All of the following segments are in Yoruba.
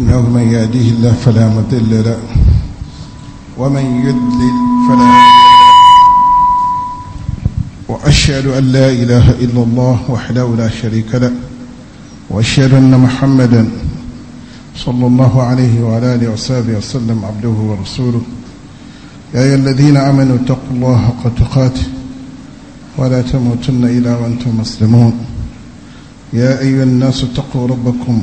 إنه من يهديه الله فلا مضل له ومن يضلل فلا هادي له وأشهد أن لا إله إلا الله وحده لا شريك له وأشهد أن محمدا صلى الله عليه وعلى آله وصحبه وسلم عبده ورسوله يا أيها الذين آمنوا اتقوا الله حق تقاته ولا تموتن إلا وأنتم مسلمون يا أيها الناس اتقوا ربكم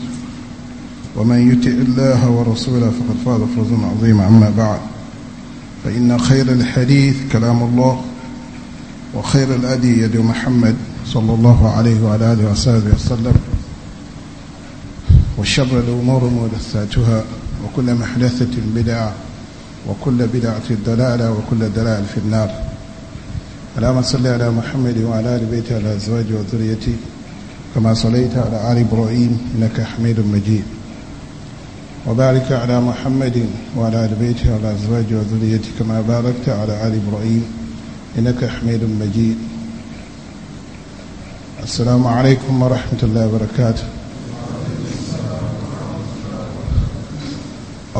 ومن يطع الله ورسوله فقد فاز فوزا عظيما أما بعد فإن خير الحديث كلام الله وخير الأدي يد محمد صلى الله عليه وعلى آله وصحبه وسلم وشر الأمور محدثاتها وكل محدثة بدعة وكل بدعة ضلالة وكل ضلال في النار اللهم صل على محمد وعلى آل بيته وعلى أزواجه وذريته كما صليت على آل إبراهيم إنك حميد مجيد وبارك على محمد وعلى آل بيته وعلى أزواجه وذريته كما باركت على آل إبراهيم إنك حميد مجيد السلام عليكم ورحمة الله وبركاته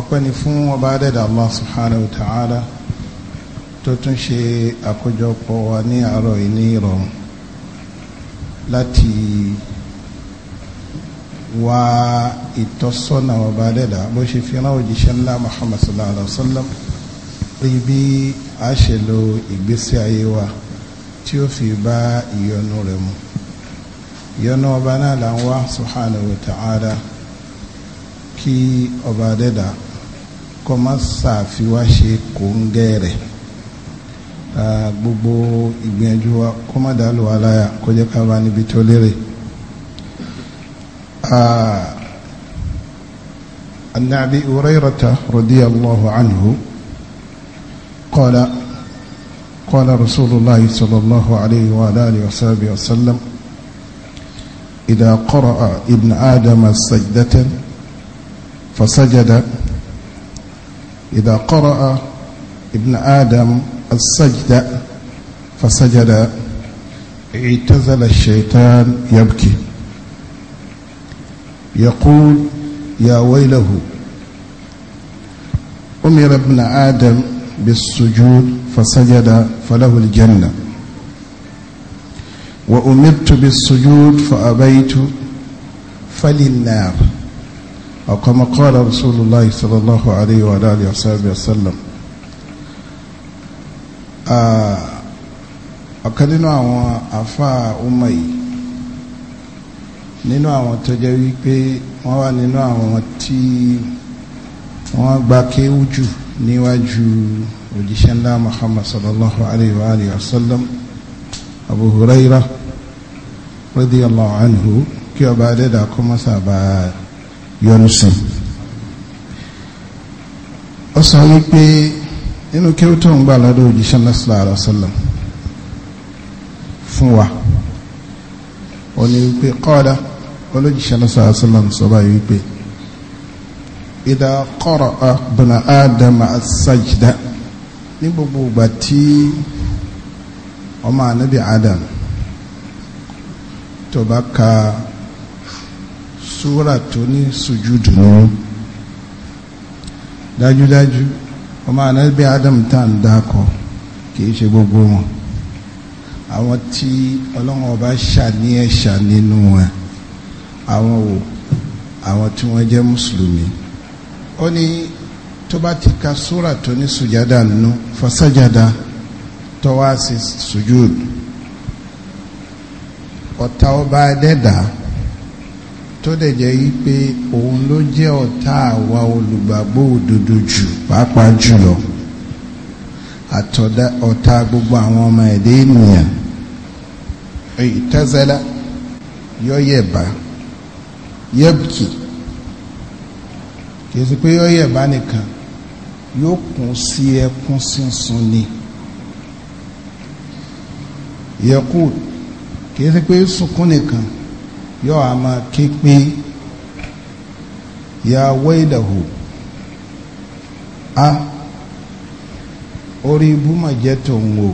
ọpẹ́ni fún ọba adẹ́dà allah subhanahu wa ta'ala tó tún ṣe àkójọpọ̀ wa ní àárọ̀ yìí ní ìrọ̀rùn láti wá ìtọ́sọ́nà ọba dẹ́dà bó ṣe fi rán òjíṣẹ́ ńlá Muhammad sallallahu alaihi wa sallam rí bí a ṣe lo ìgbésí ayé wa tí ó fi bá ìyọ́nú rẹ̀ mu ìyọ́nú ọba náà là ń wá wa ta'ala kí ọba dẹ́dà kọ́ má ṣàfiwá ṣe kòńgẹ́ rẹ̀ gbogbo ìgbìyànjú wa kó má dàlú wa láyà kó jẹ́ ká bá níbi tó lérè. آه. أن أبي هريرة رضي الله عنه قال قال رسول الله صلى الله عليه وآله وصحبه وسلم إذا قرأ ابن آدم سجدة فسجد إذا قرأ ابن آدم السجدة فسجد اعتزل الشيطان يبكي يقول يا ويله أمر ابن آدم بالسجود فسجد فله الجنة وأمرت بالسجود فأبيت فللنار أو كما قال رسول الله صلى الله عليه وعلى آله وصحبه وسلم آه، أكلنا وأفا أمي nínú àwọn tó jẹ́ wípé wọ́n wà nínú àwọn tí wọ́n gba kéwú jù níwájú òjíṣẹ́ ńlá muhammad sallallahu alayhi wa alihi wa sallam abu huraira radiyallahu anhu kí ọba adẹ́dà kọ́ mọ́sá bá yọnu sí ó sọ wípé nínú kéwú tó ń gbà lọ́dọ̀ òjíṣẹ́ ńlá sallallahu alayhi wa sallam fún wa ó ní wípé qala olójúṣe lọ́sọ̀ àṣàlám sọ báyìí wípé ìdá kọ́rọ̀ ọ̀bùnà ádámà àṣàjìdá ní gbogbo ìgbà tí ọmọ ànábì adam tó bá ka súra tó ní sùjúdù nù dájúdájú ọmọ ànábì adam tá à ń dákọ kìí ṣe gbogbo wọn àwọn tí ọlọ́run ọba ṣà ní ẹ̀ṣà nínú wọn àwọn wo àwọn tí wọ́n jẹ́ mùsùlùmí ó ní tó bá ti ka súrà tó ní sùjádà nínú fasajada tó wá sí sùjúd ọ̀tá ọba adẹ́dà tó dẹ̀ jẹ́ yí pé òun ló jẹ́ ọ̀tá àwa olùgbàgbọ́ òdodo jù pàápàá jùlọ àtọ̀dá ọ̀tá gbogbo àwọn ọmọ ẹ̀dẹ́ ènìyàn èyí yọ yẹ̀ bá yẹ́bùkì kìí sí pé yọ́yẹ̀ bá nìkan yóò kún sí ẹkún sísun ni yẹkù kìí sí pé sunkún nìkan yóò a máa ké pé ya wẹ́ẹ̀dàhù a ah, orí ibú jẹ́ tòun o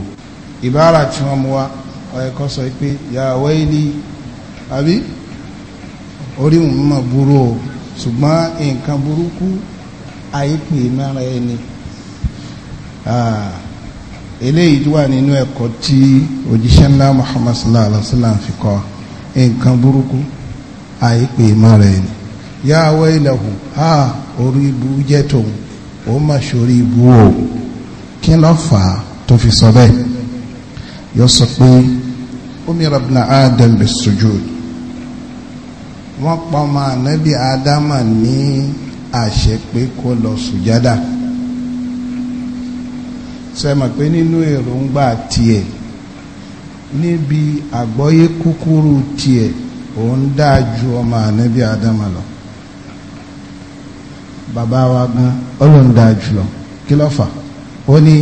ìbára tí wọ́n mú wa ọ̀ẹ́kọ́ sọ pé ya wẹ́ẹ̀lì àbí orí òun mọ̀ burú o ṣùgbọ́n nǹkan burúkú àìpè mẹ́ra ẹni eléyìí tó wà nínú ẹ̀kọ́ tí òjíṣẹ́ ńlá Muhammad sallallahu alaihi wa sallam fi kọ́ nǹkan burúkú àìpè mẹ́ra ẹni yá wailahu ha orí ibu jẹ́ tòun ó mà ṣorí ibu o kí ló fà á tó fi sọ bẹ́ẹ̀ yọ sọ pé umira ibn Adam bis sujud wọ́n pa ọmọ ànábì ádámà ní àṣẹ pé kó lọ sùjádà sẹ́mọ̀ pé nínú èròǹgbà tiẹ̀ níbi àgbọ́yé kúkúrú tiẹ̀ òun dáa ju ọmọ ànábì ádámà lọ bàbá wa gan ọlọ́run dáa jù lọ kí ló fà ó ní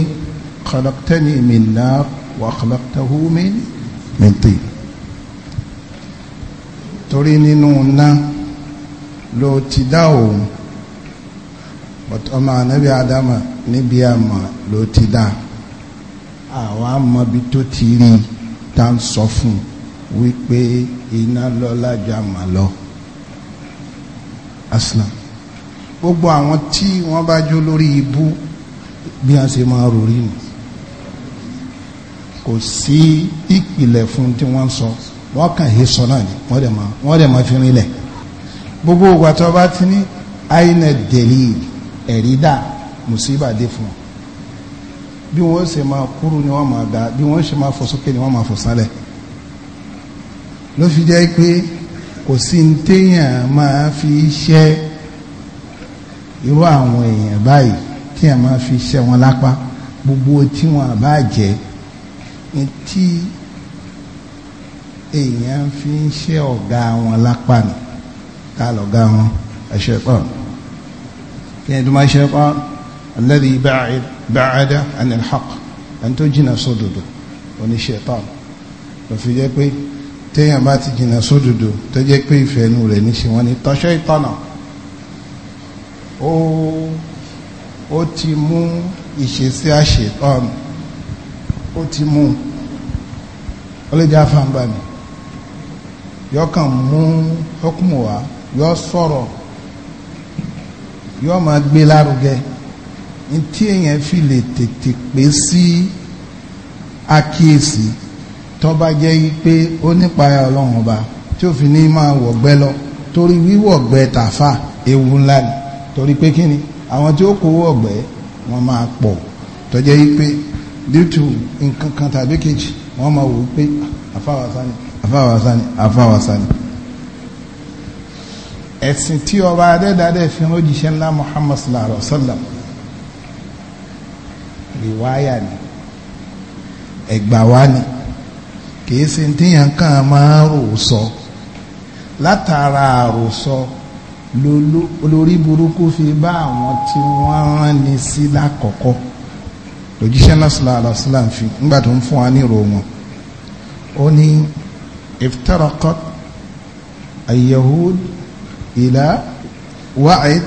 khalaqtani min nar wa khalaqtahu min tin torí nínú ná ló ti dá òun ọmọ ànábì adama níbi àmà ló ti dá àwọn amọ̀bi tó ti rí tá ń sọ fún wípé iná lọ́lá ju àmà lọ aslam gbogbo àwọn tí wọ́n bá jó lórí ibú bí wọ́n ṣe máa rò rí nù kò sí ìpìlẹ̀ fún tí wọ́n sọ. So wọ́n kàn yé sọ náà ni wọ́n dẹ̀ máa wọ́n dẹ̀ máa fi rinlẹ̀ gbogbo ìgbà tó bá ti ní àyìnà dẹ̀lí ẹ̀rí dà mùsíbà dé fún wọn bí wọ́n ṣe máa kúrú ni wọ́n máa ga bí wọ́n ṣe máa fò sókè ni wọ́n máa fò sálẹ̀ ló fi jẹ́ pé kò sí ní téèyàn máa fi ṣẹ́ irú àwọn èèyàn báyìí téèyàn máa fi ṣẹ́ wọn lápá gbogbo tí wọn àbá jẹ́ ní tí èèyàn fi ń ṣe ọ̀gá wọn lápá ni ká lọ̀gá wọn ẹ̀ṣẹ̀pọ̀n kí ẹni tó máa ṣẹ̀pọ̀n alladhi ba'ada anil haqq ẹni tó jìnà sódòdó oníṣẹ̀pọ̀n lọ fi jẹ́ pé téèyàn bá ti jìnà sódòdó tó jẹ́ pé ìfẹ́ inú rẹ̀ níṣe wọn ni tọ́ṣọ́ ìtọ́nà ó ó ti mú ìṣesí àṣetọ́nù ó ti mú ó lè jẹ́ àfàǹbà mi yọkàn mú ọkùnrin wá yọ sọ̀rọ̀ yọ máa gbé lárugẹ ntí èèyàn fi lè tètè pé sí àkíyèsí tọ́ba jẹ́ pé ó nípa ọlọ́run ọba tí ó fi ní máa wọ̀gbẹ́ lọ torí wíwọ̀gbẹ́ tàfà ewu ńlá ni torí pé kí ni àwọn tí ó kówó ọ̀gbẹ́ wọ́n máa pọ̀ tọ́jẹ́ pé due to nǹkan kan tàbí kejì wọ́n máa wò ó pé ah, àfáwàsá ni afáwàsá ni afáwàsá ni ẹ̀sìn tí ọba adẹ́dàdẹ́ fi hàn òjíṣẹ́ ńlá muhammad sallallahu alaihi wa sallam rìwáyà ni ẹ̀gbà wa ni kìí ṣe tíyàn kan máa rò sọ látara àròsọ lórí burúkú fi bá àwọn tí wọ́n rán ni sí lákọ̀ọ́kọ́ lòjíṣẹ́ náà sallallahu alaihi wa sallam fi ńgbà tó ń fún wa ní ìrò wọn ó ní. افترقت اليهود إلى وعد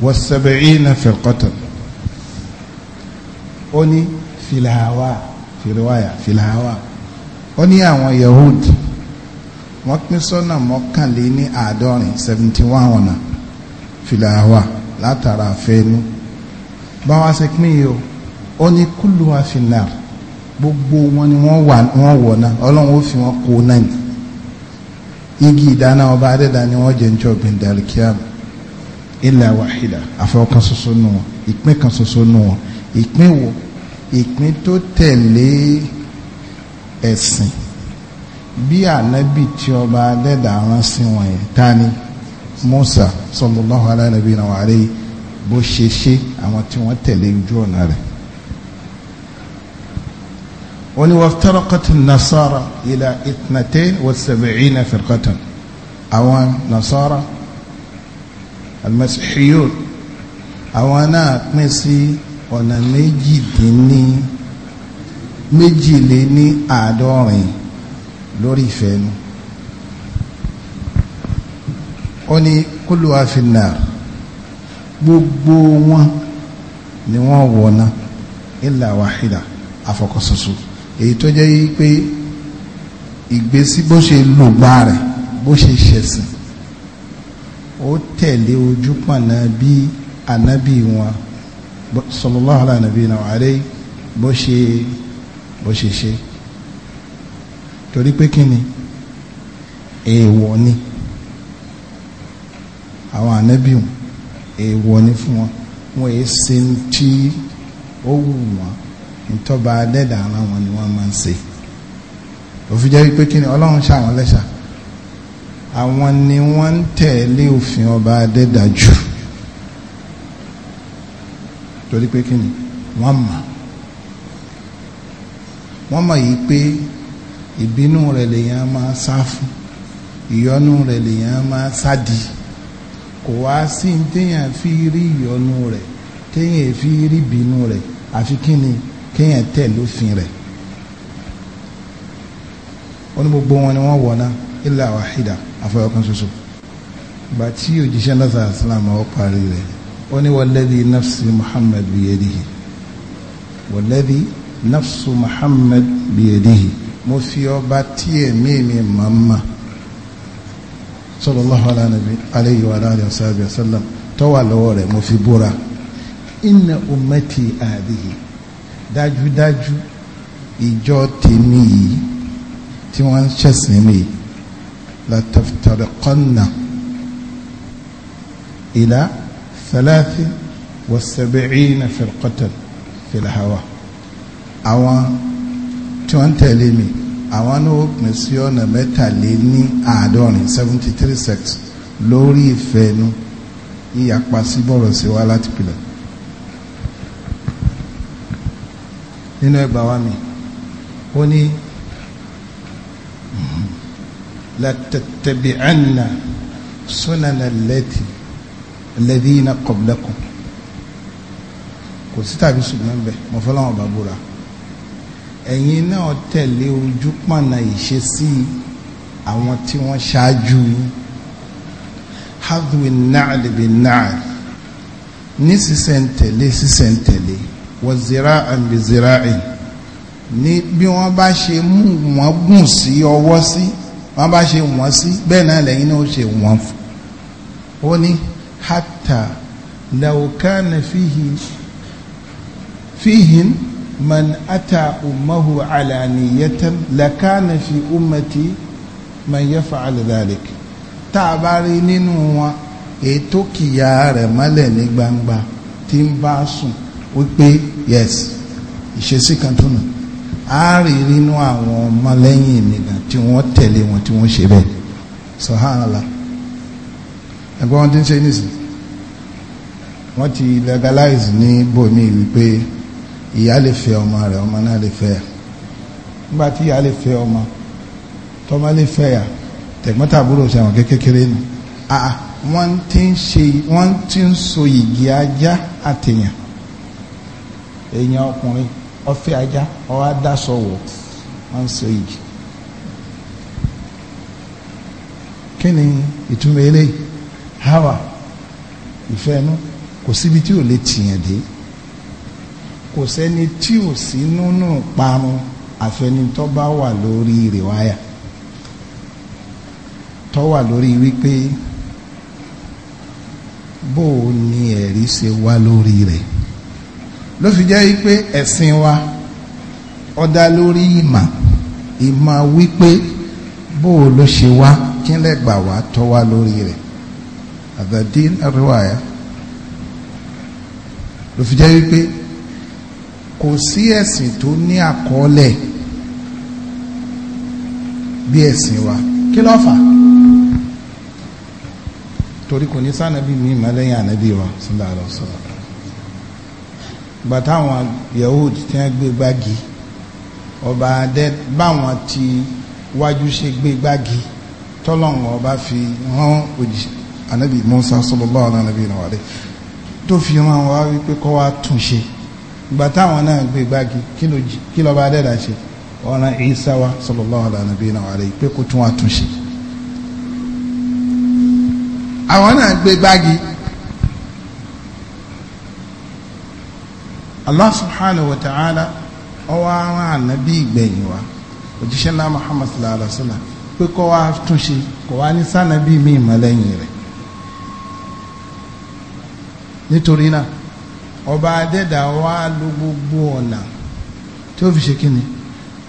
والسبعين فرقة أني في الهواء في رواية في الهواء أني àwọn يهود wọ́n pín sọ́nà mọ́kànléní àádọ́rin seventy one ọ̀nà filawa látara fẹ́ẹ́nu báwa ṣe pín yìí ó ní kúlùwà fìlà gbogbo wọn ni wọ́n wà wọ́n wọ̀ náà ọlọ́run ó fi wọn kó náà ní igi ìdáná ọba adẹ́dá ni wọ́n jẹ́ ń jọ gbẹ̀ndàlìkíyàm illa wahida àfọwọ́kan ṣoṣo nù wọn ìpín kan ṣoṣo nù wọn ìpín wo ìpín tó tẹ̀lé ẹ̀sìn bí ànábì tí ọba adẹ́dá rán sí wọn yẹn ta ni Musa sallallahu alaihi wa alihi bó ṣe ṣe àwọn tí wọ́n tẹ̀lé ojú ọ̀nà rẹ̀ wọ́n ní waftaraqati nasara ila itnatain wa sab'ina firqatan àwọn nasara almasihiyun àwọn náà pín sí ọ̀nà méjìdínní méjìléní àádọ́rin lórí ìfẹ́ nu ó ní kullu afinna gbogbo wọn ni wọ́n wọ̀ná illa wahida àfọkọ́sọ́sọ́ èyí tó jẹ́ yìí pé ìgbésí bó ṣe lùgbà rẹ̀ bó ṣe ṣẹ̀sìn ó tẹ̀lé ojú pọ̀nà bí ànábì wọn sallallahu ala nabina wa alayhi bó ṣe bó ṣe ṣe torí pé kí ni èèwọ̀ ni àwọn ànábì wọn èèwọ̀ ni fún wọn wọn èé ṣe tí ó wù wọn ìtọ́ba adẹ́dà aláwọn ni wọn ma ṣe òfin wípé kí ni ọlọ́run ṣàwọn lẹ́ṣà àwọn ni wọn tẹ̀lé òfin ọba adẹ́dà jù torí pé kí ni ma wọn ma yi yìí pé ìbínú rẹ̀ lèyàn máa sá fún ìyọnú rẹ̀ lèyàn máa sádi kò wá sí téèyàn fi rí téèyàn fi rí ìbínú àfi kéèyàn tẹ̀ lófin rẹ̀ ó ní gbogbo wọn ni wọ́n wọ̀ náà illa wahida àfọwọ́kan ṣoṣo ìgbà tí òjíṣẹ́ náà sàrà sílámù ọ parí rẹ̀ ó ní walladhi nafsi Muhammad biyadihi walladhi nafsu Muhammad biyadihi mo fi ọba tí ẹ̀mí mi màmá sallallahu alayhi wa alihi wa sallam tó wà lọ́wọ́ mo fi búra inna ummati àdìhì dájúdájú ìjọ tèmi yìí tí wọ́n ń ṣẹ̀sìn mi lataftarqanna ila thalathi wa sab'ina firqatan fil hawa àwọn tí wọ́n ń tẹ̀lé mi àwọn náà ó pín sí ọ̀nà mẹ́tàléní àádọ́rin seventy three sects lórí ìfẹ́ nu yíyapa sí bọ̀rọ̀ sí wa láti pilẹ̀. nínú ẹgbà wa mi ó ní mm-hmm. latattabi'anna sunana lẹ́tì alladhina qablakum kò sí tàbí ṣùgbọ́n bẹ́ẹ̀ mo fọláwọn bàbúrà ẹ̀yin náà tẹ̀lé ojú pàna ìṣesí àwọn tí wọ́n ṣáájú hadwin náà lè bi náà ní sísẹ̀ntẹ̀lé sísẹ̀ntẹ̀lé. Si wọ zira'an bi zira'in ní bí wọ́n bá ṣe mú wọ́n gùn sí ọwọ́ sí wọ́n bá ṣe wọ́n sí bẹ́ẹ̀ náà lẹ́yìn náà ó ṣe wọ́n fún ó ní hatta law kana fihi fihin man ata ummahu alaniyatan lakana fi ummati man yaf'al dhalik tá a bá rí nínú wọn ètò kìyà rẹ̀ mọ́lẹ̀ ní gbangba tí ń bá sùn wípé yes ìṣesí kan tó nù á rí nínú àwọn ọmọlẹ́yìn mi gan tí wọ́n tẹ̀lé wọn tí wọ́n ṣe bẹ́ẹ̀ sọ̀hánàlá ẹ̀gbọ́n wọn ti ń ṣe nísìnyí wọ́n ti legalize ní bòmí wípé ìyá lè fẹ́ ọmọ rẹ̀ ọmọ náà lè fẹ́ ẹ̀ nígbà tí ìyá lè fẹ́ ọmọ tọ́mọ lè fẹ́ ẹ̀ tẹ̀gbọ́ntàbúrò ṣẹ̀wọ̀n kékeré nù wọ́n ti ń so ìgì ajá àtẹ̀yàn èèyàn ọkùnrin ọfẹ ajá ọwọ adásọwọ wọn sọ yìí kí ni ìtumọ̀ eléyìí hawa ìfẹ́ inú kò síbi tí ò lè tìyàn dé kò sẹ́ni tí ò sí nínú parun àfẹnitọ́ bá wà lórí rìwáyà tọ́ wà lórí wípé bó o ní ẹ̀rí ṣe wá lórí rẹ̀ ló fi jẹ́ pé ẹ̀sìn wa ó dá lórí ìmà ìmà wípé bó o ló ṣe wá kí lè gbà wá tọ́ wá lórí rẹ̀ àdàdín àríwáyà ló fi jẹ́ wípé kò sí ẹ̀sìn tó ní àkọọ́lẹ̀ bí ẹ̀sìn wa kí ló fà torí kò ní sànàbí mi ìmọ̀lẹ́yìn ànábì wa sallallahu alaihi wasallam ìgbà táwọn Yahud tí wọ́n gbé gbági ọba adé báwọn ti wájú ṣe gbé gbági tọ́lọ́wọ́n ọba fi hàn òjì anabi Musa sallallahu alaihi anabi náà wàlẹ̀ tó fi hàn wá wípé kọ́ wa tún ṣe ìgbà táwọn náà gbé gbági kí lọ́ba adé dà ṣe ọ̀nà Isa wa sallallahu alaihi anabi náà wàlẹ̀ pé kó tún wa tún ṣe àwọn náà gbé gbági allah subhanahu wa ta'ala ọwọ́ àwọn ànábì ìgbẹ̀yìn wa òjíṣẹ́ náà muhammad sallallahu alaihi wa sallam pé kọ́ wa túnṣe kọ́ wa ní sànàbí mi ìmọ̀lẹ́yìn rẹ̀ nítorí náà ọba adẹ́dà wa ló gbogbo ọ̀nà tí ó fi ṣe kíni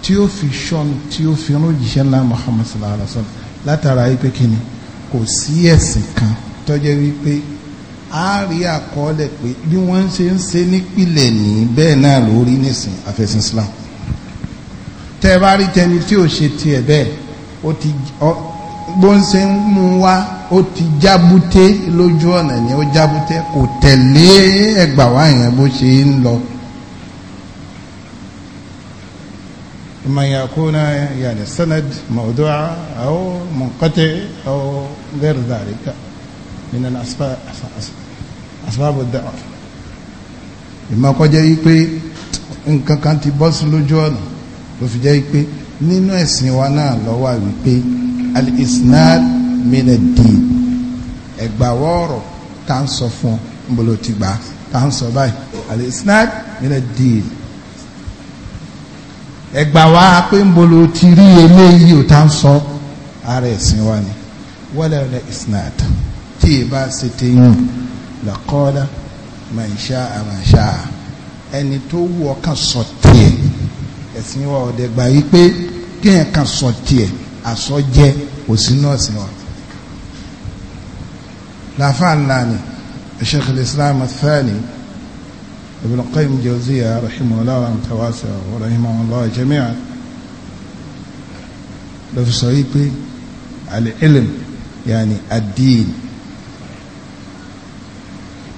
tí ó fi ṣọ́n tí ó fi rún náà muhammad sallallahu alaihi wa sallam látara yìí pé kíni kò sí ẹ̀sìn kan tó wípé á rí àkọọ́lẹ̀ pé bí wọ́n ṣe ń ṣe nípìlẹ̀ ní bẹ́ẹ̀ náà lórí nísìn àfẹ̀sìn Islam tẹ́ bá rí tẹni tí ò ṣe tiẹ̀ bẹ́ẹ̀ ó ti bó ń ṣe ń mú wá ó ti jábúté lójú ọ̀nà ni ó jábúté kò tẹ̀lé ẹgbà wá yẹn bó ṣe ń lọ. إما يكون يعني السند موضوع أو منقطع أو غير nínú asbábù dáwà ìmọ̀kọ́jẹ́ wípé nǹkan kan ti bọ́ sí lójú ọ̀nà ló fi jẹ́ wípé nínú ẹ̀sìn wa náà lọ́wọ́ wípé al-isnad min ad-din ẹ̀gbàwọ́ ọ̀rọ̀ tá ń sọ fún nbolo ti gbà tá ń sọ báyìí al-isnad min ad-din ẹ̀gbàwá pé nbolo ti rí eléyìí ò tá ń sọ ara ẹ̀sìn wa ni wala isnad tí ì bá ṣe ti yùn làkọ́dá mà ń ṣá àmà ṣá ẹni tó wù ọ́ kàn sọ tiẹ̀ ẹ̀sìn wa ọ̀dẹ̀ gbà yí pé kéèyàn kàn sọ tiẹ̀ àsọjẹ kò sí nọ́ọ̀sì wa. làáfàá ńlá ni sheikh al-islam athani ibn qayyim jawziya rahimahullah wa tawasa wa rahimahullah jami'an lọ́fi sọ yí pé al-ilm yani ad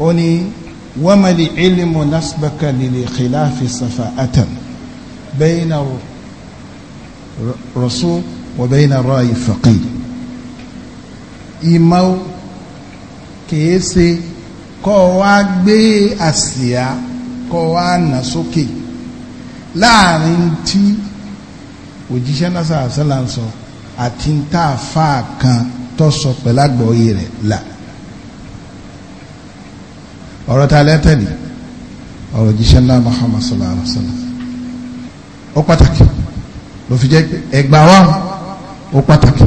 ó ní wamali ilmu nasbaka lili khilafi safa'atan bayna rasul wa bayna ra'yi faqih ìmọ̀ kìí ṣe kọ́ wa gbé àsíá kọ́ wa nà sókè láàrin tí òjíṣẹ́ náà sàásẹ́là ń sọ àti ń tà kan tó sọ pẹ̀lágbọ́ yìí rẹ̀ là. La ọ̀rọ̀ ta lẹ́tẹ̀lì ọ̀rọ̀ jíṣẹ́ ńlá Muhammad sallallahu alaihi wa sallam ó pàtàkì ló fi jẹ́ ẹgbà wa ó pàtàkì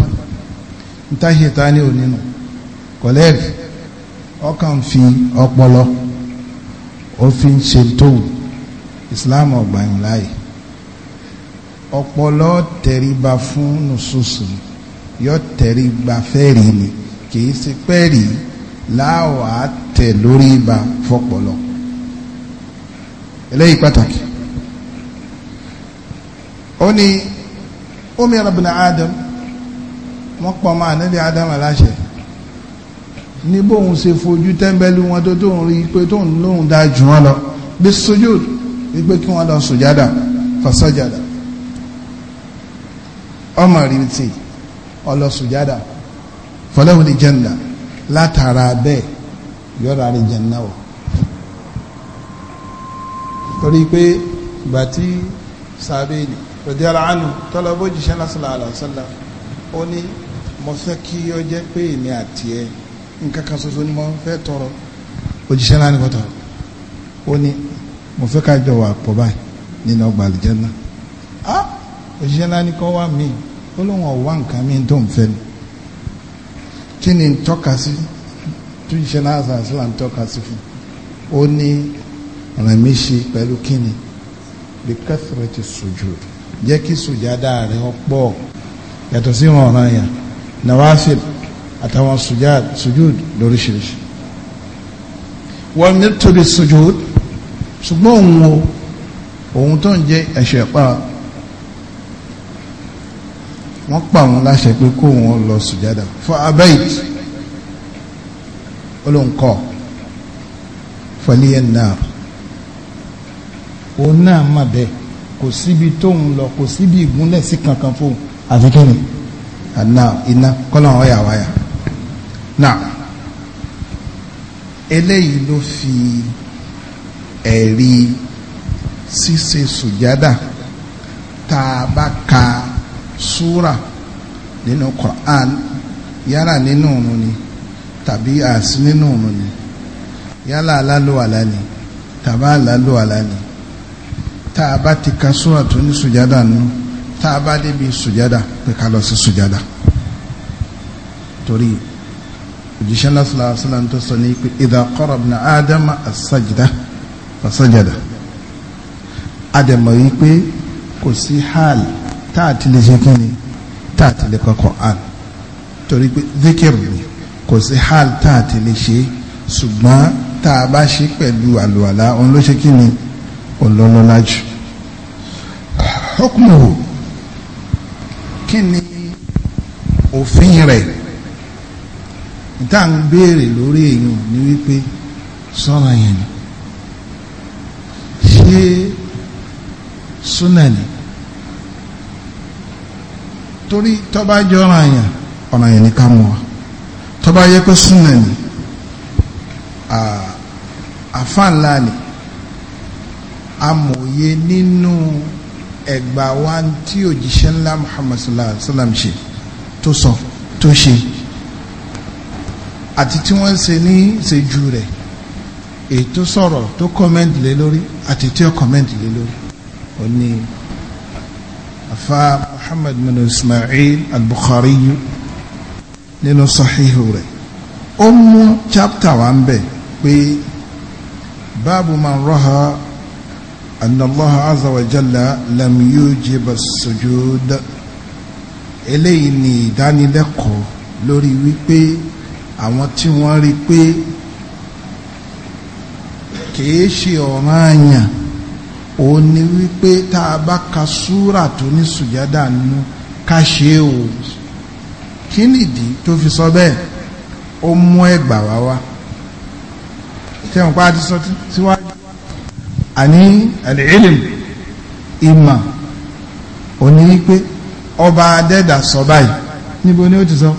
ntáhìí ta ni òní nù kọ́lẹ́ẹ̀rì ọkàn fi ọpọlọ ó fi ń ṣe tóun Islam ọgbàyàn láàyè ọpọlọ tẹríba fún nùsùsù yọ tẹríba fẹ́ẹ̀rì ni kì í ṣe pẹ́ẹ́rì yìí láwàá tẹ̀ lórí ibà fọpọlọ eléyìí pàtàkì ó ní omi rabina adam wọ́n pọ̀ máa níbi adam aláṣẹ ní bóun ṣe fojú tẹ́ńbẹ́lú wọn tó tóun rí pé tóun lóun dáa jù wọn lọ bí sojú wípé kí wọ́n lọ sùjádà fasajada ọmọ rìbìtì ọlọ sùjádà lè jẹ́ ńlá látara bẹ́ẹ̀ yọ̀rọ̀ àlìjẹ̀nà wọ̀ torí pé ìgbà tí sàbẹ̀lì rẹ̀dí aláàánú tọ́lọ bó jíṣẹ́ lásìlá àlàsílá ó ní mo fẹ́ kí ó jẹ́ pé èmi àti ẹ nǹkan kan ṣoṣo ni mo fẹ́ tọrọ òjíṣẹ́ láàánú kọ́ tọrọ ó ní mo fẹ́ ká jọ wà pọ̀ báyìí nínú ọgbà àlìjẹ̀nà á ah! òjíṣẹ́ láàánú kọ́ wá mí ó lóun ọ̀wá nǹkan mi tó ń fẹ́ ni kí ni tọ́ka sí tó ń ṣe láàzà islam tọ́ka sí fún ó ní ràn mí ṣe pẹ̀lú kí ni bí kẹ́sìrẹ́ ti sojú jẹ́ kí sùjádà rẹ̀ ọ̀pọ̀ yàtọ̀ sí wọn ọ̀ràn yà nawafil àtàwọn sujud lóríṣiríṣi wọ́n mi tóbi sujud ṣùgbọ́n òun o òun tó ń jẹ́ ẹ̀ṣẹ̀ pa wọ́n pa òun láṣẹ pé kó òun lọ sùjádà fún abẹ́yìt olóńkọ́ fọlíyẹn náà òun náà mà bẹ́ẹ̀ kò síbi tóun lọ kò síbi ìgúnlẹ̀ sí kankan fóun àfi kí àná iná kọ́lọ̀ ọ̀yà wáyà náà eléyìí ló fi ẹ̀rí ṣíṣe sùjádà tá a bá ka súrà nínú Quran yálà nínú òun ni tàbí àsí nínú òun ni yálà alálòwàlá ni tàbá alálòwàlá ni tá a bá ti ka súrà tó ní sùjádà nù tá a bá débi sùjádà pé ká lọ sí sùjádà torí òjíṣẹ́ lásìlá àṣìlá tó sọ ní pé idha qarabna ádámà àṣàjìdá àṣàjàdà àdèmọ̀ yìí pé kò sí hàlì tá a ti lè ṣe kí ni tá a ti lè kọ́ Quran torí pé zikir ni kò sí hal tá a ti lè ṣe ṣùgbọ́n tá a bá ṣe pẹ̀lú àlùwàlá òun ló ṣe kí ni ọlọ́lọ́lá jù. hukmuhu kí ni òfin rẹ̀ tá à ń béèrè lórí èèyàn ni wípé sọ́ra yẹn ni ṣé súnà ni torí tọ́ba jẹ́ ọ̀ràn àyàn ọ̀ràn àyàn ní ká mú wa tọ́ba yẹ pé súnà ni àfáànlá ni amòye nínú ẹgbà wa tí òjíṣẹ́ ńlá Muhammad sallallahu alaihi wa sallam ṣe tó sọ tó ṣe àti tí wọ́n ṣe ní ṣejú rẹ̀ èyí sọ̀rọ̀ tó kọ́mẹ́ǹtì lé lórí àti tí ó kọ́mẹ́ǹtì lé lórí ó ní afa muhammad bin ismail al-bukhari nínú sahihu rẹ̀ ó mú chapter wa ń bẹ̀ pé báàbù man rọ́ha anallahu azza wa jalla lam yujib as-sujud eléyìí ni ìdánilẹ́kọ̀ọ́ lórí wípé àwọn tí wọ́n rí pé kìí ṣe ọ̀ranyàn òun ni wípé tá a bá ka súrà tó ní sùjádà nínú ká ṣe é o kí nìdí tó fi sọ bẹ́ẹ̀ ó mú ẹgbà wá wá tẹ́wọ̀n pa àti sọ síwájú àní al-ilm ìmà òní wípé ọba adẹ́dà sọ báyìí níbo ni ó ti sọ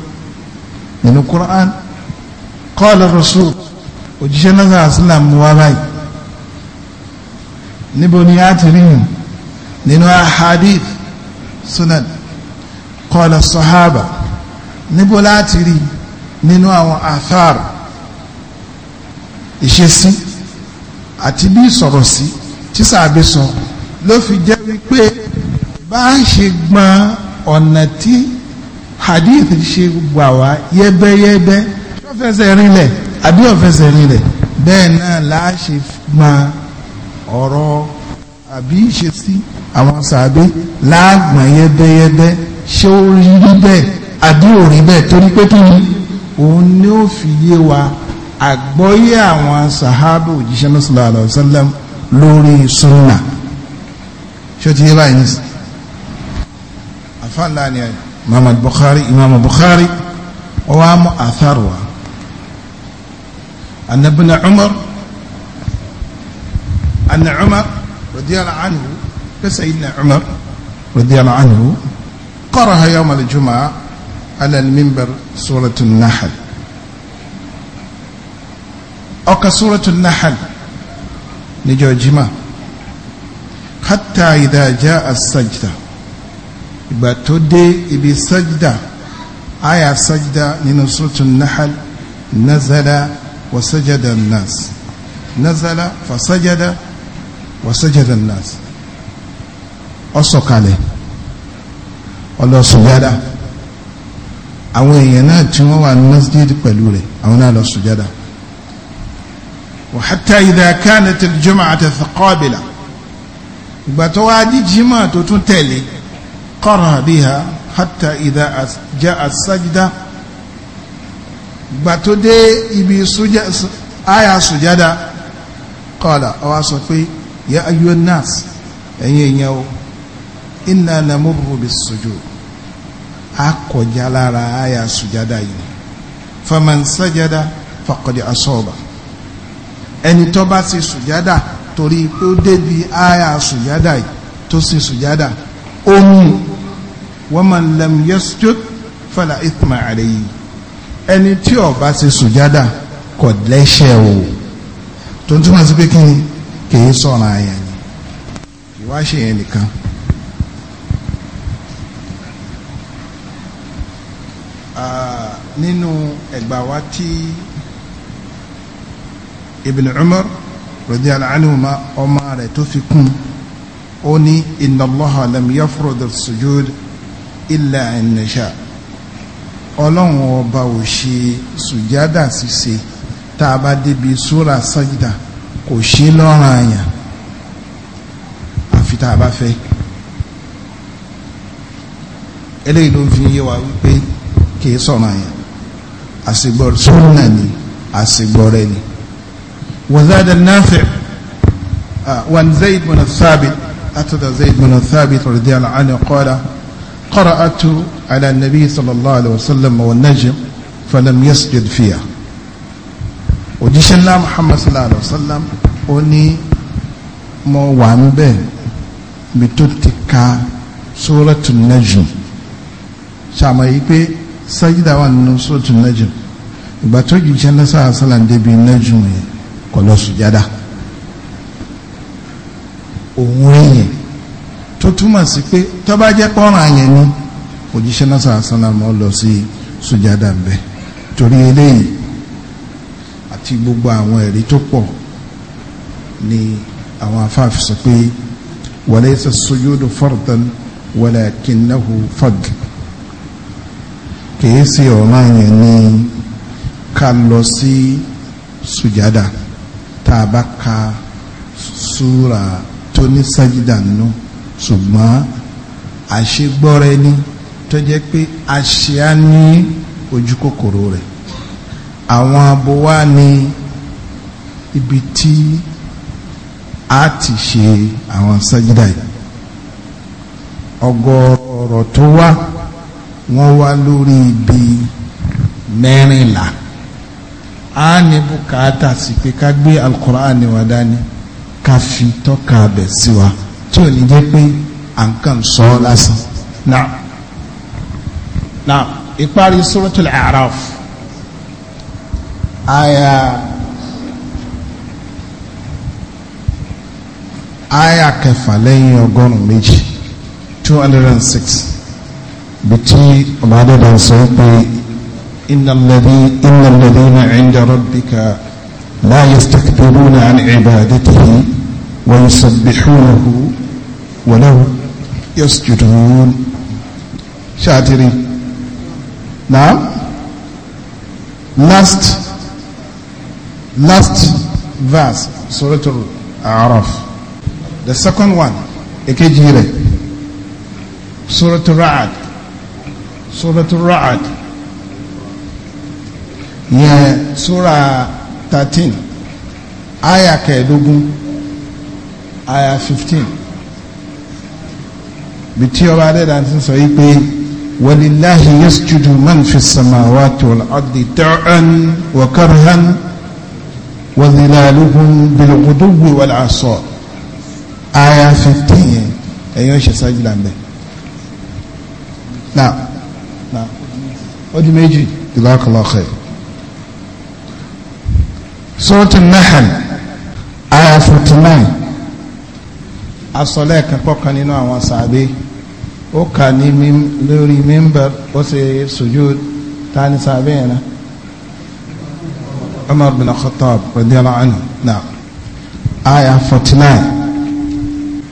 nínú Qur'an qala rasul òjíṣẹ́ náà sàlám wá báyìí níbo ni a ti ríyìn nínú ahadith sunan kọlọ sahaba níbo láti rí nínú àwọn athar ìṣesí àti bí sọ̀rọ̀ sí tí sàbí sọ ló fi jẹ́ wípé bá ń ṣe gbọ́n ọ̀nà tí hadith ṣe gbà wá yẹ́bẹ́yẹ́bẹ́ ṣọ́fẹsẹ̀ rinlẹ̀ àbí ọ̀fẹsẹ̀ rinlẹ̀ bẹ́ẹ̀ náà láà ṣe gbọ́n ọ̀rọ̀ àbí ìṣesí àwọn sàbẹ láàgbọn yẹbẹyẹbẹ ṣé ó rí bẹ́ẹ̀ àbí ò rí bẹ́ẹ̀ torí pé kí ni òun ni ó fi yé wa àgbọ́yé àwọn sàhábà òjíṣẹ́ sallallahu alaihi wasallam lórí sunna ṣé o ti yé báyìí nísìnyí àfáàlá ni Muhammad al-bukhari imam al-bukhari wọ́n wá mú àtharwa anabina umar. أن عمر رضي الله عنه كسيدنا عمر رضي الله عنه قرأ يوم الجمعة على المنبر سورة النحل أو كسورة النحل نجو جمع حتى إذا جاء السجدة إبا تودي إبي سجدة آية سجدة من سورة النحل نزل وسجد الناس نزل فسجد wasajada nas ọsọ̀kalẹ̀ ọlọ́sùjádà àwọn èèyàn náà tí wọ́n wà ní masjid pẹ̀lú rẹ̀ àwọn náà lọ sùjádà wàhátà ìdàkánà tí jùmọ̀ àti fẹ́kọ́bìlà ìgbà tó wá di jimá tó tún tẹ̀lé qara biha hátà ìdà jẹ́ àsájídá ìgbà tó dé ibi àyà sùjádà qala ọwá sọ pé ya ayyuhan nas ẹ̀yin èèyàn o inna namurru bis sujud akọjá lára àyà sùjádà yìí faman sajada faqad asaba ẹni tó bá ṣe sùjádà torí pé ó débi àyà sùjádà yìí tó ṣe sùjádà ó mú wa man lam yasjud fala ithma alayhi ẹni tí ó bá ṣe sùjádà kò o tó ń túmọ̀ sí pé kí ni kìí sọ̀rọ̀ àyàn ni kìí wá ṣe yẹn nìkan. nínú ẹgbà wa tí Ibn Umar radiyallahu anhuma ọmọ rẹ̀ tó fi kún ó ní inna Allaha lam yafrud as-sujud ọlọ́run ọba ò ṣe sùjádà ṣíṣe tá a bá débi súra sájídà kò ṣe lọ́ràn àyàn àfi tá a bá fẹ́ eléyìí ló fi yé wa wípé kì í sọ̀rọ̀ àyàn àsìgbọ̀rẹ̀ sunna ni àsìgbọ̀rẹ̀ ni وزاد النافع وعن زيد بن ثابت أتت زيد بن ثابت رضي الله عنه قال قرأت على النبي صلى الله عليه وسلم والنجم فلم يسجد فيها òjíṣẹ́ ńlá muhammad sallallahu alaihi wa sallam ó ní mo wà ń bẹ̀ mi tó ti ka sóràtún najm ṣàmọ̀ yìí pé sájídà wà nínú sóràtún najm ìgbà tó òjíṣẹ́ ńlá sallallahu alaihi wa sallam débi najm yẹn kò lọ sùjádà òun èèyàn tó túmọ̀ sí pé tó jẹ́ pọ́nrán àyẹ̀ ni òjíṣẹ́ náà sallallahu alaihi wa sallam lọ sí sùjádà ń bẹ̀ torí eléyìí àti gbogbo àwọn ẹ̀rí tó pọ̀ ni àwọn afáàfi sọ pé walaysa as-sujudu fardan walakinahu fadl kìí sí ọ̀ràn yẹn ni ká lọ sí sùjádà tá a bá ka súra tó ní sájídà nínú ṣùgbọ́n àṣegbọ́rẹ́ ni tó jẹ́ pé àṣeá ní ojú kòkòrò rẹ̀ àwọn abo wa ní ibi tí a ti ṣe àwọn sájídà yìí ọgọ́rọ̀ tó wá wọ́n wá lórí ibi mẹ́rìnlá a ní bùkátà sí pé ká gbé Al-Qur'ani wa dání ká fi tọ́ka abẹ̀ sí wa tí ò ní jẹ́ pé à ń kàn sọ lásán. na na ìparí Suratul A'raf aya aya kẹfà lẹ́yìn ọgọ́rùn-ún méjì two hundred and six bìtí ọba adédọ̀n sọ pé innal ladhina 'inda rabbika la yastakbiruna 'an 'ibadatihi wa yusabbihunahu wa lahu yasjudun ṣáàtìrì náà last last verse suratul araf the second one èkejì rẹ̀ suratul ra'ad suratul ra'ad yẹn sura thirteen aya kẹẹ̀ẹ́dógún aya fifteen bí tí ọba adéda ti sọ yìí pé walillahi yasjudu man fi samawati wal ardi ta'an wa karhan. وظلالهم بالغدو والعصاء آية 15 ẹ̀yin ọ̀ṣẹ̀ sáájú là ń bẹ̀. náà náà ó di méjì ìlàkọlọ́kọ̀ ẹ̀. sọ́ọ̀tù Nahl àyà forty nine asọ̀lẹ̀ kankan kan nínú àwọn sàbẹ̀ ó kà ní lórí mímbà ó ṣe sùjúd tani yẹn náà. Umar bin Khattab radiyallahu anhu now ayah 49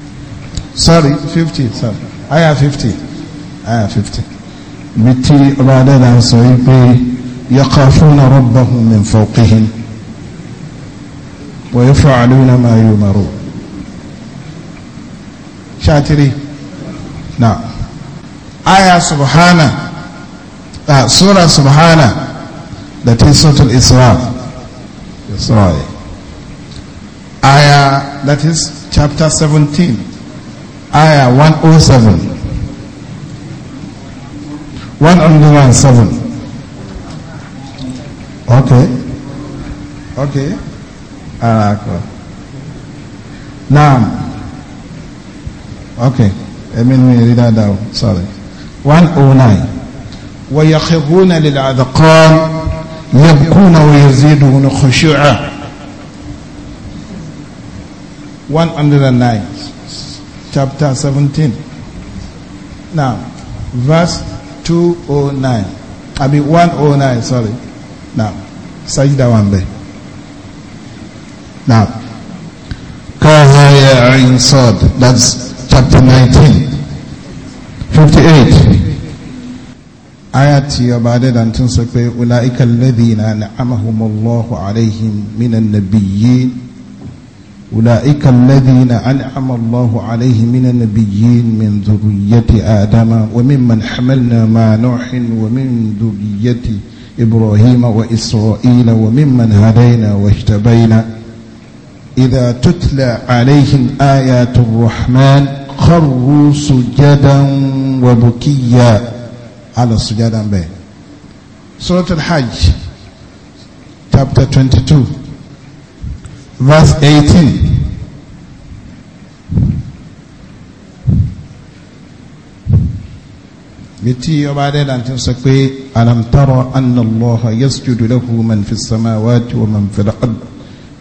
sorry 50 sorry ayah 50 ayah 50 bìtì ọba adẹ́dà sọ yaqafuna rabbahum min fawqihim wa yaf'aluna ma yumaru ṣáàtìrì na aya subhana uh, sura subhana that is Surah Isra Israel. Ayah, that is chapter 17, Ayah 107. 107. Okay. Okay. Alakwa. Ah, Now. Okay. I mean, we read that down. Sorry. 109. ويخرون لِلْعَذْقَانِ يبكون ويزيدون خشوعا 109 chapter 17 now verse 209 I mean 109 sorry now سجد وانبه now كهيا عين صاد that's chapter 19 58 aya tí ọba adẹ́dà tí ń sọ pé ulaika alladhina an'amahum Allahu alayhim minan nabiyyin ulaika alladhina an'ama Allahu alayhim minan nabiyyin min dhurriyyati adama wa mimman hamalna ma'a nuhin wa min dhurriyyati ibrahima wa isra'ila wa mimman hadayna wajtabayna idha tutla alayhim ayatu arrahman kharru sujadan wa bukiyya á lọ sùjádà mbẹ suratul hajj chapter twenty two verse eighteen. miti ọba adéda ti sọ pé alam tara anna allaha yasjudu lahu man fi samawati wa man fi al-ard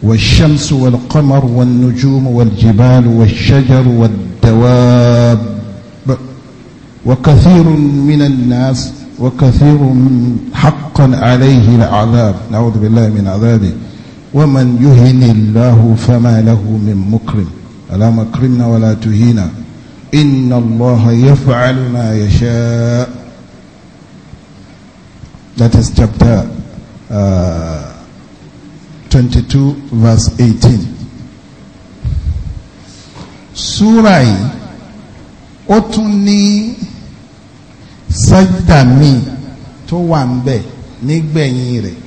والشمس والقمر والنجوم والجبال والشجر والدواب وكثير من الناس وكثير حقا عليه العذاب نعوذ بالله من عذابه ومن يهن الله فما له من مكرم ألا مكرمنا ولا تهينا إن الله يفعل ما يشاء That is chapter uh, 22 verse 18 Surah ó tún ní sájídà míì tó wà ń bẹ̀ nígbẹ̀yìn rẹ̀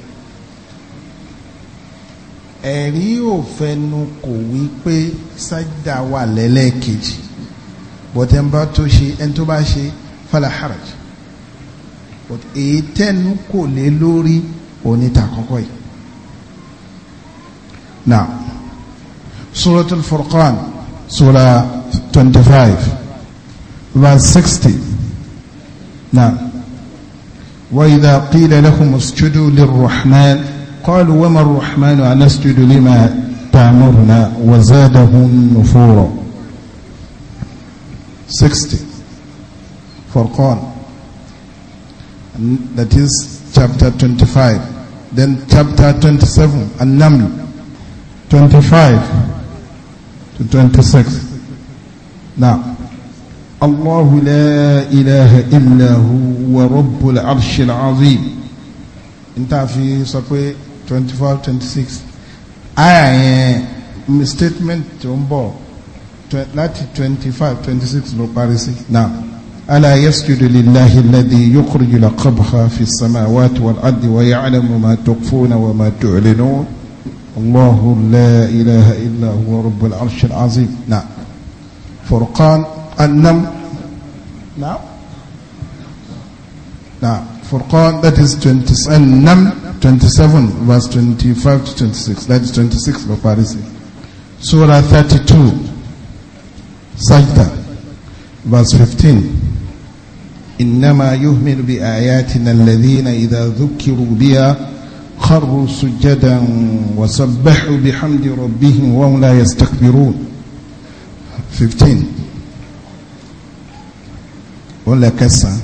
ẹ̀rí ò fẹnu kò wí pé sájídà wà lẹ́lẹ́kejì bọ́tẹ́ ń bá tó ṣe ẹni tó bá ṣe fala haraj èyí tẹ́nu kò lé lórí oníta kọ́kọ́ yìí now suratul furqan sura twenty five verse sixty na وإذا قيل لهم اسجدوا للرحمن قالوا وما الرحمن أنسجد لما تأمرنا وزادهم نفورا 60 Furqan that is chapter 25 then chapter 27 An-Naml 25 to 26 now الله لا إله إلا هو رب العرش العظيم انت في سبوي pé twenty آية twenty six aya statement tó ń bọ̀ twenty five twenty six ألا يسجد لله الذي يخرج القبح في السماوات والأرض ويعلم ما تخفون وما تعلنون الله لا إله إلا هو رب العرش العظيم نعم فرقان النم نعم نعم فرقان that is 27 نم 27 verse 25 to 26 that is 26 by Parisi 32 سجدة verse 15 إنما يهمل بآياتنا الذين إذا ذكروا بها خروا سجدا وسبحوا بحمد ربهم وهم لا يستكبرون 15 ó lẹ kẹsàn-án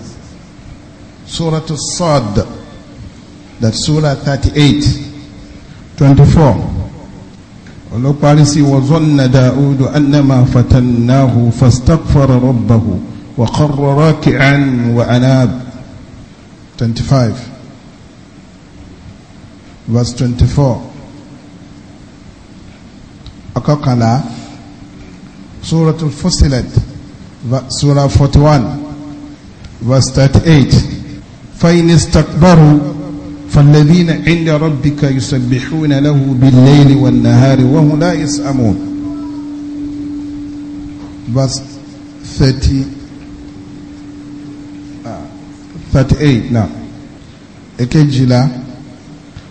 suratu Sad that sura thirty eight twenty four olùparí sí wazanna Dawudu annama fatannahu fastaghfara rabbahu wa qarra raki'an wa anab twenty five verse twenty four akọkànlá suratul Fussilat sura forty one. verse 38 فإن استكبروا فالذين عند ربك يسبحون له بالليل والنهار وهم لا يسأمون verse 30 38 uh, now ekejila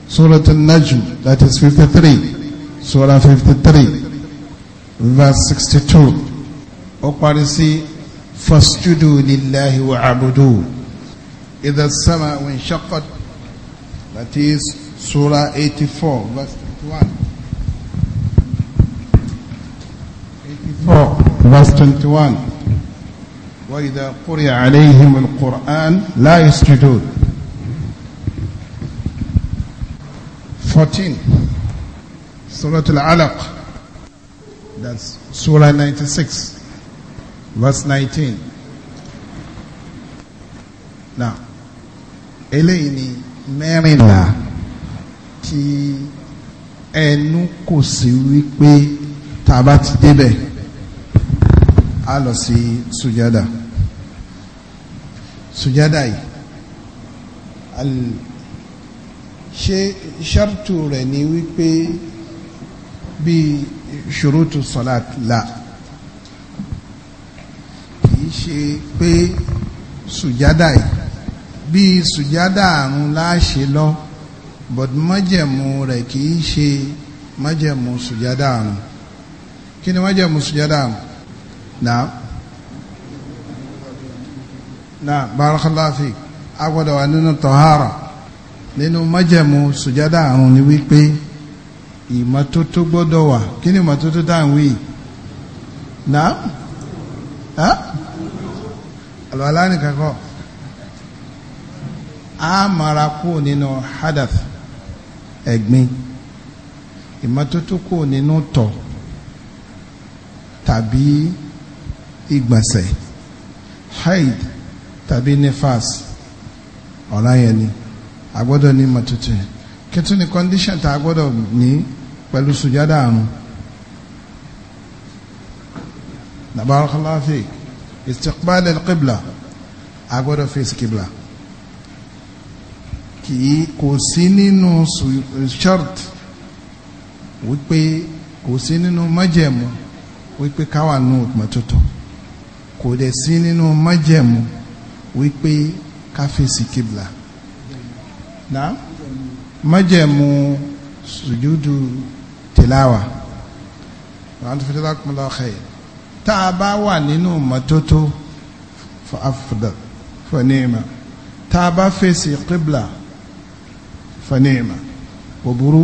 Surah النجم najm that is 53 Surah 53 verse 62 ó Parisi فاسجدوا لله وعبدوا إذا السماء انشقت that is Surah 84 verse 21 84 verse 21 وإذا قرئ عليهم القرآن لا يسجدون 14 Surah Al-Alaq that's Surah 96 verse nineteen now eléyìí ni mẹ́rìnlá tí ẹnu kò sí wípé tá a bá ti débẹ̀ a lọ sí sùjádà sùjádà yìí ṣe ṣàrtù rẹ̀ ni wípé bíi ṣòro tó sọ̀lá la í ṣe pé sùjádà yìí bí sùjádà àrùn láṣẹ lọ but májẹ̀mú rẹ̀ kì í ṣe májẹ̀mú sùjádà àrùn kí ni májẹ̀mú sùjádà àrùn náà náà barakallahu fik agbọ́dọ̀ wà nínú tọ̀hárà nínú májẹ̀mú sùjádà àrùn ni wípé ìmọ́tótó gbọ́dọ̀ wà kí ni ìmọ́tótó dáhùn wíì náà àlùwàlá nìkan kọ́ a mara kú nínú hadath ẹ̀gbin ìmọ́tótó kú nínú tọ̀ tàbí ìgbọ̀nsẹ̀ haid tàbí nifas ọ̀ràn yẹn ni a gbọ́dọ̀ ní mọ́tótó yẹn kí ni condition tá a gbọ́dọ̀ ní pẹ̀lú sùjádà àrùn nabarakallahu fik istiqbal al-qibla a gbọ́dọ̀ face qibla kìí kò sí nínú short wípé kò sí nínú májẹ̀mú wípé káwà nù ìmọ́tótó kò dẹ̀ sí nínú májẹ̀mú wípé ká face qibla náà májẹ̀mú sùjúdù tìláwà wà fi tẹ́lá kúmọ́lá ọ̀kẹ́ yìí tá a bá wà nínú mọ́tótó fàáfùdà fọ̀nìmà tá a bá fèsì kíblà fọ̀nìmà kò burú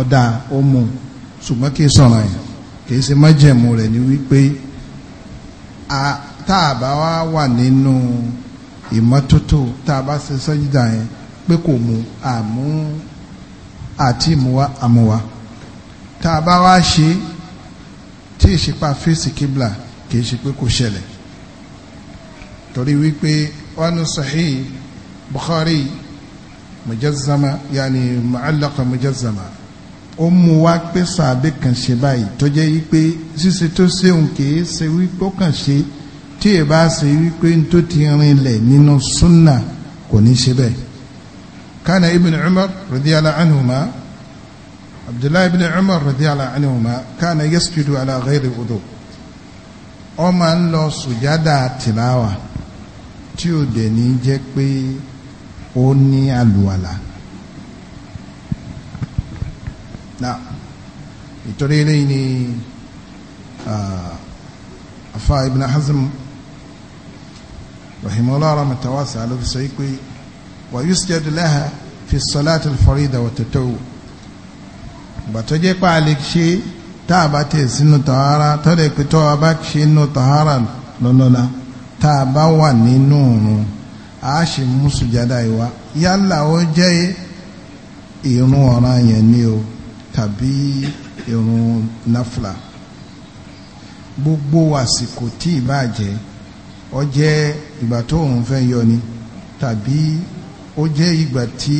ọ̀dà ọmọ ṣùgbọ́n kì í sọ̀rọ̀ yẹn kì í ṣe májẹ̀mú rẹ̀ ni wípé tá a bá wà wà nínú ìmọ́tótó tá a bá ṣe sọ́jídà yẹn pé kò mú àmú àti ìmúwa àmúwa tá a bá wá ṣe tí ìṣepá fèsì kíbla kìí ṣe pé kò ṣẹlẹ̀ torí wípé wọnú sahih Bukhari mujazama yaani mu'allaqa mujazama ó mú wá pé sàbẹ̀ kan ṣe báyìí tó jẹ́ wípé ṣíṣe tó ṣeun kìí ṣe wípé ó kàn ṣe tí ì bá ṣe wípé tó ti rinlẹ̀ nínú súnà kò ní ṣe bẹ́ẹ̀. kana ibn Umar radiyallahu anhuma abdullahi ibn umar radiyallahu anhuma kana yasjudu ala ghayri wudu ó máa ń lọ sùjádà tìláwà tí ò dẹ̀ ní jẹ́ pé ó ní àlùwàlà náà ìtorí eléyìí ni afa ibn hazm rahimahullah rahmatawasa ló fi sọ yìí pé wa yusjadu laha fi salati al-farida wa tatawu bàtọ́ jẹ́ pé a lè ṣe tá tẹ̀ sínú tàhárà tọ́lẹ̀ pé tọ́ bá ṣe nínú tàhárà lọ́lọ́la tá wà nínú òrùn a ṣe mú sùjádà ìwá yálà ó jẹ́ ọ̀ràn yẹn o tàbí ìrun náfìlà gbogbo àsìkò ni tàbí ó jẹ́ ìgbà tí.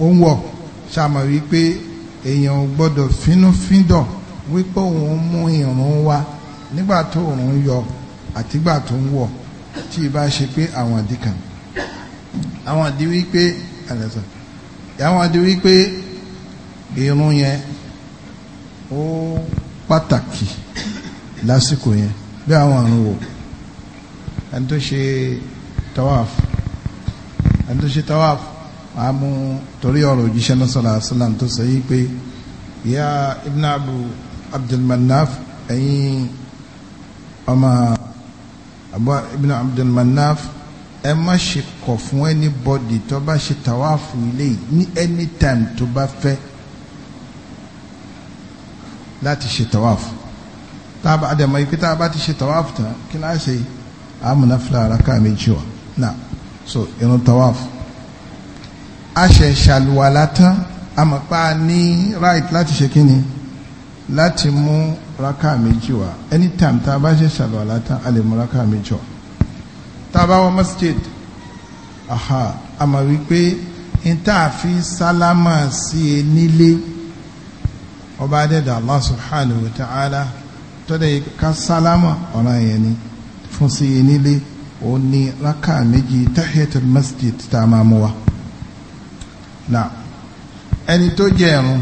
ó ń wọ̀ ṣàmọ̀ wípé èèyàn ò gbọ́dọ̀ fínúfíndọ̀ wípé òun mú ìrun wá nígbà tó òun yọ àtìgbà tó ń wọ̀ tí ìbá ṣe pé àwọn àdí kan àwọn àdí wípé àlẹ́sàn àwọn àdí wípé ìrun yẹn ó pàtàkì lásìkò yẹn bí àwọn àrùn wò ẹni tó ṣe tawaf ẹni tó ṣe tawaf a mú torí ọ̀rọ̀ òjíṣẹ́ náà sallallahu alaihi wasallam tó sọ yìí pé ìyá ibn abu abdulmanaf ẹ̀yin ọmọ abu ibn abdulmanaf ẹ má ṣe kọ̀ fún anybody tó bá ṣe tàwáàfù ilé yìí ní anytime tó bá fẹ́ láti ṣe tàwáàfù tá a bá àdàmọ́ yìí pé tá a bá ti ṣe tàwáàfù tán kí láṣẹ àmúnáfíà ara ká méjì wá náà so irun tàwáàfù a ṣẹ̀ ṣàlùwàlá tán a ní right láti ṣe kí ni láti mú raka méjì wá anytime tá a bá ṣe ṣàlùwàlá tán a lè mú raka méjì wá tá a bá wọ masjid aha a mọ̀ wípé n tá a fi sálámà sí e nílé ọba adẹ́dà Allah subhanahu wa ta'ala tọ́dẹ̀ ká sálámà ọ̀ràn yẹn ni fún sí e nílé ó ní raka méjì tahiyatul masjid tá a máa mú wa náà ẹni tó jẹ ẹ̀rùn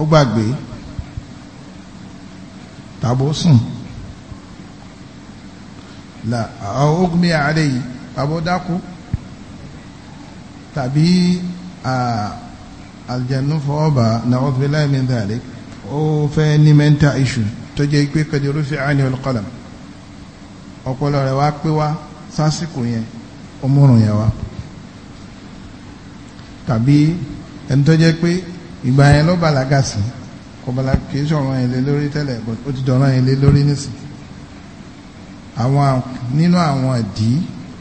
ó gbàgbé tàbó sùn la ọgbẹ́ ààrẹ yìí tàbó dákú tàbí àlùjànnú fọ́ọ̀bà na'udhu billahi min dhalik ó fẹ́ ní mental issue tó jẹ́ pé kẹjọ rúfẹ́ àní al-qalam ọpọlọ rẹ̀ wá pé wá sásìkò yẹn ó múrùn yẹn wá tàbí ẹni tó jẹ́ pé ìgbà yẹn ló bàlágà sí kọbala kìí sọ̀rọ̀ yẹn lé lórí tẹ́lẹ̀ but ó ti dọ̀rọ̀ yẹn lé lórí nísìn àwọn nínú àwọn ìdí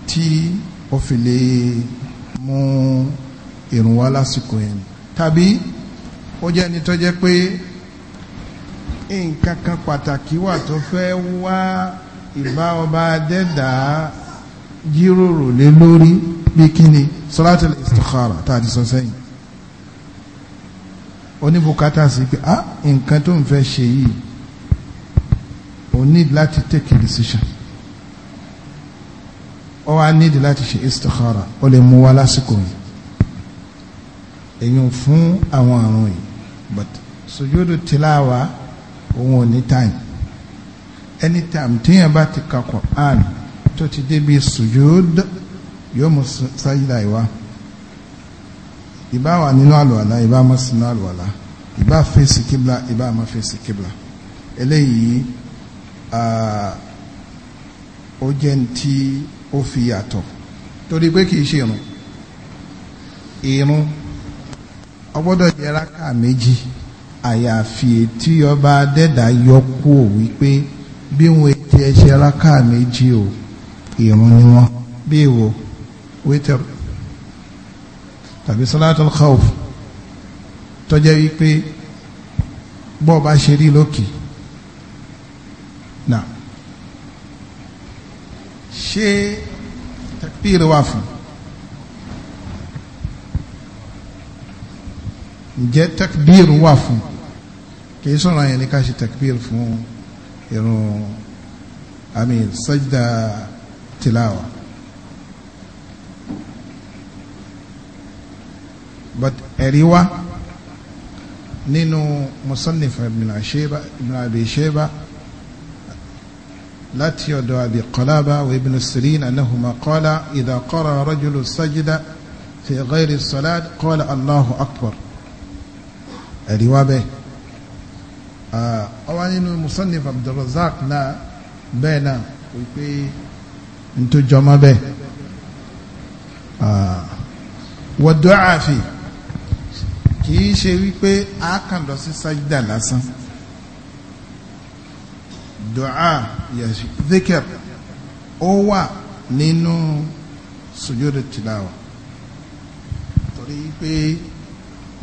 tí ó fi lè mú ìrun wá lásìkò yẹn tàbí ó jẹ́ ẹni pé nǹkan kan pàtàkì wà tó fẹ́ wá ìbá ọba adẹ́dàá jíròrò lé lórí bí kíni sọláàtì istikhara tá a ti sọ sẹ́yìn oníbùkátà sí pé ah nǹkan tó ń fẹ́ ṣe yìí o need láti take a decision ọ wá need láti ṣe istikhara ó lè mú wa lásìkò yìí èyàn fún àwọn àrùn yìí but sojúdù tìláwa òun ò ní time anytime téèyàn bá ti ka Qur'an tó ti débi sojúdù. yóò mú sájídà ìwá ìbá wà nínú àlùwàlá ìbá má sínú àlùwàlá ìbá fèsì kíbla ìbá fèsì kíbla eléyìí ó jẹ́ tí ó fi yàtọ̀ torí pé kìí ṣe irun irun ọgbọ́dọ̀ jẹ́ méjì àyàfi ọba adẹ́dà wípé bí wọn ti ẹṣẹ méjì irun ni wọn bí wítẹ̀r tàbí salatul khawf tọ́jẹ́ wípé bọ́ọ̀ bá ṣe rí lókè náà ṣé takbir wà fún ǹjẹ́ takbir wà fún kìí sọ̀rọ̀ yẹn ní ká ṣe takbir fún irun àmì sajda tilawa. but ẹ̀rí wá nínú musannif ibn abi sheba láti ọ̀dọ̀ abi qalaba wa ibn sirin anahuma qala idha qara rajulu sajida fi ghayri salat qala allahu akbar ẹ̀rí wá bẹ́ẹ̀ ọwọ́ nínú musannif abdulrazak náà bẹ́ẹ̀ náà wípé ntòjọ́mọ́ bẹ́ẹ̀ wọ́n dọ́ àfi kì í ṣe wípé a kàn lọ sí sájídà lásán dùá yẹsù zikr ó wà nínú sùjúdù tìláwà torí pé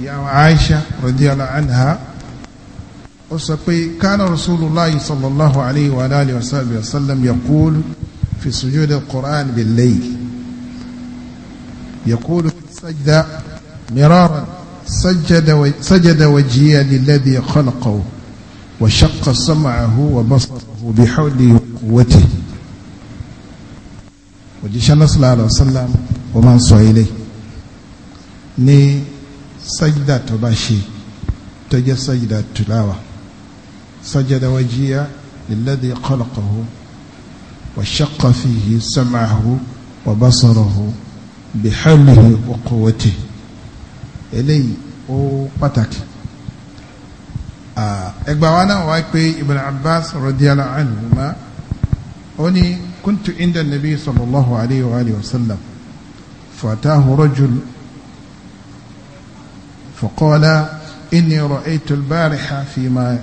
ìyàwó Aisha radiyallahu anha ó sọ pé kánà rasulullah sallallahu alayhi wa alihi wa sallam yaqul fi sùjúdù quran bil layl yaqul fi sajda miraran. سجد وجهي للذي خلقه وشق سمعه وبصره بحوله وقوته òjíṣẹ́ lọ́sọ̀lá àlọ́sọ́lá ó máa ń sọ ilé ní sájídà tó bá ṣe tó jẹ́ sájídà tùláwà sajada wajiya lilladhi khalaqahu wa shaqqa sam'ahu wa basarahu bihawlihi wa quwwatihi eléyìí ó pàtàkì ẹgbà wa náà wá pé Ibn Abbas radiyallahu anhuma ó ní kuntu inda nabi sallallahu alayhi wa alihi wa sallam fatahu rajul faqala inni ra'aytu al-bariha fima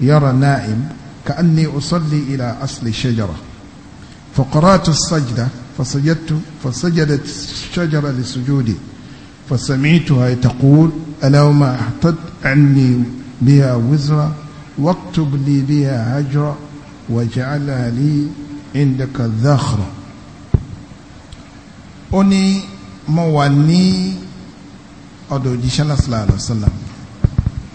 yara na'im ka'anni usalli ila asli shajara فقرأت السجدة فسجدت فسجدت الشجرة لسجودي فسمعتها تقول اللهم أحطت عني بها وزرا واكتب لي بها هجرا واجعلها لي عندك ذخرا ó ní mo wà ní ọ̀dọ̀ òjíṣẹ́ náà sallallahu alaihi wasallam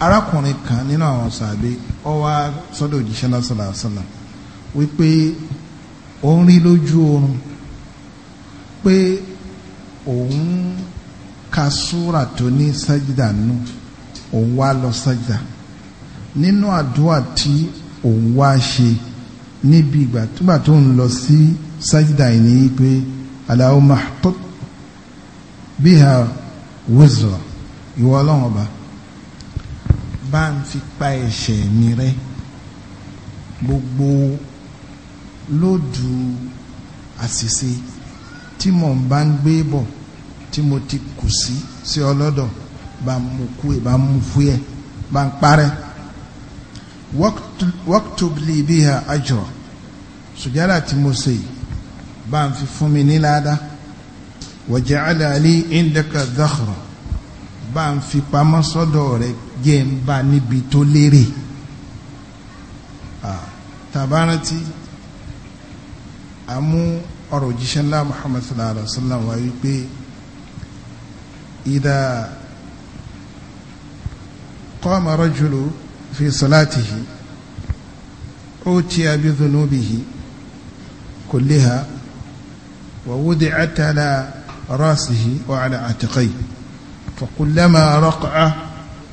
arákùnrin kan nínú àwọn sàbẹ ó wá sọ́dọ̀ òjíṣẹ́ náà sallallahu alaihi wasallam wípé ó ń rí lójú oorun pé òun ka súra tó ní sájídà nù òun wá lọ sájídà nínú àdúrà tí òun wá ṣe níbi ìgbà túgbà tó ń lọ sí sájídà yìí ní pé Allahumma tó biha wizra ìwọ ọlọ́run ọba bá ń fi pa ẹ̀ṣẹ̀ mi rẹ́ gbogbo lódù àṣìṣe tí mò ń bá ń gbé bọ̀ tí mo ti kù sí sí ọlọ́dọ̀ bá mú kú ẹ̀ bá mú fú ẹ̀ bá ń parẹ́ wọ́ktubli bí i àjọ sùjádà tí mo ṣe bá ń fi fún mi ní láàdá wọ̀jẹ̀ aláàlí indaka dhakhra bá ń fi pamọ́ sọ́dọ̀ rẹ̀ jẹ́ ń bá níbi tó lérè tàbárántí àmú ọ̀rọ̀ òjíṣẹ́ ńlá Muhammad sallallahu alaihi wa sallam wáyé pé إذا قام رجل في صلاته أوتي بذنوبه كلها ووضعت على رأسه وعلى عاتقيه فكلما رقع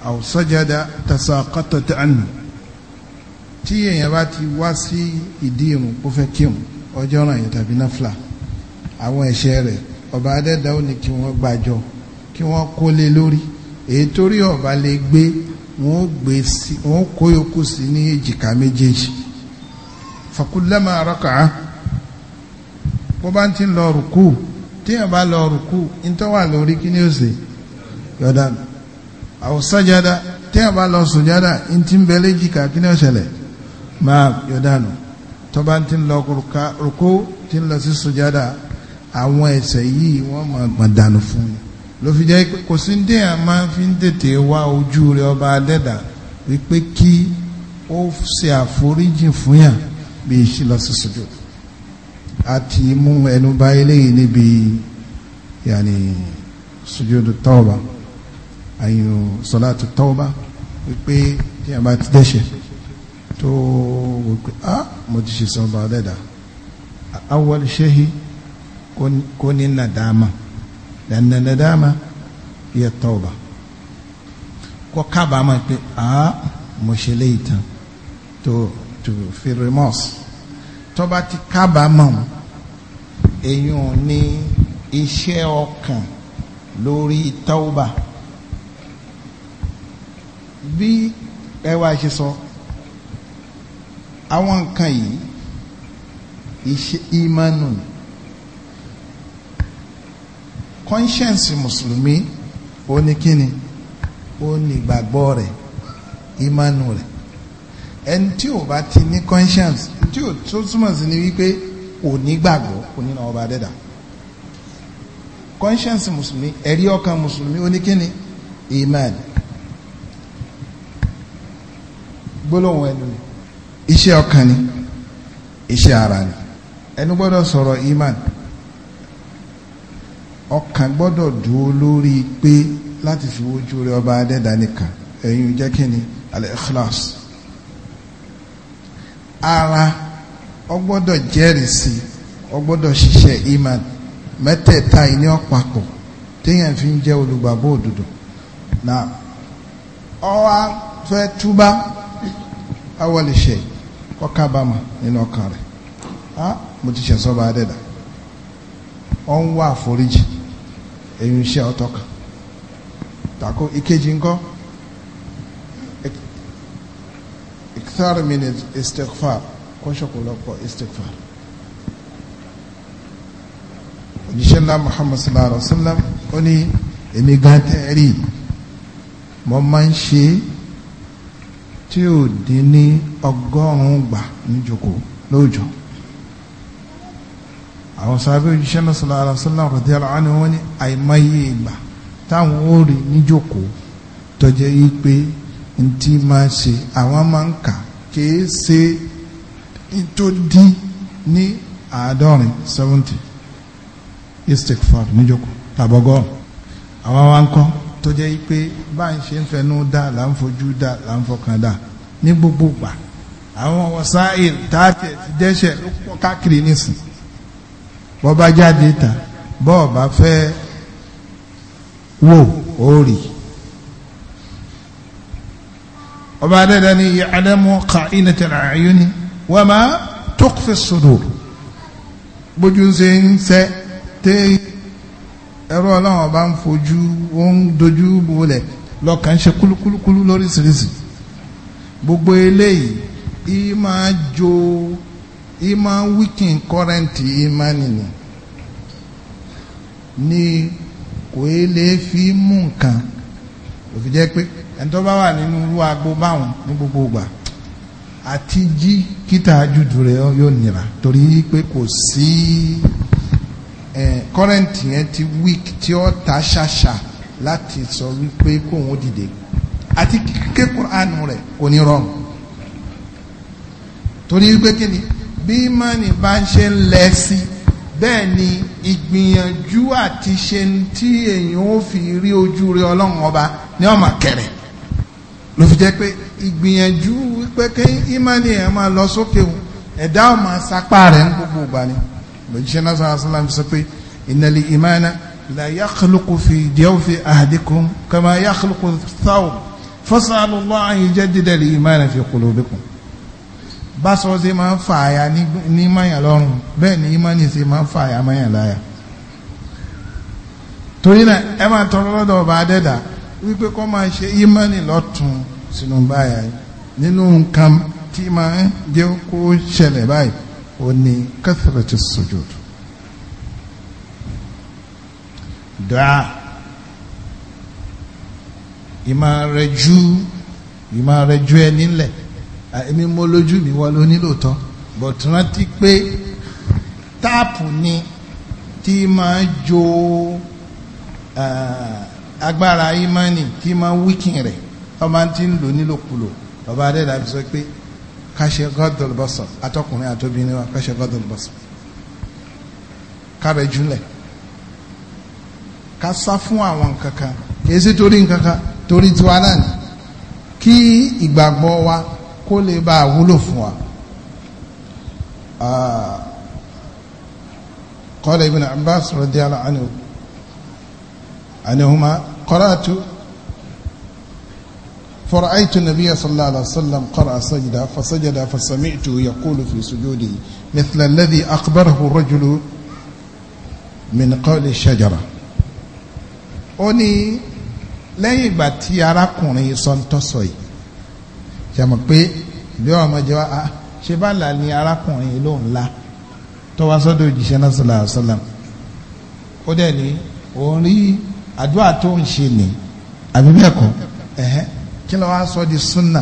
أو سجد تساقطت عنه tí èèyàn bá ti wá sí ìdí irun kó fẹ́ kírun ọjọ́ ràn yẹn tàbí náfìlà àwọn ẹ̀ṣẹ̀ rẹ̀ ọba adẹ́dàá ò ní kí wọ́n gbàjọ́ kí wọ́n kó lé lórí èyí torí ọba lè gbé wọ́n gbé sí wọ́n kó yòókù sí ní èjìká méjèèjì fàkúlẹ́mà àrọ́kà bó bá ń ti lọ rùkú téèyàn bá lọ rùkú nítorí wà lórí kí ni ó ṣe yọ̀dà àwòsájáda téèyàn bá lọ sùjádà ntí ń bẹ léjìká kí ni ó ṣẹlẹ̀ máa yọ̀dà nù tó bá ń lọ rùkú tí ń lọ sí sùjádà àwọn ẹ̀ṣẹ̀ yìí wọ́n máa gbọ̀n dànù fún mi ló fi jẹ́ pé kò sí dé à máa fi ń tètè wá ojú rẹ ọba adẹ́dà wípé kí ó ṣe àforíjì fún yàn bí i ṣe lọ sí sùjúd àti mú ẹnu bá eléyìí níbi yàní sùjúd tọ́ọ̀bà àyùn sọ́látù tọ́ọ̀bà wípé tí a bá ti dẹ́ṣẹ̀ tó wípé a mo ti ṣe sọ́ba adẹ́dà awọ́l kò ní nàdámà lẹ́nu nadama yẹ tọ́ọ̀bà kọ́ kábàámọ̀ pé a mo ṣe léyìí tán tó tó fi remorse tọ́ba ti kábàámọ̀ èyàn ní iṣẹ́ ọkàn lórí tọ́ọ̀bà bí ẹ wá ṣe sọ àwọn nǹkan yìí ìṣe ìmánu ni conscience mùsùlùmí ó ní kíni ó ní ìgbàgbọ́ rẹ̀ ìmánu rẹ̀ ẹni tí ò bá ti ní conscience tí ò tó túmọ̀ sí ni wípé ò ní gbàgbọ́ kò ní náà ọba dẹ́dà conscience mùsùlùmí ẹ̀rí ọkàn mùsùlùmí ó ní kíni ìmánu gbólóhùn ẹnu ni iṣẹ́ ni iṣẹ́ ara ni ẹnu gbọ́dọ̀ sọ̀rọ̀ ìmánu. ọkàn gbọ́dọ̀ dúró lórí pé láti fi wojú rẹ ọba adẹ́dà nìkan ẹ̀yin jẹ́ kí ni al-ikhlas ara ọgbọ́dọ̀ jẹ́rìí sí ọgbọ́dọ̀ ṣiṣẹ́ iman mẹ́tẹ̀ẹ̀ta ìní ọ̀pàpọ̀ téèyàn fi ń jẹ́ olùgbàgbọ́ òdodo na ọwa fẹ́ túbá awọlẹ̀ṣẹ̀ kọ́kábàmà nínú ọkàn rẹ̀ ah mo ti ṣẹ̀ sọ́ba adẹ́dà ọ ń wá àforíjì èyí iṣẹ́ ọ̀tọ̀ kan tako ìkejì ńkọ́ ikthar min istighfar kọ́ṣọ́kọ́lọ́pọ̀ istighfar oníṣẹ́ ńlá muhammad sallallahu alaihi wa sallam ó ní èmi gan tẹ́rì mo máa ń ṣe tí ò dín ní ọgọ́rùn-ún gbà níjòkó lóòjọ́ àwọn sábẹ́ òjíṣẹ́ náà sallallahu alaihi wasallam radiyallahu anhu wọ́n ní àìmọye ìgbà táwọn ó rí níjókòó tọ́jẹ́ yí pé n tí máa ṣe àwọn máa ń kà kìí ṣe tó dín ní àádọ́rin seventy istikfar níjókòó tàbọ̀gọ́rùn àwọn wa ń kọ́ tọ́jẹ́ yí pé bá ń ṣe ń fẹnu dá là dá là dá ní gbogbo gbà àwọn wasail tààtẹ̀ dẹ́ṣẹ̀ ló pọ̀ káàkiri nísìnyí bọ́ bá jáde tán bọ́ ọ bá fẹ́ wò ó rì ọba adẹ́dẹ́ ni ya'lamu qa'inatal a'yuni wa ma tukhfi sudur bójú ṣe ń sẹ́ tẹ́ ẹ̀rọ ọlọ́run ọba ń fojú ó ń dojú bolẹ̀ lọ́kàn ṣe kúlúkúlúkúlú lóríṣiríṣi gbogbo eléyìí ìmáa jó ìmọ̀ wíkìn kọ́rẹ́ǹtì ìmánì ni ni kò é lè fi mú nǹkan òfin jẹ́ pé ẹni tó bá wà nínú irú agbo báwọn ní gbogbo ìgbà àti jí kíta jùjú rẹ̀ yóò nira torí pé kò sí kọ́rẹ́ǹtì yẹn ti wík tí ó ta ṣàṣà láti sọ wípé kóun dìde àti kíké kúránù rẹ̀ kò ní rọrùn torí wípé kí ni bí mọ́nì bá ń ṣe ń lẹ sí bẹ́ẹ̀ ni ìgbìyànjú àti ṣe tí èèyàn ó fi rí ojú rí ọlọ́run ọba ní ọmọ kẹrẹ ló fi jẹ́ pé ìgbìyànjú pé kí ìmọ̀nì ẹ̀ máa lọ sókè o ẹ̀dá ọmọ sapá rẹ̀ ń gbogbo ìgbà ni lójúṣe náà sọ àṣàlá mi sọ pé ìnàlè ìmọ̀nà la yakhluqu fi jawfi ahadikum kama yakhluqu thaw fasalu Allah an yujaddida al-imana fi qulubikum báṣọ ṣe máa ń fa àyà ní mayàn lọ́rùn bẹ́ẹ̀ ni imani ṣe máa ń fa àyà mayàn láyà torí náà ẹ máa tọrọ lọ́dọ̀ ọba adẹ́dà wípé kọ́ máa ṣe imani lọ́tún sínú báyà nínú nǹkan tí máa ń jẹ́ kó ṣẹlẹ̀ báyìí ó ní kathratu sujud dùá ìmọ̀ rẹ̀ ju ìmọ̀ rẹ̀ ju ẹ nílẹ̀ èmi mo lójú mi wọ́n ló nílò tán but rántí pé táàpù ni tí máa jo agbára imani tí máa wíkìn rẹ̀ ọmọ tí ń lò nílòkulò ọba adẹ́dà fi sọ pé káṣe gọ́dọ̀lù bọ́sọ̀ atọ́kùnrin àtọ́bìnrin wa káṣe gọ́dọ̀lù bọ́sọ̀ kárẹ̀ ká sá fún àwọn kankan kì í sí torí nkankan torí tiwa náà ni kí ìgbàgbọ́ wa kó lè bá a wúlò fún wa. Qala Ibn Abbas radiyallahu anhu anhuma qara'tu فرأيت النبي صلى الله عليه وسلم قرأ سجدة فسجد فسمعته يقول في سجوده مثل الذي أخبره الرجل من قول الشجرة ó ní lẹ́yìn ìgbà tí arákùnrin sọ ń tọ́sọ yìí ṣàmọ̀ pé ìbéèrè ọmọ jẹ wa ah, ṣe bá là ní arákùnrin ló la tọ́wọ́ sọ́dọ̀ òjíṣẹ́ náà sọ̀lá àṣọlá ó dẹ̀ ní òun rí àdúrà tó ń ṣe nì àbí bẹ́ẹ̀ kọ́ ẹ̀hẹ́ kí ló wá sọ di súnà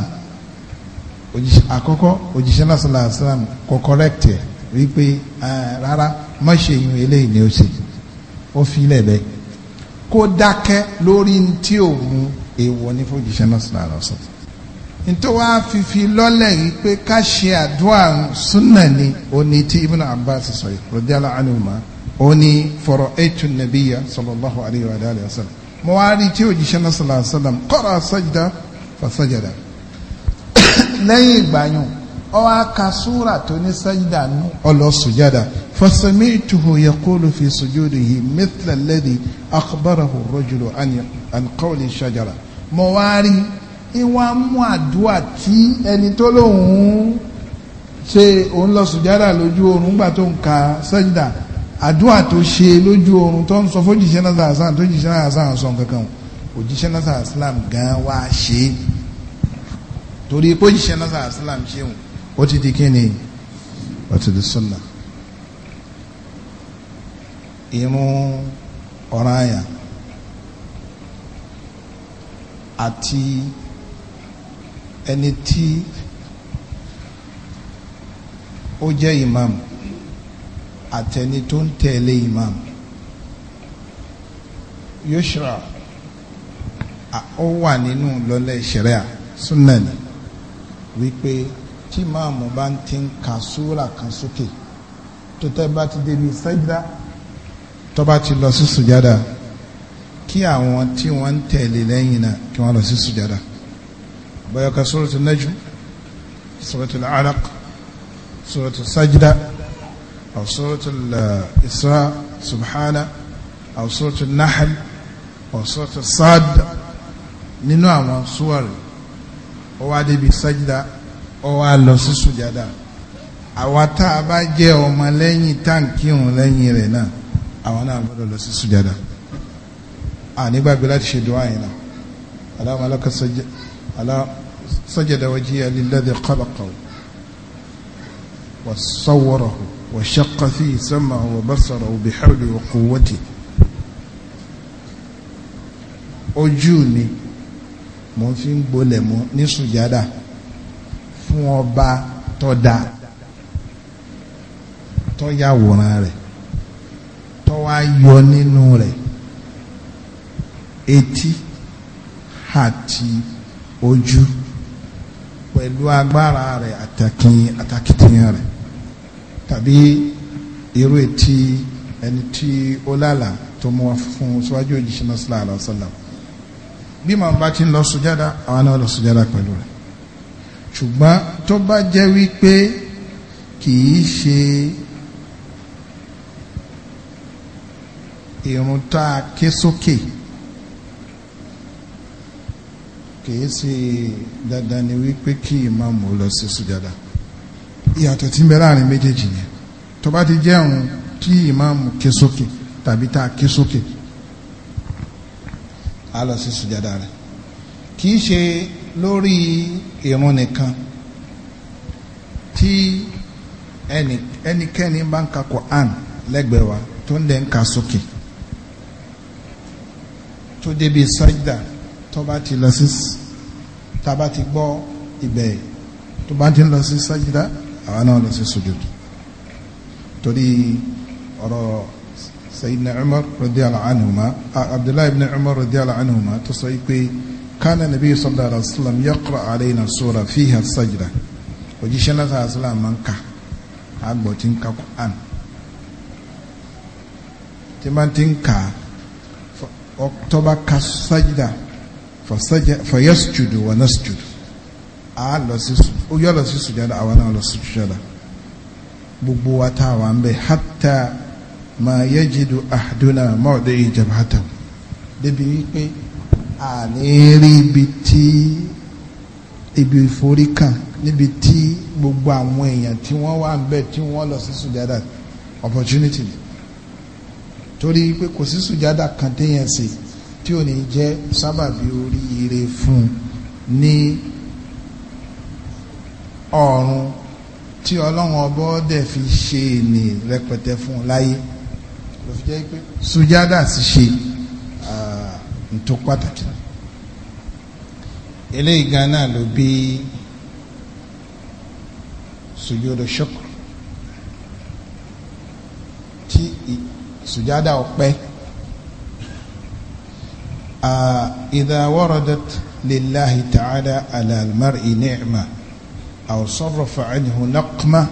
àkọ́kọ́ òjíṣẹ́ náà sọ̀lá àṣọlá kò correct ẹ̀ wípé rárá má ṣe yun eléyìí ni ó ṣe ó fi ilẹ̀ bẹ́ẹ̀ kó dákẹ́ lórí tí òun èèwọ̀ ní fòjíṣẹ́ náà sọ̀lá àṣọlá nítorí wàá fífi lọ́lẹ̀ yìí pé ká ṣe àdúrà súnà ni òní tí Ibn Abbas sọ yìí radiyallahu anhuma òní fọ̀rọ̀ ẹ̀tù nàbíyà sallallahu alayhi wa alihi wa sallam mo wá rí tí òjíṣẹ́ náà sallallahu alayhi wa sallam qara lẹ́yìn ìgbàyàn ó wá ka súrà tó ní sajda nù ọlọ́ sùjádà fa sami'tuhu yaqulu fi sujudihi mithla alladhi akhbarahu ar-rajulu an qawli mo wá rí ìwọ̀n mú àdúà tí ẹni tó lóun ṣe òun lọ sùjádà lójú oorun gbà tó ń ka sẹ́jìdà àdúà tó ṣe lójú oorun tó ń sọ fójìṣẹ́ náà sàásán tó jìṣẹ́ náà sàásán sọ kankan òjíṣẹ́ náà sàásán gan wá ṣe torí pójìṣẹ́ náà sàásán ṣeun ó ti di kí ni ó ti di súnà irun ọ̀ranyàn àti ẹni tí ó jẹ́ imam àtẹni tó ń tẹ̀lé imam yóṣùra ó wà nínú lọ́lẹ̀ ṣẹ̀ríà súnẹ̀nì wípé tí máàmù bá ń ti ń ka súra kan sókè tó tẹ́ bá ti débi sẹ́gbà tó bá ti lọ sí sùjádà kí àwọn tí wọ́n ń tẹ̀lé lẹ́yìn náà kí wọ́n lọ sí sùjádà bóyá ka suratu najm suratu alaq suratu sajda aw suratu isra subhana aw suratu nahl aw suratu sad nínú àwọn suwari ó wá débi sajda ó wá lọ sí sujada àwa tá a bá jẹ́ ọmọ lẹ́yìn táǹkì òun lẹ́yìn rẹ̀ náà àwọn náà gbọ́dọ̀ lọ sí sujada à nígbàgbé láti ṣe dùn àyìnà aláwọ̀ alákàsọ́jẹ́ aláwọ̀. سجد وجهه للذي خلقه وصوره وشق فيه سمعه وبصره بحوله وقوته ojú ni mo fi ń gbolẹ̀ mọ́ ní sùjádà fún ọba tọ́da tọ́yàwòrán rẹ̀ tọ́wá yọ nínú rẹ̀ etí àti ojú pẹ̀lú agbára rẹ̀ àtàkìn àtàkìtìyàn rẹ̀ tàbí irú etí ẹni tí ó lálà tó mú wa fún síwájú òjíṣẹ́ náà sílá àlọ́ sọ́lá bí màá bá ti ń lọ sùjádà àwọn náà lọ sùjádà pẹ̀lú rẹ̀ ṣùgbọ́n tó bá jẹ́ wípé kì í ṣe irun tá a ké sókè kìí ṣe dandan ni wípé kí ìmáàmù lọ sí sùjádà ìyàtọ̀ tí ń bẹ láàrin méjèèjì yẹn tó bá ti jẹ́ òun kí ìmáàmù ké sókè tàbí tá a ké sókè á lọ sí sùjádà rẹ̀ kìí ṣe lórí ìrun nìkan tí ẹnikẹ́ni bá ń ka Qur'an lẹ́gbẹ̀ẹ́ wa tó ń dẹ̀ ń ka sókè tó débi sájúdà tó bá ti lọ sí tá bá ti gbọ́ ibẹ̀ tó bá ti lọ sí sájídá àwọn náà lọ sí sujud torí ọ̀rọ̀ sayidina umar radiyallahu anhuma abdullahi ibn umar radiyallahu anhuma tó sọ pé kánà nàbí sallallahu alaihi wasallam yaqra alayna sura fiha sajda òjíṣẹ́ náà sallallahu alaihi wasallam máa ń kà á gbọ́ tí ń ka Qur'an tí máa ti ń kà á tọ́ba ka sajda fayasjudu wa nasjudu a lọ sí sùn ó yọ lọ sí sùjádà àwọn náà lọ sí sùjádà gbogbo wa tá a wà ń bẹ hatta ma yajidu ahduna mawdi'i jabhatahu débi wípé a ní rí ibi tí ibi ìforí kan níbi tí gbogbo àwọn èèyàn tí wọ́n wà ń tí wọ́n lọ sí sùjádà opportunity torí pé kò sí sùjádà kan téèyàn sí tí ò ní jẹ́ sábàbí oríire fún ní ọ̀run tí ọlọ́run ọbọ̀ dẹ̀ fi ṣe ní rẹpẹtẹ fún láyé ló fi jẹ́ pé sujada sì ṣe ntó pàtàkì eléyìí gan ló bí sujudu shukr tí sujada ọpẹ́. آه، إذا وردت لله تعالى على المرء نعمة أو صرف عنه نقمة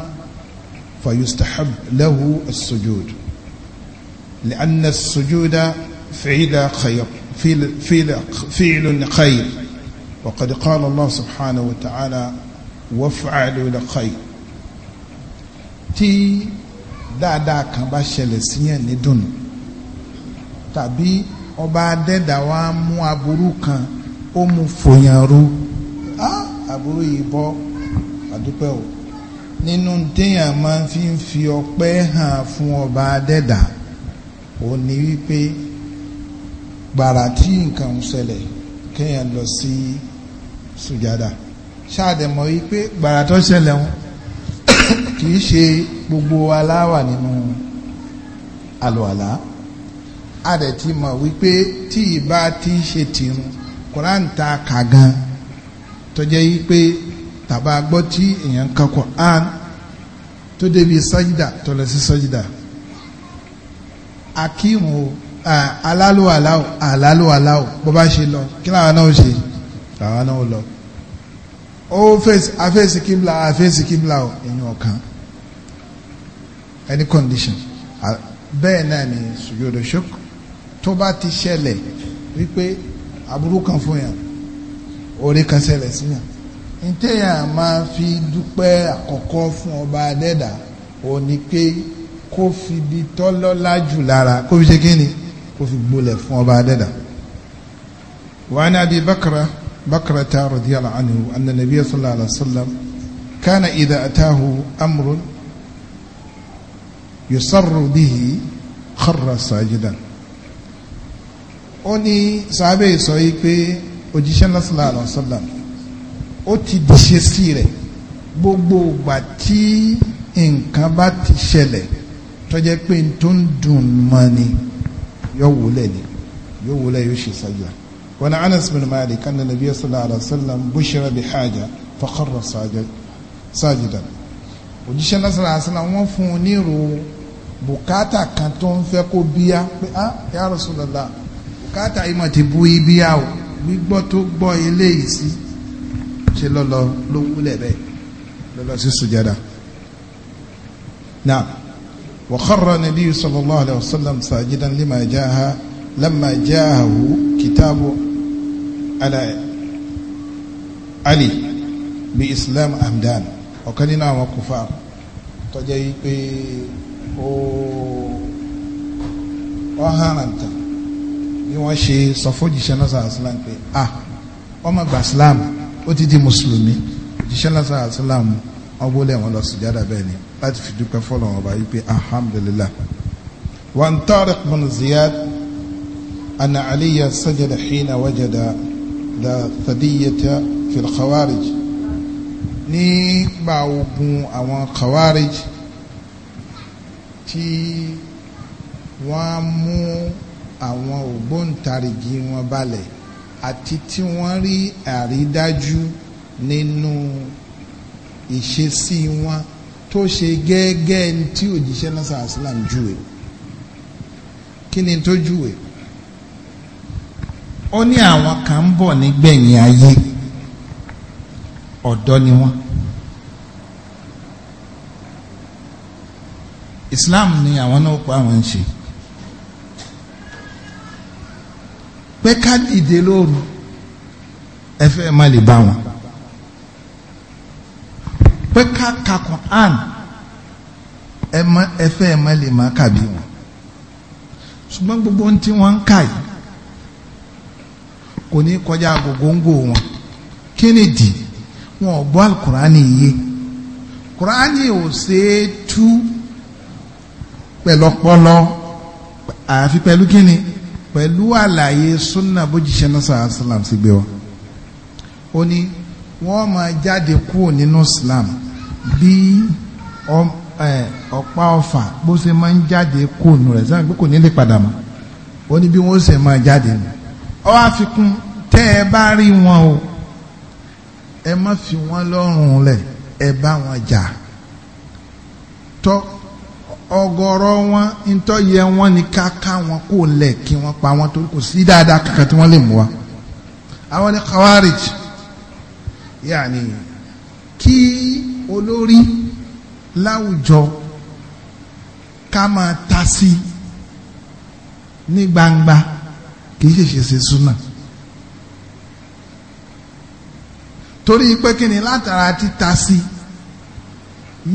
فيستحب له السجود لأن السجود فعل خير فعل, فعل, فعل خير وقد قال الله سبحانه وتعالى وافعلوا لخير تي دا دا bá ṣẹlẹ̀ síyàn ní ọba adẹ́dà wa mú aburú kan ó mú fòyànrú aburú yìí bọ́ àdúpẹ́ o nínú téèyàn máa fi ń fi ọpẹ́ hàn fún ọba adẹ́dà ó ní wípé gbàrà tí nǹkan ń ṣẹlẹ̀ kéèyàn lọ sí sùjádà ṣáàdẹ̀mọ̀ wípé gbàrà tó ṣẹlẹ̀ wọn kì í ṣe gbogbo aláwà nínú àlùwàlá a dẹ̀ ti mọ̀ wípé tí ìbá ti ṣe tìrun Quran ta kà gan tó jẹ́ wípé tàbá gbọ́ tí èèyàn ka Quran tó débi sọ́jìdà tó lọ sí sọ́jìdà akírun o alálùwàlá o alálùwàlá o bó bá ṣe lọ kí làwọn náà ṣe làwọn náà lọ ó fèsì àfèsì kíbla àfèsì kíbla o èèyàn ọ̀kan any condition bẹ́ẹ̀ náà ni sùjúdù ṣókù tó bá ti ṣẹlẹ̀ wípé aburú kan fún yàn oore kan ṣẹlẹ̀ sí yàn ntẹ́yàn máa fi dúpẹ́ àkọ́kọ́ fún ọba adẹ́dà ò ní pé kó fi bi tọ́lọ́lá jù lára kó fi ṣe kí ni kó fi gbolẹ̀ fún ọba adẹ́dà. وعن أبي بكرة بكرة رضي الله عنه أن النبي صلى الله عليه وسلم كان إذا أتاه أمر يسر به خر ساجدا ó ní sàábẹ̀ sọ yìí pé òjíṣẹ́ lọ́sọ̀lá àlọ́sọ̀lá ó ti dìṣe sí rẹ̀ gbogbo ìgbà tí nǹkan bá ti ṣẹlẹ̀ tó pé n tó ń dùn mọ́ ni yóò wúlẹ̀ ni yóò wúlẹ̀ yóò ṣe sájà wọn Anas bin Malik kan nàbí sallallahu alaihi wasallam bushira bi haja fa kharra sajidan òjíṣẹ́ lọ́sọ̀lá àlọ́sọ̀lá wọ́n fún un ní ro bùkátà kan tó ń fẹ́ kó bíyá pé ah ya Rasulullah káàtà ìmọ̀ ti bu ibi a o gbígbọ́ tó gbọ́ eléyìí sí ṣe lọ́lọ́ ló wúlẹ̀ bẹ́ẹ̀ lọ́lọ́ sí sùjádà náà wa kharra nabiyyu sallallahu alayhi wa sallam sajidan lima jaaha lamma jaahu kitabu ala ali bi islam amdan ọ̀kan nínú àwọn kufar tọ́jẹ́ yìí pé ó ọ̀hánà tán ni wọ́n ṣe sọ fójíṣẹ́ náà sàásìlám pé à ọmọ gbà sílám ó ti di mùsùlùmí òjíṣẹ́ náà sàásìlám ọgbó lẹ́wọ̀n lọ sùjádà bẹ́ẹ̀ ni láti fi dúpẹ́ fọ́lọ́wọ́n bá wípé alhamdulillah wọn Tariq bin Ziyad ana aliya sajada hina wajada da thadiyata fil khawarij nígbà ogun àwọn khawarij tí wọ́n mú àwọn ògbóǹtarìgì wọn balẹ̀ àti tí wọ́n rí àrídájú nínú ìṣesí wọn tó ṣe gẹ́gẹ́ tí òjíṣẹ́ náà sàásìlám júwe kí ni tó júwe ó ní àwọn kan ń bọ̀ nígbẹ̀yìn ayé ọ̀dọ́ ni wọ́n Islam ni àwọn náà pa àwọn ń ṣe. pé ká dìde lóru ẹ fẹ́ má lè bá wọn pé ká ka Quran ẹ má ẹ fẹ́ má lè má kàbí wọn ṣùgbọ́n gbogbo ohun tí wọ́n ń kà yìí kò ní kọjá gògóńgò wọn kí ni dì wọn ò gbọ́ alukurani yé kurani ò ṣe é tú pẹ̀lọpọlọ àyàfi pẹ̀lú kí ni. pẹ̀lú àlàyé súnà bójíṣẹ́ náà sàrà islam si gbé wa ó ní wọ́n máa jáde kúrò nínú islam bí ọ̀pá ọfà bó ṣe máa ń jáde kúrò nínú rẹ̀ sáà pé kò nílé padà mọ́ ó ní bí wọ́n ṣe máa jáde nù tẹ́ ẹ bá o ẹ má fi wọn lọ́rùn lẹ̀ ẹ bá wọn jà ọ̀gọ̀rọ̀ wọn ntọ́ yẹ wọn ni kaka ká wọn kó lẹ̀ kí wọ́n pa wọn torí kò sí dáadáa kankan tí wọ́n lè mú wa àwọn ni khawarij yàní kí olórí láwùjọ ká máa ta sí ní gbangba kì í ṣèṣe ṣe súnà torí pé kí ni látara títa sí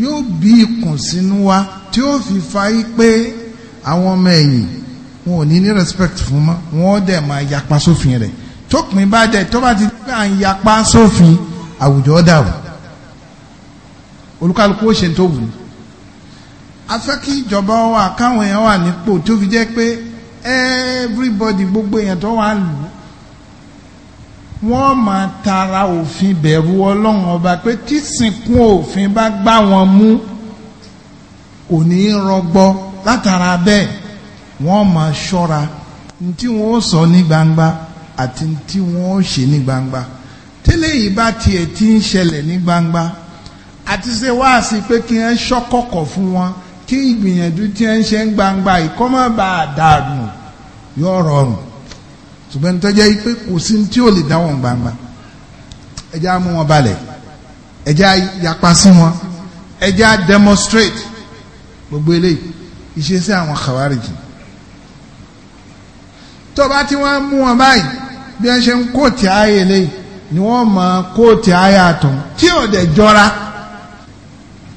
yóò bí ikùn sínú wa tí ó fi fa yí pé àwọn ọmọ ẹ̀yìn wọn ò ní ní respect fún mọ́ wọn dẹ̀ máa yapa sófin rẹ̀ tópin bá dẹ̀ tó bá ti gbé à ń yapa sófin àwùjọ dàrú olúkálukú ó ṣe tó wù ú a fẹ́ kí ìjọba wa káwọn èèyàn wà nípò tó fi jẹ́ pé everybody gbogbo èèyàn tó wà lù ú wọ́n máa tara òfin bẹ̀rù ọlọ́run ọba pé tísìnkún òfin bá gbá wọn mú kò ní rọgbọ látara bẹ́ẹ̀ wọ́n máa ṣọ́ra ntí wọ́n sọ ní gbangba àti ntí wọ́n ṣe ní gbangba tẹ́lẹ̀ yìí bá tiẹ̀ ti ń ṣẹlẹ̀ ní gbangba àti ṣe wáàsí pé kí wọ́n ṣọ́kọ̀kọ̀ fún wọn kí ìgbìyànjú tí wọ́n ṣe ń gbangba ìkọ́mọ́ bá a dànù yóò rọrùn ṣùgbọ́n tó jẹ́ pé kò sí tí ò lè dá gbangba ẹjẹ́ á mú wọn balẹ̀ ẹjẹ́ á yapa sí wọn ẹjẹ́ á demonstrate gbogbo eléyìí ìṣesí àwọn khawarij tọba tí wọ́n mú wọn báyìí bí wọ́n ṣe ń kóòtì ayé eléyìí ni wọ́n mọ kóòtì ayé àtọ̀hún tí ò dẹ̀ jọra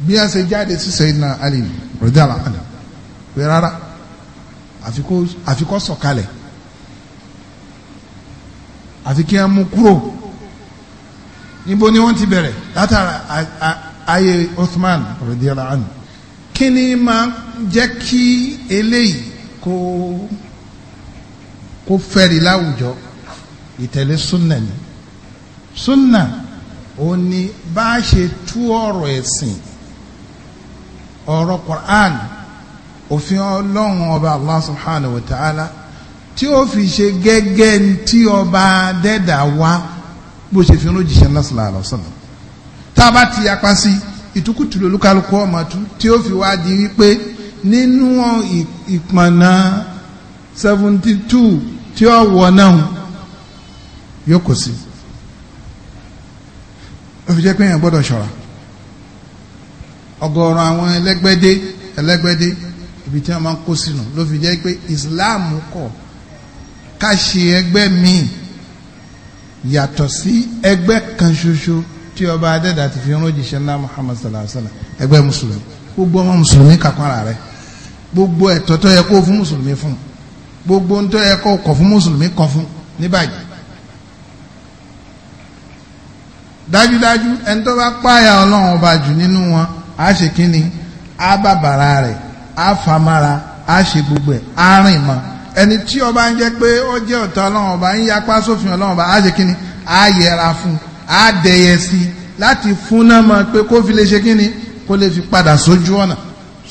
bí wọ́n ṣe jáde sí Sayyidina Ali rọ̀dàlá àná pé rárá àfikọ́ sọ̀kalẹ̀ àfi kí wọ́n mú kúrò níbo ni wọ́n ti bẹ̀rẹ̀ látara ayé Uthman rọ̀dàlá àná kí ni máa jẹ́ kí eléyìí kó kó fẹ́rí láwùjọ ìtẹ̀lé súnà ni súnà ó ní bá a ṣe tú ọ̀rọ̀ ẹ̀sìn ọ̀rọ̀ Qur'an òfin ọlọ́run ọba Allah subhanahu wa ta'ala tí ó fi ṣe gẹ́gẹ́ tí ọba dẹ́dà wá bó ṣe fi ń lójìṣẹ́ náà sallallahu alaihi tá a bá ti yapa sí i ìtukùtù lolúkálukú ọmọtú tí ó fi wá di wípé nínú ìpọ̀nà seventy two tí ó wọ̀ náà yóò kò sí ó fi jẹ́ pé èèyàn gbọ́dọ̀ ṣọ́ra ọ̀gọ̀ọ̀rọ̀ àwọn ẹlẹ́gbẹ́dé ẹlẹ́gbẹ́dé ibi tí wọ́n máa ń kó sínú ló fi jẹ́ pé Islam kọ̀ ká ṣe ẹgbẹ́ míì yàtọ̀ sí ẹgbẹ́ kan ṣoṣo tí ọba adẹ́dà ti fi rán òjíṣẹ́ ńlá Muhammad sallallahu alayhi wa sallam ẹgbẹ́ mùsùlùmí gbogbo ọmọ mùsùlùmí kàkọ́ra rẹ gbogbo ẹ̀tọ́ tó yẹ kó fún mùsùlùmí fún gbogbo ń tó yẹ kó kọ̀ fún mùsùlùmí kọ̀ fún níbàjẹ́ dájúdájú ẹni tó bá páyà ọlọ́run ọba jù nínú wọn á ṣe kínni á bàbàrà rẹ̀ á famára á ṣe gbogbo ẹ̀ á rìn mọ́ ẹni tí ọba ń jẹ́ pé ó jẹ́ ọ̀tá ọlọ́run ọba ń yapa sófin ọlọ́run ọba á ṣe kínni á yẹra fún un á dẹyẹ sí láti fún náà máa pé kó fi lè ṣe kí ni kó lè fi padà sójú ọ̀nà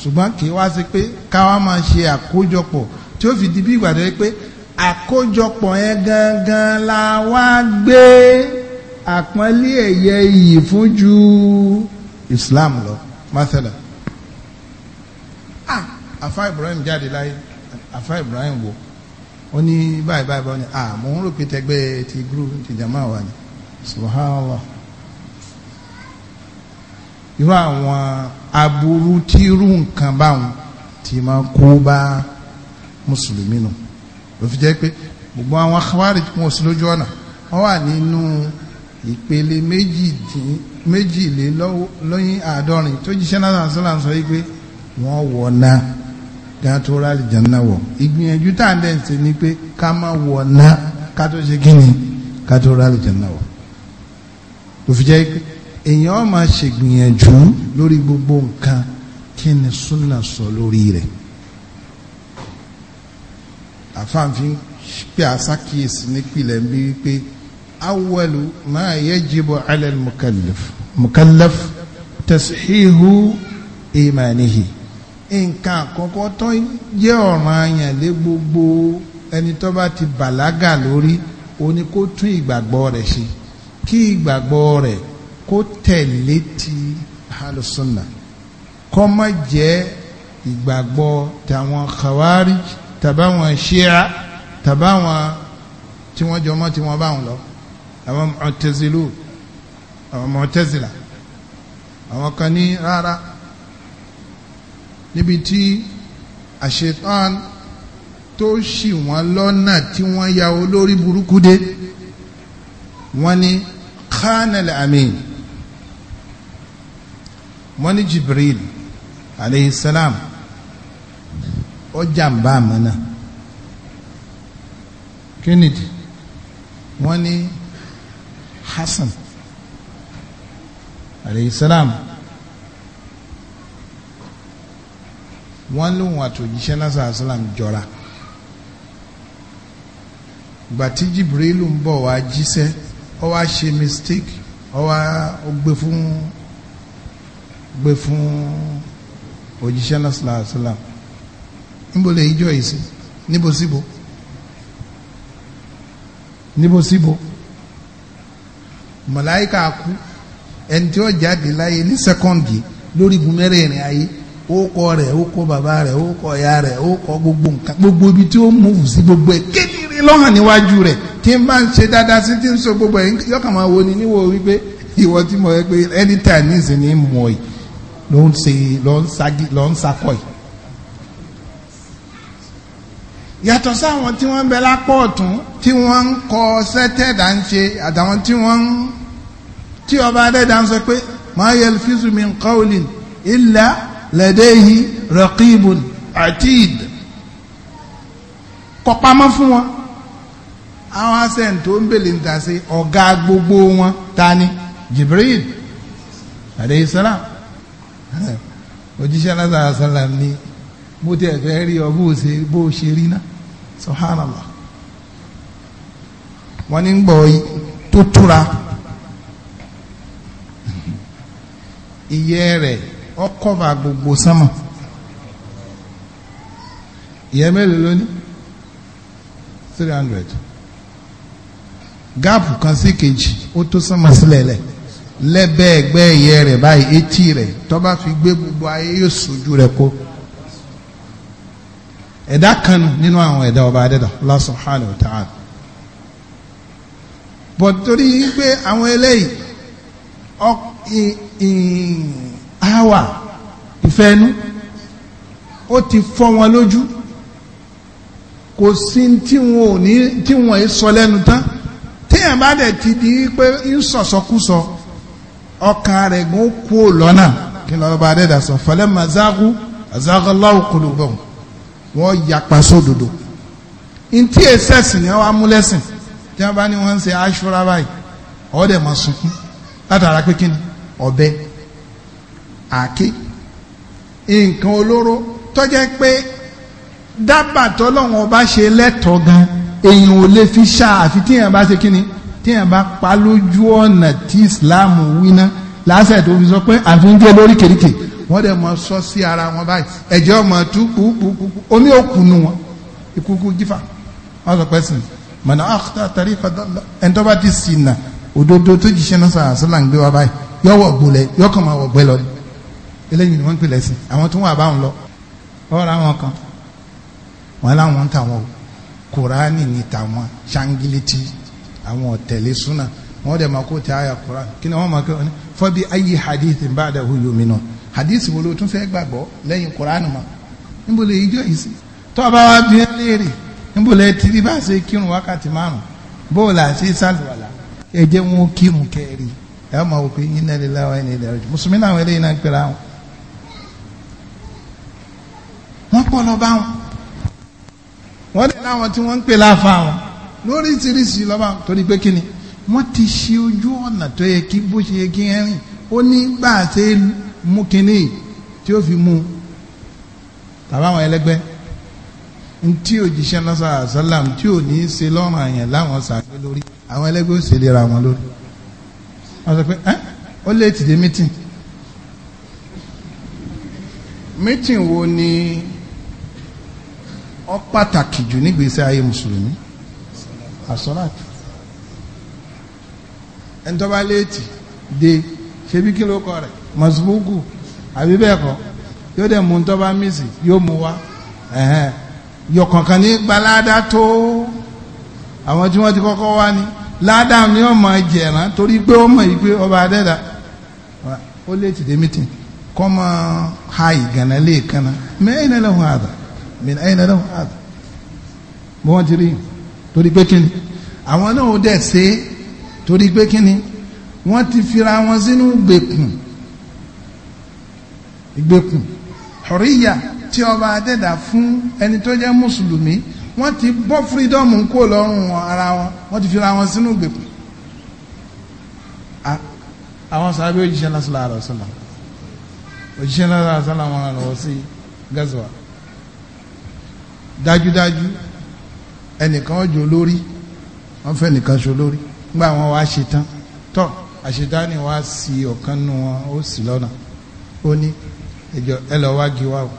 ṣùgbọ́n kì í wá sí pé káwa máa ṣe àkójọpọ̀ tí ó fi di bí ìgbà tó yẹ pé àkójọpọ̀ yẹn gangan la wá gbé àpọ́nlé ẹ̀yẹ iyì fún ju Islam lọ mathala ah afa Ibrahim jáde láyé afa Ibrahim wò ó ní báyìí báyìí báyìí ó ní ah mò ń rò pé tẹgbẹ́ ti gúrú ti jama wà ní subhanallah irú àwọn aburú tí irú nǹkan báwọn ti máa kó bá mùsùlùmí nù ló fi jẹ́ pé gbogbo àwọn akáwárí tí wọ́n sí lójú ọ̀nà wọ́n wà nínú ìpele méjìlélọ́yìn àádọ́rin tó jíṣẹ́ náà sọ́lá sọ wípé wọ́n wọ̀ náà gan tó rà jẹ́nà wọ̀ ìgbìyànjú tá à ń dẹ̀ ṣe ni pé ká má wọ̀ náà ká tó ṣe kí ni ká tó rà jẹ́nà wọ̀ ló fi jẹ́ pé èèyàn máa ṣègbìyànjú lórí gbogbo nǹkan kí ni súnà sọ lórí rẹ̀ àfààfin pé àsákìyèsí nípìnlẹ̀ ń bí wípé awwalu ma yajibu ala al-mukallaf mukallaf tasihihu nǹkan àkọ́kọ́ tó jẹ́ ọ̀ranyàn lé gbogbo ẹni tó bá ti bàlágà lórí ó ní kó tún ìgbàgbọ́ rẹ̀ ṣe kí ìgbàgbọ́ rẹ̀ kó tẹ̀lé ti alùsùnà kọ́ má jẹ́ ìgbàgbọ́ tàwọn khawarij tàbáwọn ṣíà tàbáwọn tí wọ́n jọ mọ́ tí wọ́n bá wọn lọ àwọn mu'tazilu àwọn mu'tazila àwọn kan ní rárá níbi tí àṣetán tó ṣì wọ́n lọ́nà tí wọ́n ya olórí burúkú dé wọ́n ní khanal amin wọ́n ní jibril aleyhisselam ó jàǹbá àmọ́nà kennedy wọ́n ní hasan aleyhisselam wọ́n lóun àtòjíṣẹ́ lásán àṣàlám jọra gbàtí jibril ń bọ̀ wá jíṣẹ́ ó wá ṣe mistake ó wá gbé fún gbé fún òjíṣẹ́ náà sílá sílá níbo lè ijó yìí sí níbo síbo níbo síbo màláíkà kú ẹni tí ó jáde láyé ní sẹ́kọ́ǹdì lórí igun mẹ́rẹ̀ẹ̀rin ayé ó kọ rẹ̀ ó kọ bàbá rẹ̀ ó kọ ìyá rẹ̀ ó kọ gbogbo nǹkan gbogbo ibi tí ó mú sí gbogbo ẹ̀ kéde lọ́hàn níwájú rẹ̀ tí n bá ń ṣe dáadáa sí tí ń so gbogbo ẹ̀ yọkàn máa wo ni níwò wípé ìwọ tí mo rẹ pé anytime nísìnyí mọ̀ ẹ̀ ló ń ṣe ló ń sakọ̀ ẹ̀. yàtọ̀ sáwọn tí wọ́n bẹ lápọ̀ ọ̀tún tí wọ́n ń kọ sẹ́tẹ̀dà ń ṣe àtàwọn tí wọ́n ń tí ọba adẹ́dà ń sọ pé ma yalfizu min qawlin illa ladayhi raqibun atid kọ̀pamọ́ fún wọn àwọn asẹ́ǹ tó ń bèlè ń ta sí ọ̀gá gbogbo wọn ta ni Jibril alayhi salam òjíṣẹ́ lásàrà ni mo tẹ̀ fẹ́ rí ọ bó ṣe rí náà subhanallah wọ́n ní gbọ́ tó túra ìyẹ́ rẹ̀ gbogbo sama. iye mélòó lónìí three gáàpù kan sí kejì ó tó sánmà sílẹ̀ lẹ̀ lẹ́bẹ̀ ẹgbẹ́ ẹ̀yẹ rẹ̀ báyìí etí rẹ̀ tó bá fi gbé gbogbo ayé yóò sojú rẹ̀ kó ẹ̀dá kan nínú àwọn ẹ̀dá ọba adẹ́dà Allah subhanahu wa bọ̀ torí pé àwọn eléyìí àwà ìfẹ́nu ó ti fọ́ wọn lójú kò sí tí wọn ò ní tí wọn ì sọ lẹ́nu tán téèyàn bá dẹ̀ ti di pé ń sọ̀sọ́kúsọ ọkàn rẹ̀ gún kú lọ́nà kí lọ́ọ́ bá dẹ́dà sọ fẹlẹ́ mazagu azagallahu qulubahum wọ́n yapa sódodo ntí èsẹ̀sìn ni wọ́n á mú lẹ́sìn tí wọ́n bá ní wọ́n ń ṣe aṣọra báyìí ọ̀ọ́dẹ̀ máa sunkún látara pé kí ni ọ̀bẹ àáké nǹkan olóró tọ́jẹ́ pé dábàá tọ́lọ́wọ́n ọba ṣe lẹ́tọ̀ọ́ gan-an èyàn ò lè fi ṣá àfi téèyàn bá ṣe kíni téèyàn bá pa lójú ọ̀nà tí islam wíná lásẹ̀ tó fi sọ pé àfi ń gbé lórí kèrékè wọ́n dẹ̀ mọ sọ sí ara wọn báyìí ẹ̀jẹ̀ ọmọ tú kúkúkú omi òkùnù wọn ìkúkú jífà wọ́n sọ pé sìn mọ̀nà àkútà tàrí ìfọdọ́lọ́ ẹni tó bá ti sìn nà òdodo tó jíṣẹ́ náà sàrà sílà ń gbé wa báyìí yọ wọ̀ gbolẹ̀ yọ kàn máa wọ̀ gbẹ lọ ni eléyìí ni wọ́n ń pè lẹ́sìn àwọn tó wà báwọn lọ ọ̀rọ̀ àwọn kan wọ́n láwọn ń tà wọ́n o kùránì ní tàwọn ṣáńgílítì àwọn ọ̀tẹ̀lẹ̀ suna wọ́n dẹ̀ máa kó ti àyà kùránì kí ni wọ́n máa kọ́ ni fọ́bi ayé hadith bá àdàwù yomi hadith tún fẹ́ gbàgbọ́ lẹ́yìn kùránì ma níbo lè yíjọ́ yìí sí a bí ẹ léèrè bí bá kírun wákàtí márùn bóòlù àti sálùwàlà ẹ jẹ́ wọn kírun ẹ wò pé lè ẹni lè rẹ mùsùlùmí náà wọlé wọ́n dẹ̀ láwọn tí wọ́n ń pè láfa wọn lórí tìrìsì lọ́ba torí pé kíni wọ́n ti ṣe ojú ọ̀nà tó yẹ kí bó ṣe yẹ kí ẹ rìn ó ní gbà ṣe mú kíní tí ó fi mú tàbáwọn ẹlẹgbẹ́ ntí òjíṣẹ́ lọ́sọ̀ àṣálàm tí ò ní í ṣe lọ́rùn àyàn láwọn sàgbé lórí àwọn ẹlẹgbẹ́ ò ṣèlera wọn lórí wọ́n sọ pé ẹ́ ó lè tìde mítìn mítìn wo ni ó pàtàkì jù nígbèsè ayé mùsùlùmí àsọ́láàtì ẹni tó bá léètì dé ṣe bí kí ló kọ rẹ̀ mọ̀sùlùmí àbí bẹ́ẹ̀ kọ́ yóò dẹ̀ mú tó mísì yóò mú wá yọ̀kọ̀ọ̀kan ní gbalada tó àwọn tí wọ́n ti kọ́kọ́ wá ní ládàá ni wọ́n máa jẹ̀rán torí pé ó mọ̀ yìí pé ọba adẹ́dà ó léètì dé mítìn kọ́ ha ìgànnà lè kanna mẹ́rin náà lọ́hùn min ayna lahum hada bó wọ́n ti rí torí pé kíni àwọn náà ó dẹ̀ ṣe é torí pé ni, wọ́n ti fira wọn sínú ìgbèkùn ìgbèkùn hurriya tí ọba adẹ́dà fún ẹni tó jẹ́ mùsùlùmí wọ́n ti bọ́ fírídọ́ọ̀mù kó lọ́rùn ara wọn wọ́n ti fira wọn sínú ìgbèkùn àwọn sàábé òjíṣẹ́ náà sallallahu alaihi wasallam òjíṣẹ́ náà sallallahu alaihi wasallam wọn lọ sí gazawa dájúdájú ẹnìkan ọjọ́ lórí wọ́n fẹ́ nìkan ṣo lórí nígbà wọn wá ṣe tán tọ́ àṣetáni wá sí ọ̀kan nu wọn ó sì lọ́nà ó ní ẹjọ ẹ lọ wá gi wá o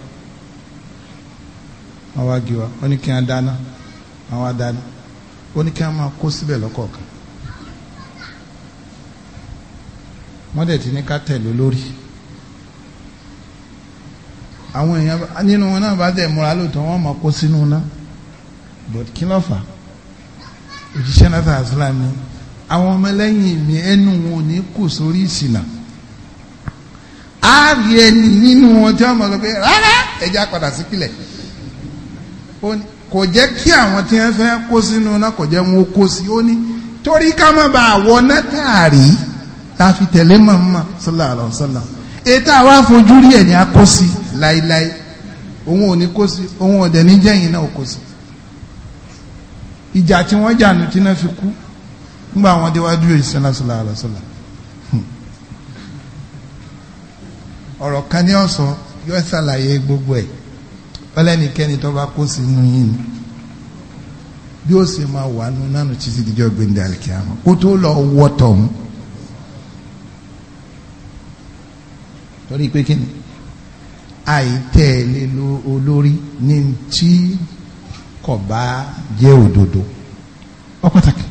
wọn wá gi wá ó ní kí wọn dáná wọn wá dáná ó ní kí wọn máa kó síbẹ̀ lọ́kọ̀ọ̀kan wọ́n dẹ̀ ti ní ká tẹ̀lé lórí. àwọn èèyàn nínú wọn náà bá dẹ̀ múra lóòótọ́ wọ́n mọ̀ kó sínú náà but kí ló fà náà àṣìlá ni àwọn ọmọlẹ́yìn mi ẹnu wọn ò ní kù sórí ìsìnà á ẹni nínú wọn tí mọ̀ lọ pé ẹja padà sí ètò àwa fojú rí ẹ̀yìn akó sí láíláí òun ò ní kó sí òun ọ̀dẹ̀ ní jẹ́yìn náà kó sí ìjà tí wọ́n jà tí náà fi kú nígbà wọn déwájú ìṣẹ́lá sọlá hmm. ọ̀rọ̀ kan ní ọ̀sán gbogbo ẹ̀ ọlẹ́nikẹ́ni tó bá kó yín ni bí ó sì máa wà nánú títí kó torí pé kí ni àìtẹ̀lé olórí ní tí kò bá jẹ́ òdodo ó pàtàkì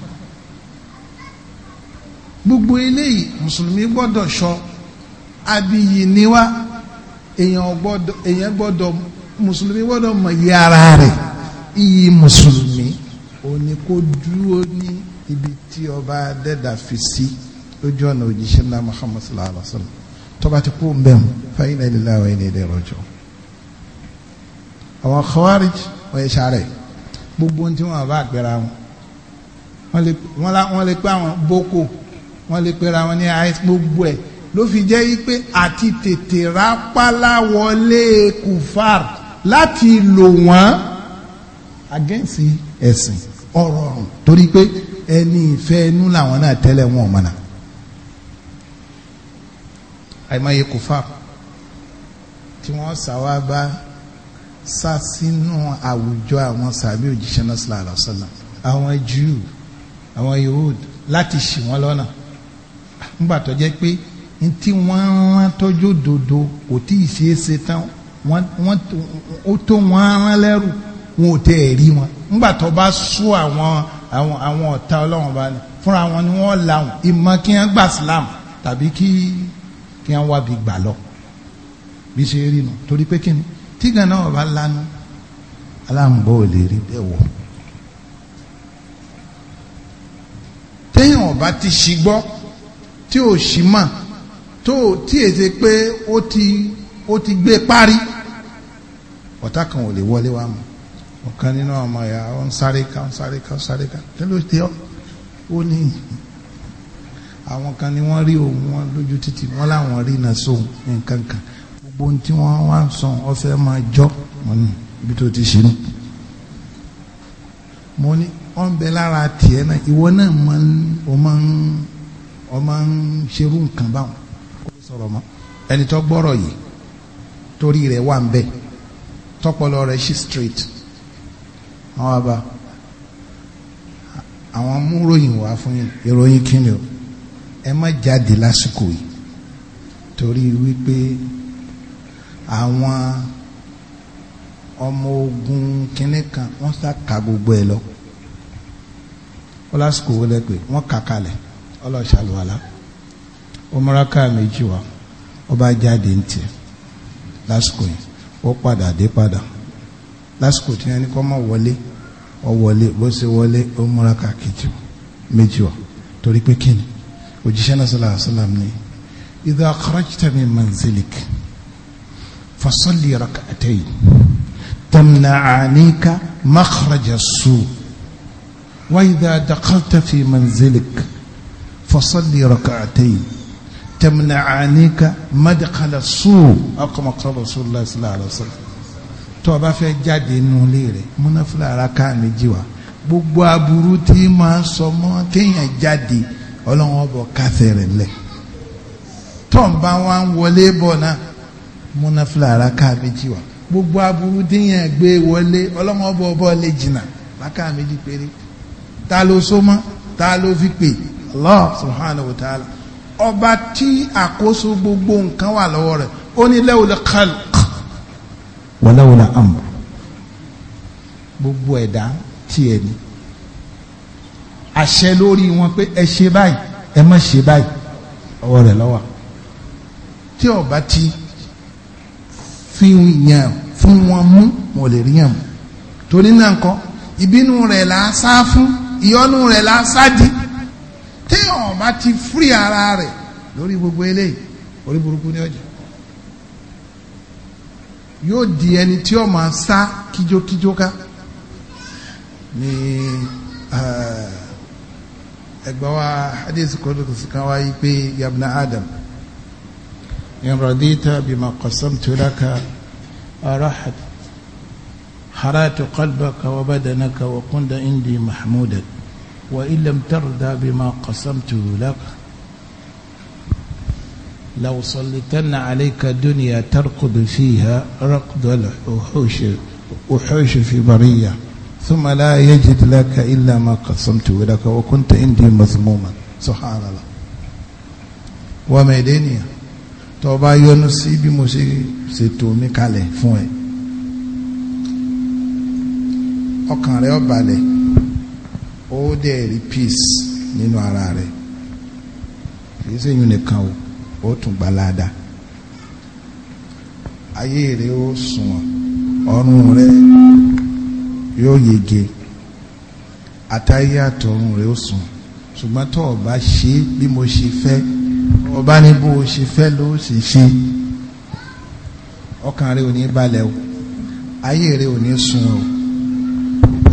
gbogbo eléyìí mùsùlùmí gbọ́dọ̀ sọ abiyì ni wá èèyàn gbọ́dọ̀ èèyàn gbọ́dọ̀ mùsùlùmí gbọ́dọ̀ mọ̀ yí ara rẹ̀ iyì mùsùlùmí òní kó dúró ní ibi tí ọba adẹ́dà fi sí lójú ọ̀nà òjíṣẹ́ ńlá Muhammad sallallahu alaihi wa sallam tọba ti kú mbẹ́m fa inna lillahi wa inna ilayhi raji'un àwọn khawarij wọ́n yẹ sáré gbogbo tí wọ́n bá gbéra wọn wọ́n lè pé àwọn boko wọ́n lè pera wọn ní ice gbogbo ẹ̀ ló fi jẹ́ wípé àti tètè rápálá wọlé kùfàr láti lò wọ́n against ẹ̀sìn ọ̀rọ̀ ọ̀rùn torí pé ẹni ìfẹ́ inú làwọn náà tẹ́lẹ̀ wọn ọ̀mọ̀nà àìmọye kùfà tí wọ́n sàwá bá sá sínú àwùjọ àwọn sàbí òjíṣẹ́ náà sílá àlọ́sọ́lá àwọn Júù àwọn Yehud láti ṣì wọ́n lọ́nà nígbà tó jẹ́ pé ní tí wọ́n rán tọ́jú òdodo kò tí ì ṣeé ṣe tán wọ́n ó tó wọ́n rán lẹ́rù wọn ò tẹ́ ẹ̀ rí wọn nígbà tó bá sú àwọn àwọn àwọn ọ̀tá ọlọ́run bá ní fúnra wọn ni wọ́n làwọn ìmọ̀ kí wọ́n gbà sílámù tàbí kí tí wọ́n wá bí gbà lọ bí ṣe rí nu torí pé kí ni tí gànà ọba lanu aláǹbọ̀ ò lè rí bẹ́ẹ̀ wọ̀ téèyàn ọba ti ṣì gbọ́ tí ò ṣì mà tó tí èsè pé ó ti ó ti gbé parí ọ̀tá kan ò lè wọlé wa mọ́ ọ̀kan nínú ọmọ ìyá ó ń sáré ká ń sáré ká ń sáré ká kí ló dé ọ́ ó ní àwọn kan ni wọ́n rí òun wọn lójú títì wọ́n láwọn rí iná sóhun nǹkan kan gbogbo ohun tí wọ́n wá ń sàn ọ̀fẹ́ máa jọ́ wọn ni ibi tó ti ṣe nù. mo ní wọ́n bẹ lára tiẹ̀ náà ìwọ náà máa ń ọ máa ń ọ máa ń ṣerú nǹkan báwọn kó sọ̀rọ̀ mọ́ ẹni tó gbọ́rọ̀ yìí torí rẹ̀ wà ń bẹ̀ tọpọlọ rẹ̀ ṣí straight àwọn àbá àwọn mú ròyìn wá fún yín ìròyìn kí ni o ẹ má jáde lásìkò yìí torí wípé àwọn ọmọ ogun kínní kan wọ́n sá ka gbogbo ẹ lọ wọ́n lásìkò wọlé pé wọ́n kà kalẹ̀ ọlọ́ọ̀ṣàlùwàlá ó múra ká méjì wá ó bá jáde ń lásìkò yìí ó padà dé padà lásìkò tí wọ́n ní kó má wọlé ó wọlé bó ṣe wọlé ó múra ká kejì méjì wá torí pé kíni وجيشنا صلى الله عليه وسلم إذا خرجت من منزلك فصلي ركعتين تمنع عنيك مخرج السوء وإذا دخلت في منزلك فصلي ركعتين تمنع عنيك مدخل السوء أقم قال رسول الله صلى الله عليه وسلم توبا في جاد نوليري ليري منفلا ركعني جوا بوبا بروتي ما يا جادي ọlọ́run ọbọ̀ kásẹ̀ rẹ̀ lẹ̀ tọ́n bá wá ń wọlé bọ̀ náà múnáfìlà ara ká méjì wá gbogbo aburú díyàn gbé wọlé ọlọ́run ọbọ̀ ọbọ̀ lè jìnnà láká méjì péré ta ló so mọ́ ta ló fi pè Allah subhanahu wa ta'ala ọba tí àkóso gbogbo nǹkan wà lọ́wọ́ rẹ̀ ó ní lẹ́wọ̀lẹ̀ khalq wọ́lẹ́wọ̀lẹ̀ amr gbogbo ẹ̀dá tiẹ̀ ni àṣẹ lórí wọn pé ẹ ṣe báyìí ẹ má ṣe báyìí ọwọ́ rẹ̀ lọ́wọ́ tí ọba ti fi yàn fún wọn mú wọn lè rí yàn mú torí náà kọ ìbínú rẹ̀ là á sá fún ìyọnu rẹ̀ là á sá di tí ọba ti fúri ara rẹ̀ lórí gbogbo eléyìí orí burúkú ní ọjà yóò di ẹni tí ó sá kíjókíjó ká Uh, ẹgbẹ́ wa hadith kọ́dùkùsù kan wáyé pé yabna adam in radita bima qasamtu laka arahat haratu qalbaka wa badanaka wa kunta indi mahmudan wa in lam tarda bima qasamtu laka لو سلطن عليك دنيا ترقد فيها رقد الوحوش وحوش في بريه ثم لا يجد لك إلا ما قسمته لك وكنت عندي مذموما سبحان الله ومدنيا tó bá yọ́nú sí bí mo ṣe ṣètò mi kalẹ̀ fún ẹ ọkàn rẹ ó balẹ̀ ó dẹ̀ rí peace nínú ara rẹ kìí ṣe yún nìkan o ó tún gba láàdá ayé rẹ ó sunwọ̀n ọrùn rẹ yóò yege àtàyé àtọ̀run rẹ̀ ó sùn ṣùgbọ́n tó o bá ṣe bí mo ṣe fẹ́ ọba ní bó o ṣe fẹ́ ló ṣe ṣe ọkàn rẹ̀ ò ní balẹ̀ o ayé rẹ̀ ò ní sun o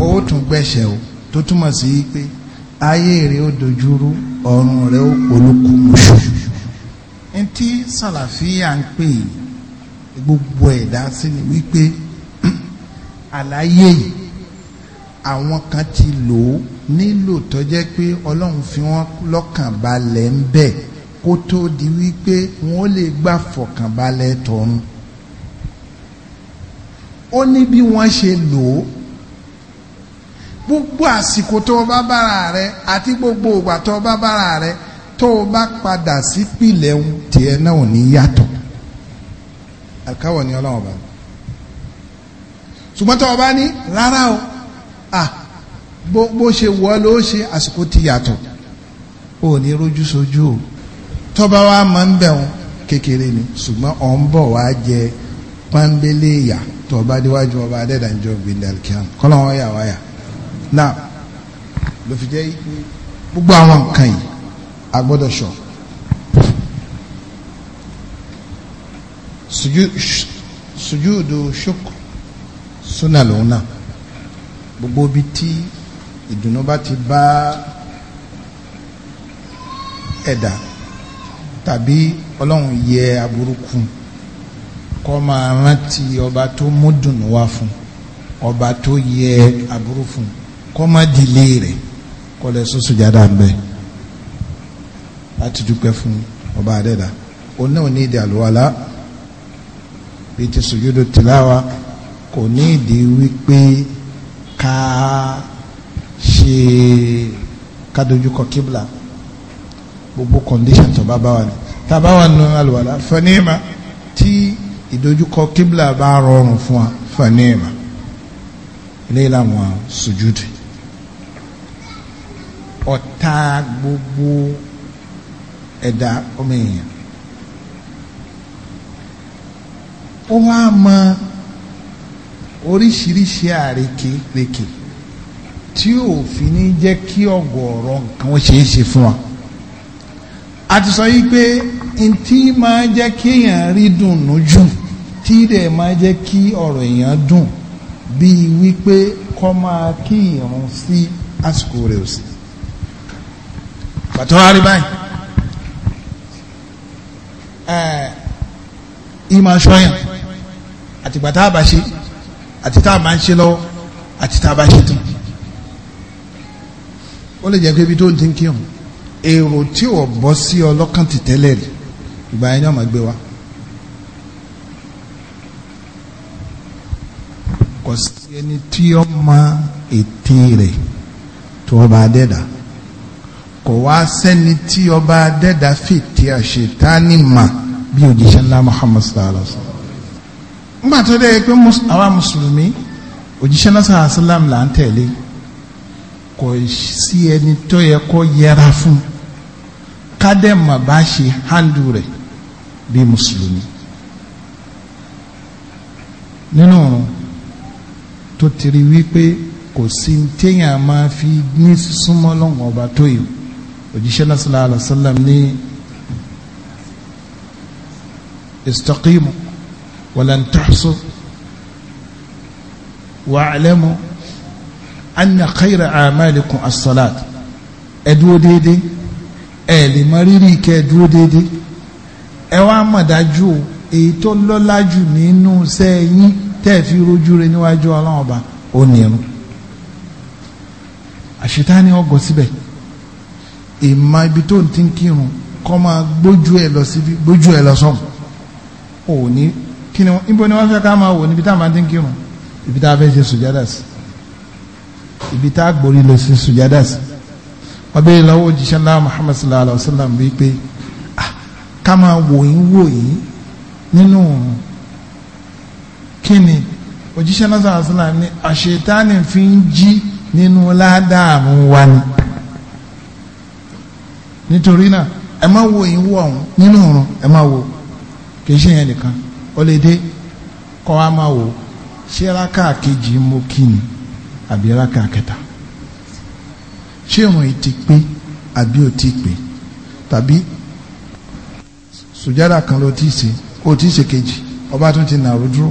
ó tún gbẹ̀ṣẹ̀ o tó túmọ̀ sí pé ayé rẹ̀ ó dojúrú ọ̀run rẹ̀ ó polúkú muṣu ntí sàlàfíà ń pè gbogbo ẹ̀dá sí ni wípé àlàyé yìí àwọn kan ti lò ó nílò tó jẹ́ pé ọlọ́run fi wọ́n lọ́kàn balẹ̀ ń bẹ̀ kó tó di wípé wọ́n lè gbà fọ̀kànbalẹ̀ tọ̀run ó ní bí wọ́n ṣe lò ó gbogbo àsìkò tó o bá bára rẹ àti gbogbo ìgbà tó o bá bára rẹ tó o bá padà sí pìlẹ̀ tiẹ̀ náà ò ní yàtọ̀ àkáwọ̀ ni ọlọ́run ọba ṣùgbọ́n tó o bá ní rárá o ah bó ṣe wọ́ ló ṣe àsìkò ti yàtọ̀ ò ní rójú sojú o tọ́ba wa máa ń bẹ̀wọ̀n kékeré ni ṣùgbọ́n ọ̀ ń bọ̀ wá jẹ pọ́nbélé ìyà tọ́ba déwájú ọba adẹ́dàjọ́ gbẹ̀dẹ̀kíán kọ́lọ́ wọn yà wáyà náà ló fi jẹ́ gbogbo àwọn nǹkan yìí a gbọ́dọ̀ sọ. sùjúdù ṣùkù súnà lòun náà gbogbo ibi tí ìdùnnú bá ti bá ẹ̀dá tàbí ọlọ́run yẹ aburú kù kọ́ máa rántí ọba tó mú dùnnú wá fún ọba tó yẹ aburú fún kọ́ má dìlé rẹ̀ kọ́ lẹ́ sọ́sù jáde àbẹ́ láti dúpẹ́ fún ọba àdẹ́dà òun náà ní ìdí àlùwalá bíi ti sùjúdù tìláwa kò ní ìdí wípé ká ṣe ká dojúkọ kíbla gbogbo condition tó bá bá wà ní tá a bá wà nínú àlùwàlá fẹ́nìmà tí ìdojúkọ kíbla bá rọrùn fún wa fẹ́nìmà eléyìí làwọn sùjúdì ọ̀tá gbogbo ẹ̀dá ọmọ èèyàn ó wá máa oríṣiríṣi àrékèrèkè tí òfin ní jẹ́ kí ọ̀gọ̀ọ̀rọ̀ nǹkan ó ṣeé ṣe fún wa a ti sọ yìí pé ntí máa jẹ́ kí èèyàn rí dùnnú jù tí dẹ̀ máa jẹ́ kí ọ̀rọ̀ èèyàn dùn bíi wípé kọ́ máa kí ìrun sí àsìkò rẹ̀ ò sí pàtó wá rí báyìí ìmọ̀ aṣọ yẹn àtìgbà tá a bá ṣe àti tá a máa ń ṣe lọ́wọ́ àti tá a bá ṣe tán ó lè jẹ́ pé ibi tó ń ti ń kí ọ̀hún èrò tí ò bọ́ sí ọ lọ́kàn ti tẹ́lẹ̀ rí ìgbà yẹn ni wọ́n gbé wa. kò sí ẹni tí ó mọ ète rẹ̀ tó ọba adẹ́dà kò wá sẹ́ni tí ọba adẹ́dà fìtí àṣetánì bí òjíṣẹ́ ńlá Muhammad sallallahu alaihi wa sallam nígbà tó dé pé àwa mùsùlùmí òjíṣẹ́ náà sàn àṣìlám là ń tẹ̀lé kò sí ẹni tó yẹ kó yẹra fún kádẹ́mà bá ṣe hándù rẹ̀ bí mùsùlùmí nínú ọ̀run tó tiri wípé kò sí téèyàn máa fi ní súnmọ́ lọ́wọ́ ọba tó yìí òjíṣẹ́ náà àṣìlám ní istaqimu. ولن تحصوا واعلموا أن خير أعمالكم الصلاة ẹdúró déédéé ẹ lè mọ rírì kẹ dúró déédéé ẹ wá mọ̀ dájú o èyí tó lọ́lá jù nínú sẹ́yìn tẹ́ ẹ fi rojú rẹ níwájú ọlọ́run ọba ó nírun àṣetá ni ọgọ síbẹ̀ ìmọ̀ ibi tó ń ti kírun kọ́ máa gbójú ẹ lọ síbi gbójú ẹ lọ sọ́hùn ò ní kí ni ni wọ́n fẹ́ ká máa wò níbi tá a máa ti ń kírun ibi tá a fẹ́ ṣe sùjádà ibi tá a lè ṣe sùjádà wọ́n bẹ́ẹ̀ lọ́wọ́ òjíṣẹ́ náà Muhammad sallallahu alayhi wa sallam bíi pé ah, ká máa wò yín wò yín nínú kí ni òjíṣẹ́ náà sallallahu alayhi wa sallam ni àṣetánì fi ń jí nínú ládàámú wa ni nítorí náà ẹ má wò yín wò ọ̀hún nínú ọ̀run ẹ má wò kì í ṣe yẹn nìkan ó lè dé kọ́ wa máa wò ṣé rákà kejì mú kí ni àbí rákà kẹta ṣé ìrun yìí ti pé àbí ò ti pé tàbí sùjádà kan ló ti ṣe ó ti ṣe kejì ọba tún ti nàró dúró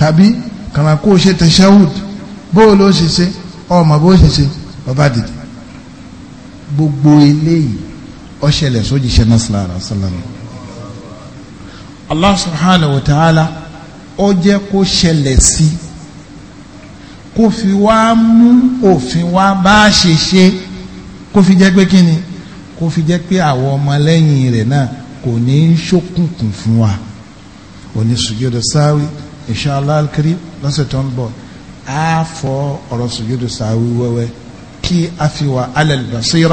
tàbí kànáà o ṣe tashahud bó o ló ṣe ṣe ọmọ bó o ṣe ṣe ọba dìde gbogbo eléyìí ó ṣẹlẹ̀ sójì ṣe náà sàlámù Allah subhanahu wa ta'ala ó jẹ́ kó ṣẹlẹ̀ sí kó fi wá mú òfin wá bá ṣe ṣe kó fi jẹ́ pé kíni kó fi jẹ́ pé àwọn ọmọlẹ́yìn rẹ̀ náà kò ní í ṣókùnkùn fún wa òní sùjúdù sáwí inshallah al-karim lọ́sẹ̀ tó ń bọ̀ á fọ ọ̀rọ̀ sùjúdù sáwí wẹ́wẹ́ kí a fi wà ala al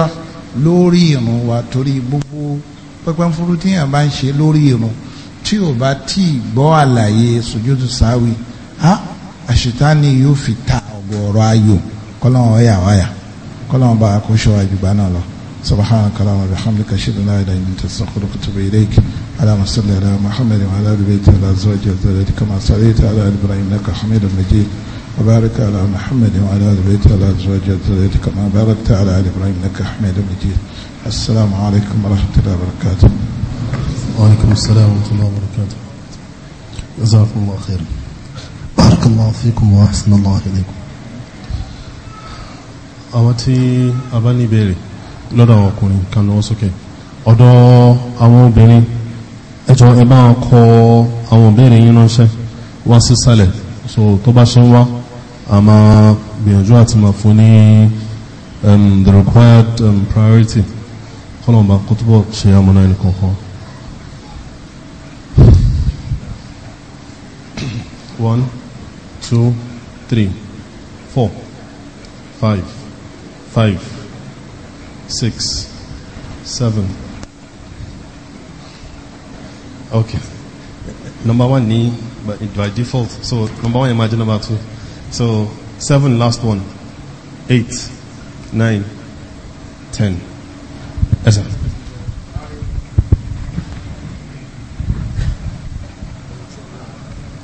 lórí ìrun wa torí gbogbo pẹpẹ fúrú tíyàn bá ń ṣe lórí ìrun tí ò bá tí ì gbọ́ àlàyé sojúdù sáwì á àṣetánì yóò fi ta ọ̀gọ̀ọ̀rọ̀ ayò kọ́lọ́wọ́n ọ̀yà wáyà kọ́lọ́wọ́n bá kó ṣọ́ àjùgbá náà lọ subhanaka allahumma wa bihamdika ashhadu an la ilaha illa anta astaghfiruka wa atubu ilayk allahumma salli ala muhammadin wa ala ali baiti wa ala azwaji wa dhurriyyati kama sallaita ala ali ibrahim innaka hamidum majid wa barik ala muhammadin wa ala ali baiti ala azwaji wa dhurriyyati kama barakta ala ali ibrahim innaka hamidum majid assalamu alaykum wa rahmatullahi wa barakatuh وعليكم السلام ورحمة الله وبركاته جزاكم الله خيرا بارك الله فيكم وأحسن الله إليكم àwọn tí a bá ní ìbéèrè lọ́dọ̀ àwọn ọkùnrin kan lọ́wọ́ sókè ọ̀dọ̀ àwọn obìnrin ẹ jọ̀ọ́ ẹ bá wọn kọ àwọn ìbéèrè yín ránṣẹ́ wá sísàlẹ̀ so tó bá ṣe ń wá a máa gbìyànjú àti máa fún ní um, the required um, priority kọ́lọ̀ bá kó túbọ̀ ṣe amúnáyìn kọ̀ọ̀kan One, two, three, four, five, five, six, seven. Okay. Number one knee, but by default. So number one, imagine number two. So seven, last one. Eight, nine, ten. Yes, sir.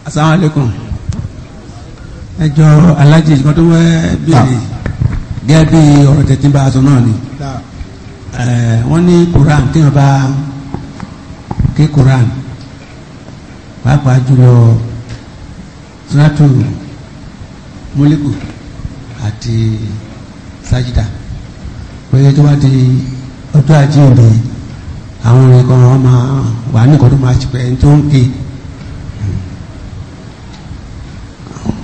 asalaamualeykum ẹ jọ alájí nǹkan tó wẹ́ béèrè gẹ́gẹ́ bí ọ̀rọ̀ tẹ̀tí bá a sọ náà ni wọ́n ní Quran téèyàn bá ké Quran pàápàá jùlọ sùràtù mólíkù àti sájídà pé tó bá di ọjọ́ àjíǹde àwọn nǹkan wọn máa wà ní nǹkan tó máa ṣe pé ẹni tó ń ké.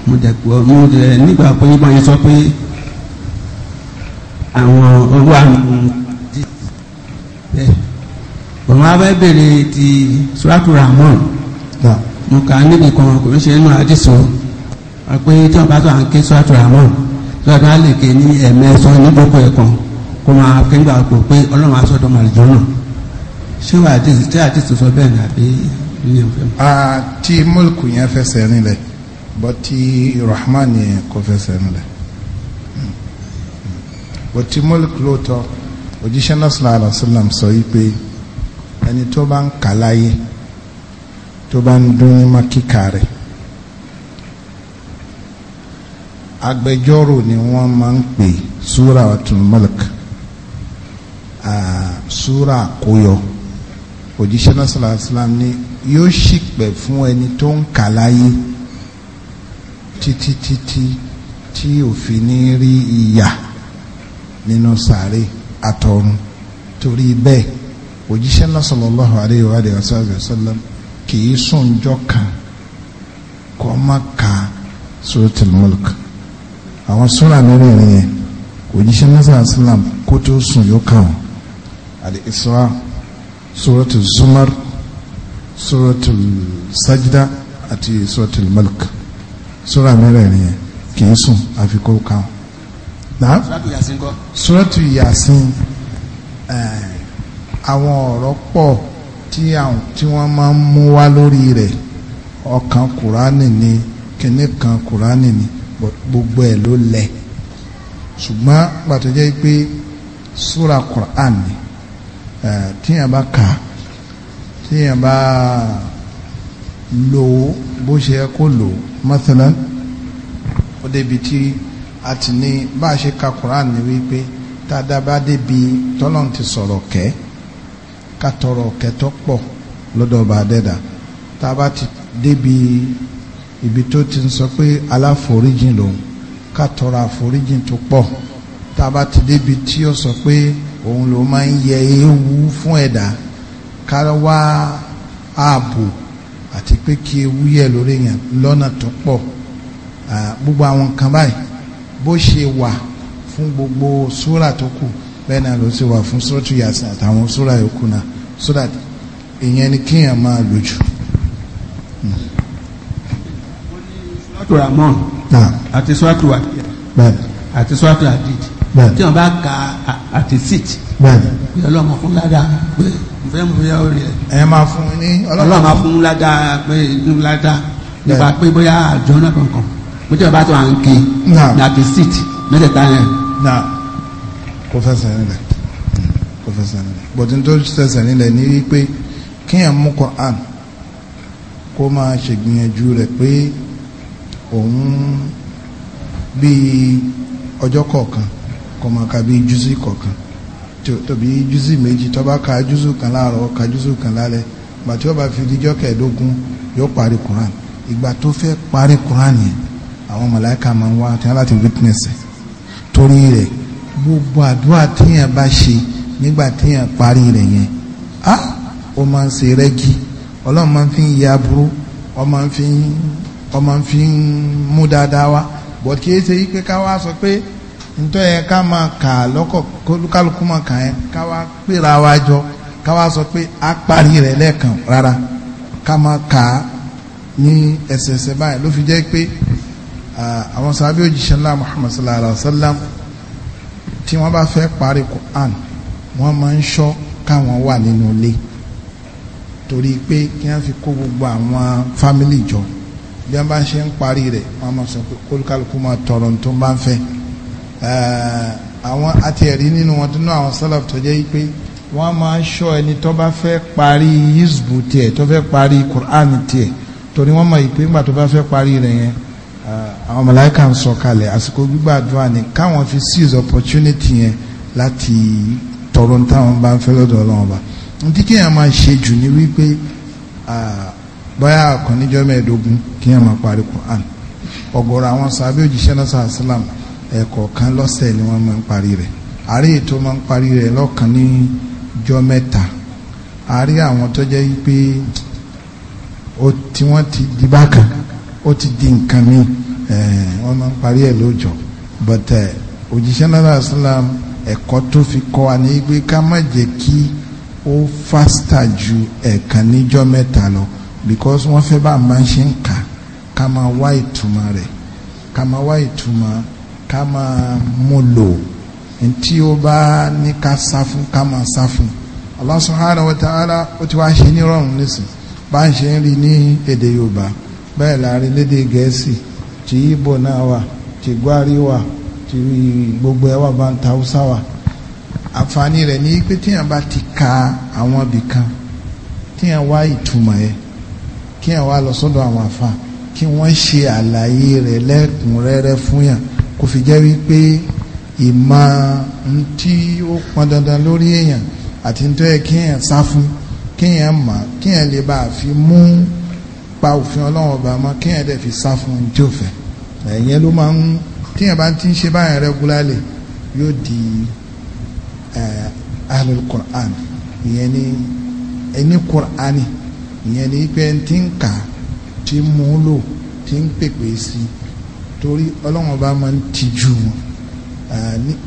mo dẹ̀ pọ̀ mo dẹ̀ nígbà pé bá yẹn sọ pé àwọn owó àwọn ti bẹ́ẹ̀ bọ̀mọ́ abẹ́ bèrè ti suratu Rahman mo kà á níbi kan kò ń ṣe nínú àdìsọ pé tí wọn bá tó à ń ké suratu Rahman lọ́dún á lè ké ní ẹ̀mẹ́sán nígbòkó ẹ̀kan kó máa fi ń gbà pé ọlọ́run aṣọ́dọ̀ màlìjọ́ náà ṣé wàá àdìsọ sọ bẹ́ẹ̀ ni àbí ní ìfẹ́. àti mọ́lùkù yẹn fẹsẹ̀ rinlẹ̀ bọ́tí rahman yẹn kò fẹsẹ̀ ńlẹ̀ bọ́tí mọ́lìkì lóòótọ́ òjíṣẹ́ náà sallallahu alaihi wasallam sọ yìí pé ẹni tó bá ń kà tó bá ń dún ní mákìkà rẹ̀ agbẹjọ́rò ni wọ́n máa ń pè súra ọ̀tún mọ́lìkì súra àkóyọ òjíṣẹ́ náà sallallahu alaihi ni yóò ṣìpẹ̀ fún ẹni tó ń kà títí títí tí òfin ní rí ìyà nínú sàárè àtọ̀run torí bẹ́ẹ̀ òjíṣẹ́ náà sallallahu alayhi wa alihi wa kì í sùn jọ́ kan má ka suratul mulk àwọn súnà mẹ́rẹ̀ẹ̀rin yẹn òjíṣẹ́ náà sallallahu alayhi wa sallam kó tó sùn yóò kà wọ́n al-isra suratul zumar suratul sajda àti suratul mulk sura mẹ́rẹ̀ẹ̀rin yẹn kì í sùn àfi kó kà wọn. náà suratu yasin àwọn ọ̀rọ̀ pọ̀ tí wọ́n máa ń mú wá lórí rẹ̀ ọ̀kan kùránì ni kìnnì kan kùránì ni gbogbo ẹ̀ ló lẹ̀ ṣùgbọ́n pàtó jẹ́ pé sura kùránì tíyàn bá kà tíyàn bá lò ó bó ṣe yẹ kó lò ó mathalan ó débi tí a ti ní bá a ṣe ka Quran ni wípé tá a dábàá débi tọ́lọ́n ti sọ̀rọ̀ kẹ́ ká tọrọ kẹtọ́ pọ̀ lọ́dọ̀ ọba adẹ́dà tá a bá ti débi ibi tó ti sọ pé aláforíjìn lòun ká tọrọ àforíjìn tó pọ̀ tá a bá ti débi tí ó sọ pé òun ló máa ń yẹ ewu fún ẹ̀dá ká wá ààbò àti pé kí ewu yẹ lórí yẹn lọ́nà tó pọ̀ gbogbo àwọn kan báyìí bó ṣe wà fún gbogbo súrà tó kù bẹ́ẹ̀ náà ló ti wà fún sọ́tù yàtọ̀ àtàwọn súrà yòókù náà so ìyẹn ni kéèyàn máa lò jù. Hmm. sọ́tù ramon àti sọ́tù àdìyà àti sọ́tù àdìyà tí wọ́n bá ka àti sit ọlọ́mọ fún ládàá pé fẹ́ mú bóyá orí ẹ̀. ẹ máa fún un ní ọlọ́run máa fún un ládàá pé inú ládàá nípa pé bóyá àjọ náà kankan mo jẹ́ bàbá tó à ń ké nàbí sit mẹ́tẹ̀ẹ̀ta yẹn. na kò fẹsẹ̀ nílẹ̀ kò fẹsẹ̀ nílẹ̀ bọ̀dún tó fẹsẹ̀ nílẹ̀ ní wípé kíyàn mú Quran kó máa ṣègbìyànjú rẹ̀ pé òun bíi ọjọ́ kọ̀ọ̀kan kó máa ka bíi jùsí kọ̀ọ̀kan tòbí juzi méjì tó bá ka júùsù kan láàárọ̀ ka júùsù kan lálẹ́ ìgbà tí ó bá fi dijọ́ kẹẹ̀ẹ́dógún yóò parí Quran ìgbà tó fẹ́ parí Quran yẹn àwọn màláíkà máa ń wá tí wọ́n witness ẹ̀ torí rẹ̀ gbogbo àdúrà téèyàn bá ṣe nígbà téèyàn parí rẹ̀ yẹn á ó máa ń ṣe rẹ́gí ọlọ́run máa ń fi ya aburú ọ fi ọ máa fi mú dáadáa wá bọ̀dé kí ẹ ṣe yí pé ká wá ntọ́ yẹ ká máa kà lọ́kọ̀ kálukú máa kà yẹn ká wá péra wa jọ ká wá sọ pé a parí rẹ̀ lẹ́ẹ̀kan rárá ká máa kà á ní ẹsẹẹsẹ báyìí ló fi jẹ́ pé àwọn sàbí òjìṣẹ́ ńlá Muhammad sallallahu alayhi wa sallam tí wọ́n bá fẹ́ parí Quran wọ́n máa ń ṣọ́ káwọn wà nínú ilé torí pé kí wọ́n fi kó gbogbo àwọn fámìlì jọ bí wọ́n bá ṣe ń parí rẹ̀ wọ́n máa sọ pé kólúkálukú máa tọrọ tó ń bá ń fẹ́ Eh, àwọn àti ẹ̀rí nínú wọn dúnú àwọn sálàf tó jẹ́ pé wọ́n máa ń ṣọ́ ẹni tó bá fẹ́ parí yizbu tiẹ̀ tó fẹ́ parí Qur'an tiẹ̀ torí wọ́n mọ̀ ìpè ńgbà tó bá fẹ́ parí rẹ̀ yẹn eh, àwọn màláíkà ń sọ̀kalẹ̀ àsìkò gbígbàdúrà ni káwọn fi seize opportunity yẹn láti tọrọ táwọn bá ń fẹ́ lọ́dọ̀ ọlọ́run ọba ntí kéèyàn máa ṣe jù ní wípé eh, bóyá àkànníjọ́ mẹ́ẹ̀ẹ́dógún kéèyàn máa parí Qur'an ọ̀gọ̀rọ̀ àwọn sàbẹ̀ òjíṣẹ́ náà sàásìlámù ẹ̀kọ̀ọ̀kan lọ́sẹ̀ ni wọ́n máa ń parí rẹ̀ àrí ètò máa ń parí rẹ̀ lọ́kàn ní jọ́ mẹ́ta àrí àwọn tó jẹ́ pé tí wọ́n ti di bákan ó ti di nǹkan mi wọ́n máa ń parí ẹ̀ lóòjọ́ but òjíṣẹ́ náírà islam ẹ̀kọ́ tó fi kọ́ wa ní pé ká má jẹ́ kí ó fásità ju ẹ̀ẹ̀kan níjọ́ mẹ́ta lọ because wọ́n fẹ́ bá a máa ṣe ń kà ká máa wá ìtumọ̀ rẹ̀ ká máa wá ìtumọ̀ ká máa mú lò tí ó bá ní ká sá fún ká máa sá fún Allah subhanahu wa ta'ala ó ti wá ṣe ní rọrùn nísìn bá ń ṣe ń rí ní èdè Yorùbá bẹ́ẹ̀ láàrin lédè Gẹ̀ẹ́sì tí Ìgbò náà wà tí Gwari wà tí gbogbo ẹwà bá ń ta Hausa wà àǹfààní rẹ̀ ní pé tíyàn bá ti ka àwọn ibìkan tíyàn wá ìtumọ̀ ẹ̀ kíyàn wá lọ sọ́dọ̀ àwọn àfa kí wọ́n ṣe àlàyé rẹ̀ lẹ́kùnrẹ́rẹ́ fún yàn kò fi jẹ́ wípé ìmọ̀ tí ó pọn dandan lórí èèyàn àti tó yẹ kí èèyàn sá fún kí èèyàn mọ̀ kí èèyàn lè bá fi mú pa òfin ọlọ́run ọba mọ́ kí èèyàn dẹ̀ fi sá fún ní tí ò fẹ́ ẹ̀yẹn ló máa ń tí èèyàn bá ti ń ṣe báyìí regularly yóò di ahlul Qur'an ìyẹn ni ẹni Quran ìyẹn ni pé ti ń kà ti mú lò ti ń pèpè sí i torí ọlọ́run ọba máa ń tijú wọn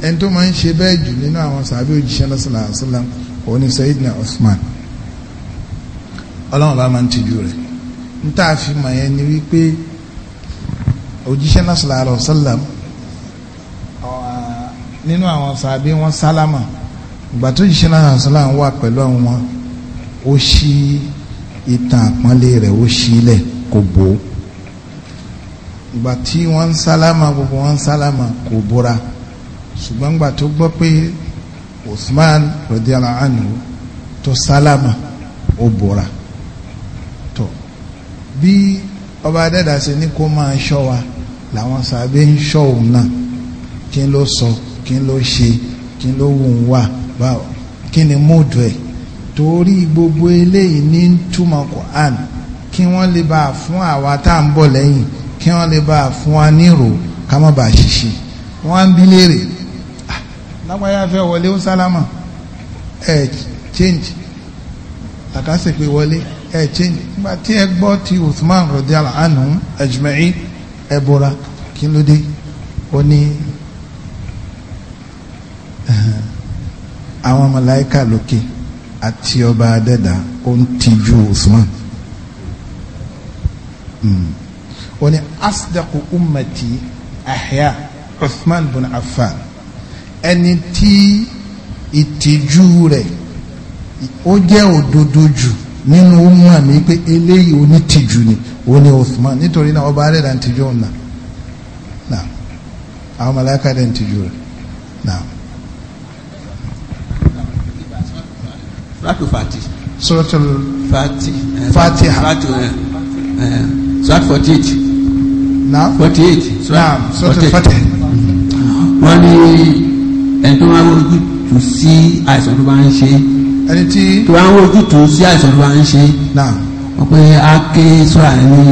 ẹni tó máa ń ṣe bẹ́ẹ̀ jù nínú àwọn sàbí òjíṣẹ́ lọ́sọ̀lá àṣọlá òun ni Sayyidina Usman ọlọ́run ọba máa ń tijú rẹ̀ n a fi mọ̀ yẹn ni wípé òjíṣẹ́ lọ́sọ̀lá àṣọlá nínú àwọn sàbí wọn sálámà ìgbà tó jíṣẹ́ lọ́sọ̀lá àṣọlá wà pẹ̀lú àwọn wọn ó ṣí ìtàn àpọ́nlé rẹ̀ ó ṣílẹ̀ kò bò ó ìgbà tí wọ́n ń sálámà gbogbo wọ́n ń sálámà kò bóra ṣùgbọ́n ìgbà tó gbọ́ pé Usman radiyallahu anhu tó sálámà ó bóra tó bí ọba adẹ́dà ṣe ní kó máa ṣọ́ wa làwọn sàbẹ̀ ń ṣọ́ òun náà kí n ló sọ kí n ló ṣe kí ló wù ń wà báwo kí ni múùdù ẹ̀ torí gbogbo eléyìí ní túmọ̀ Quran kí wọ́n lè bá a fún àwa tá à ń bọ̀ lẹ́yìn kí wọ́n lè bá fún wa nírò ká má bàa ṣiṣẹ́ wọ́n ń bí léèrè ah, lágbáyà fẹ́ wọlé ó sálámà ẹ̀ change pé wọlé ẹ gbọ́ ti Uthman rọ̀díàlà àánú ẹ̀jùmẹ̀rí ẹ bọ́ra kí ló dé ó ní àwọn lókè àti ọba adẹ́dà ó ń hmm. ó ní asdaqu ummati ahya Uthman bin Affan ẹni tí ìtìjú rẹ̀ ó jẹ́ òdodo jù nínú umma mi pé eléyìí onítìjú ni ó ní Uthman nítorí náà ọba rẹ̀ dà ń tìjú ọ̀nà náà àwọn mọ̀láìka dà tìjú rẹ̀ náà. Suratul Fati. Suratul Fati. Fatiha. Eh, eh, Suratul Fati. Suratul Fati forty eight forty eight wọ́n ní ẹni tó máa ń wojútùú sí àìsàn tó bá ń ṣe ẹni tí tó máa ń wojútùú sí àìsàn tó bá ń ṣe wọ́n pé ake sọ́ra ẹni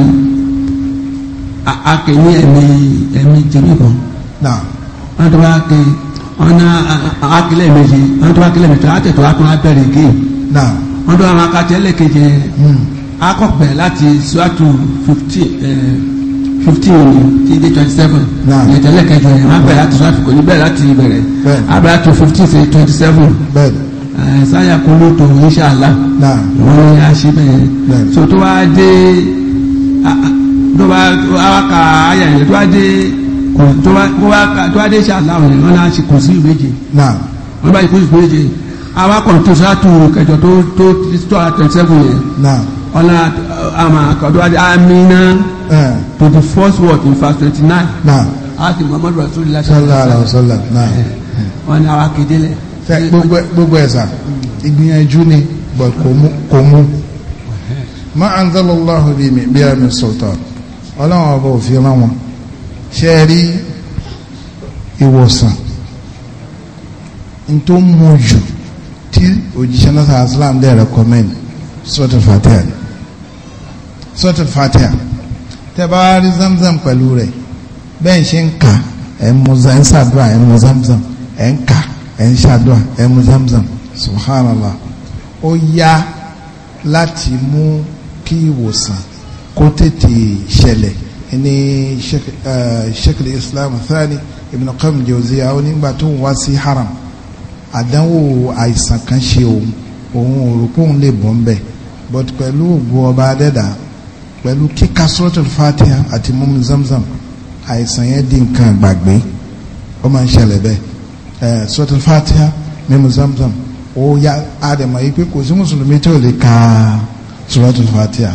ake ní ẹ̀mí ẹ̀mí jẹ̀mí kan wọ́n tó bá ake wọ́n ná ake lẹ́ẹ̀mejì wọ́n tó bá ake lẹ́ẹ̀mejì àtẹ̀tọ̀ àtúnwá bẹ̀rẹ̀ géè wọ́n tó bá wọn akatẹ́ lẹ́ẹ̀kejì hmm. akọ̀pẹ̀ láti sọ́ọ̀tù fifty. Eh, fifteen ni ti di twenty seven ẹ̀jẹ̀lẹ̀ kẹjọ yẹn máa bẹ̀rẹ̀ láti traffic òní bẹ̀rẹ̀ láti bẹ̀rẹ̀ abẹ́rẹ́ tó fifteen sí twenty seven sáyà kó ló tó inṣàlá wọ́n ní àṣì bẹ́ẹ̀ so tó wá dé tó wá ka àyà yẹn tó wá dé tó wá dé ṣàlá òyìn wọn náà kò sí ìwéje wọn bá yìí kó sí ìwéje awakọ̀ tó sátú kẹjọ tó tó tó twenty seven yẹn ọ̀nà àmà kọ̀dọ̀wádìí amina the first word in verse twenty nine. àti muhammadu rasulillah sallallahu alayhi wa sallam. wọn ni àwa kéde lẹ. fẹ gbogbo ẹ̀sà hmm. ìgbìyànjú ni bọ̀ kò mú. ma anzalallahu bi mi bí a mi sultan ọlọ́run ọba òfin láwọn ṣe rí ìwòsàn n tó mú jù tí òjíṣẹ́ náà sàásìlám dẹ̀ rẹ̀ kọ́mẹ́ni sọ́tò fatẹ́ni sọ́tù fatiha tẹ́ zamzam pẹ̀lú rẹ̀ bẹ́ẹ̀ ṣe ń kà ẹ̀ ń mu ẹ̀ ń ṣàdúrà ẹ̀ ń mu zamzam ẹ̀ ń kà ẹ̀ ń ṣàdúrà ẹ̀ ń mu zamzam subhanallah ó yá láti mú kí ìwòsàn kó tètè ṣẹlẹ̀ ní sheikh islam thani ibn qayyim jawziya ó nígbà tó wá sí haram àdánwò àìsàn kan ṣe òun òun òrùkún lè bọ́ ń bẹ̀ but pẹ̀lú ògbó ọba adẹ́dàá pẹ̀lú kíka suratul fatiha àti mímu zamzam àìsàn yẹn di nǹkan gbàgbé ó máa ń ṣẹlẹ̀ bẹ́ẹ̀ suratul fatiha mímu zamzam ó yá àdèmọ̀ yìí pé kò sí mùsùlùmí tí ò lè ka suratul fatiha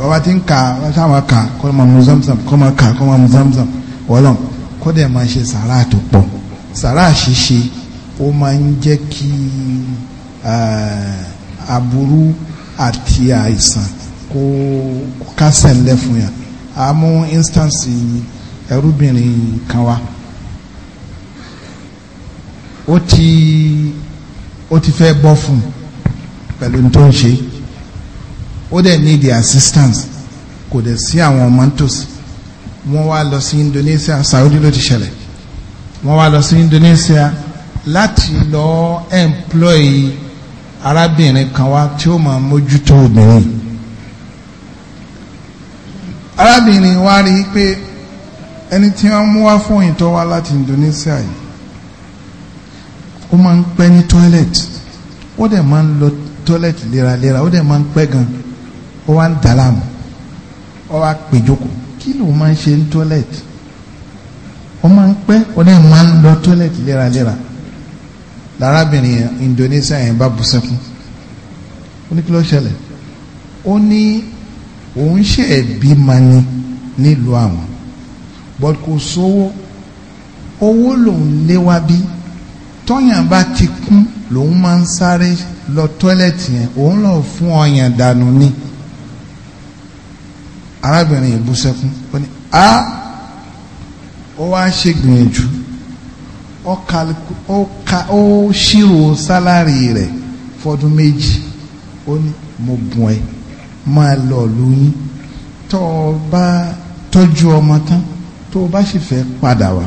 bàbá tí ń ka sáwọn ka kó máa zamzam kó máa ka kó máa zamzam wọ́lọ́n kó dẹ̀ máa ṣe sàrà tó pọ̀ sàrà ṣíṣe ó máa ń jẹ́ kí aburú àti àìsàn kó kásẹ̀ ńlẹ̀ fún yàn a mú instance ẹrúbìnrin kan wá ó ti ó ti fẹ́ bọ́ fún pẹ̀lú tó ń ṣe ó dẹ̀ need assistance kò dẹ̀ sí àwọn ọmọ wọ́n wá lọ sí Indonesia Saudi ló ti ṣẹlẹ̀ wọ́n wá lọ sí Indonesia láti lọ employ arábìnrin kan wá tí ó máa mójútó obìnrin arábìnrin wa rí i pé ẹni tí wọ́n mú wá fún ìtọ́ wá láti Indonesia yìí ó máa ń pẹ́ ní toilet ó dẹ̀ máa ń lọ toilet léraléra ó dẹ̀ máa ń pẹ́ gan ó wá ń dàlámù ó wá péjoko kí ló máa ń ṣe ní toilet ó máa ń pẹ́ ó dẹ̀ máa ń lọ toilet léraléra lárábìnrin Indonesia yẹn bá bú sẹ́kún ó ní kí ló ṣẹlẹ̀ ó ní òun ṣe bímọ ni nílùú àwọn but kò sówó owó lòun léwá bí tọ́yàn bá ti kún lòun máa ń sáré lọ tọ́lẹ̀tì yẹn òun lọ fún ọyàn dànù ni arábìnrin yìí bú sẹ́kún ó ní a ó wá ṣègbìyànjú ó ka ó ṣírò sálárì rẹ̀ fọdún méjì ó ní mo bùn ẹ́ máa lọ lóyún tó o bá tọ́jú ọmọ tán tó o bá sì fẹ́ padà wá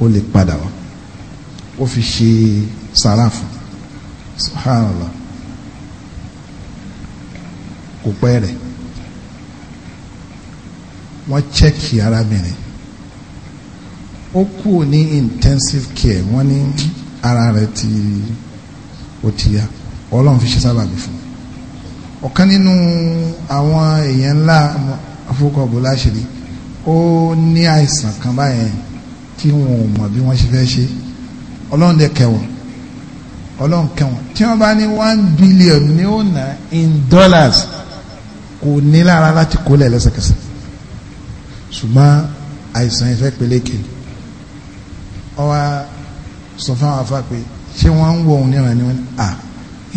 o lè padà wá o fi ṣe sàràfù subhanallah kò pẹ́ rẹ̀ wọ́n chẹ́kì arábìnrin ó kú ní intensive care wọ́n ní ara rẹ̀ ti ó ti yá ọlọ́run fi ṣe sábàbí fún un ọ̀kan nínú àwọn èèyàn ńlá afúkọ̀bù láṣìírí ó ní àìsàn kan báyẹn tí wọn ò mọ̀ bí wọ́n ṣe fẹ́ ṣe ọlọ́run dẹ kẹwọ̀n ọlọ́run kẹwọ̀n tí wọ́n bá ní one billion ní ó ná in dollars kò ní lára láti kólẹ̀ lẹ́sẹ̀kẹsẹ̀ ṣùgbọ́n àìsàn ìfẹ́ peléke ọwọ́ sọ fún àwọn afá pé ṣé wọ́n ń wọ òun níran ni wọ́n ní à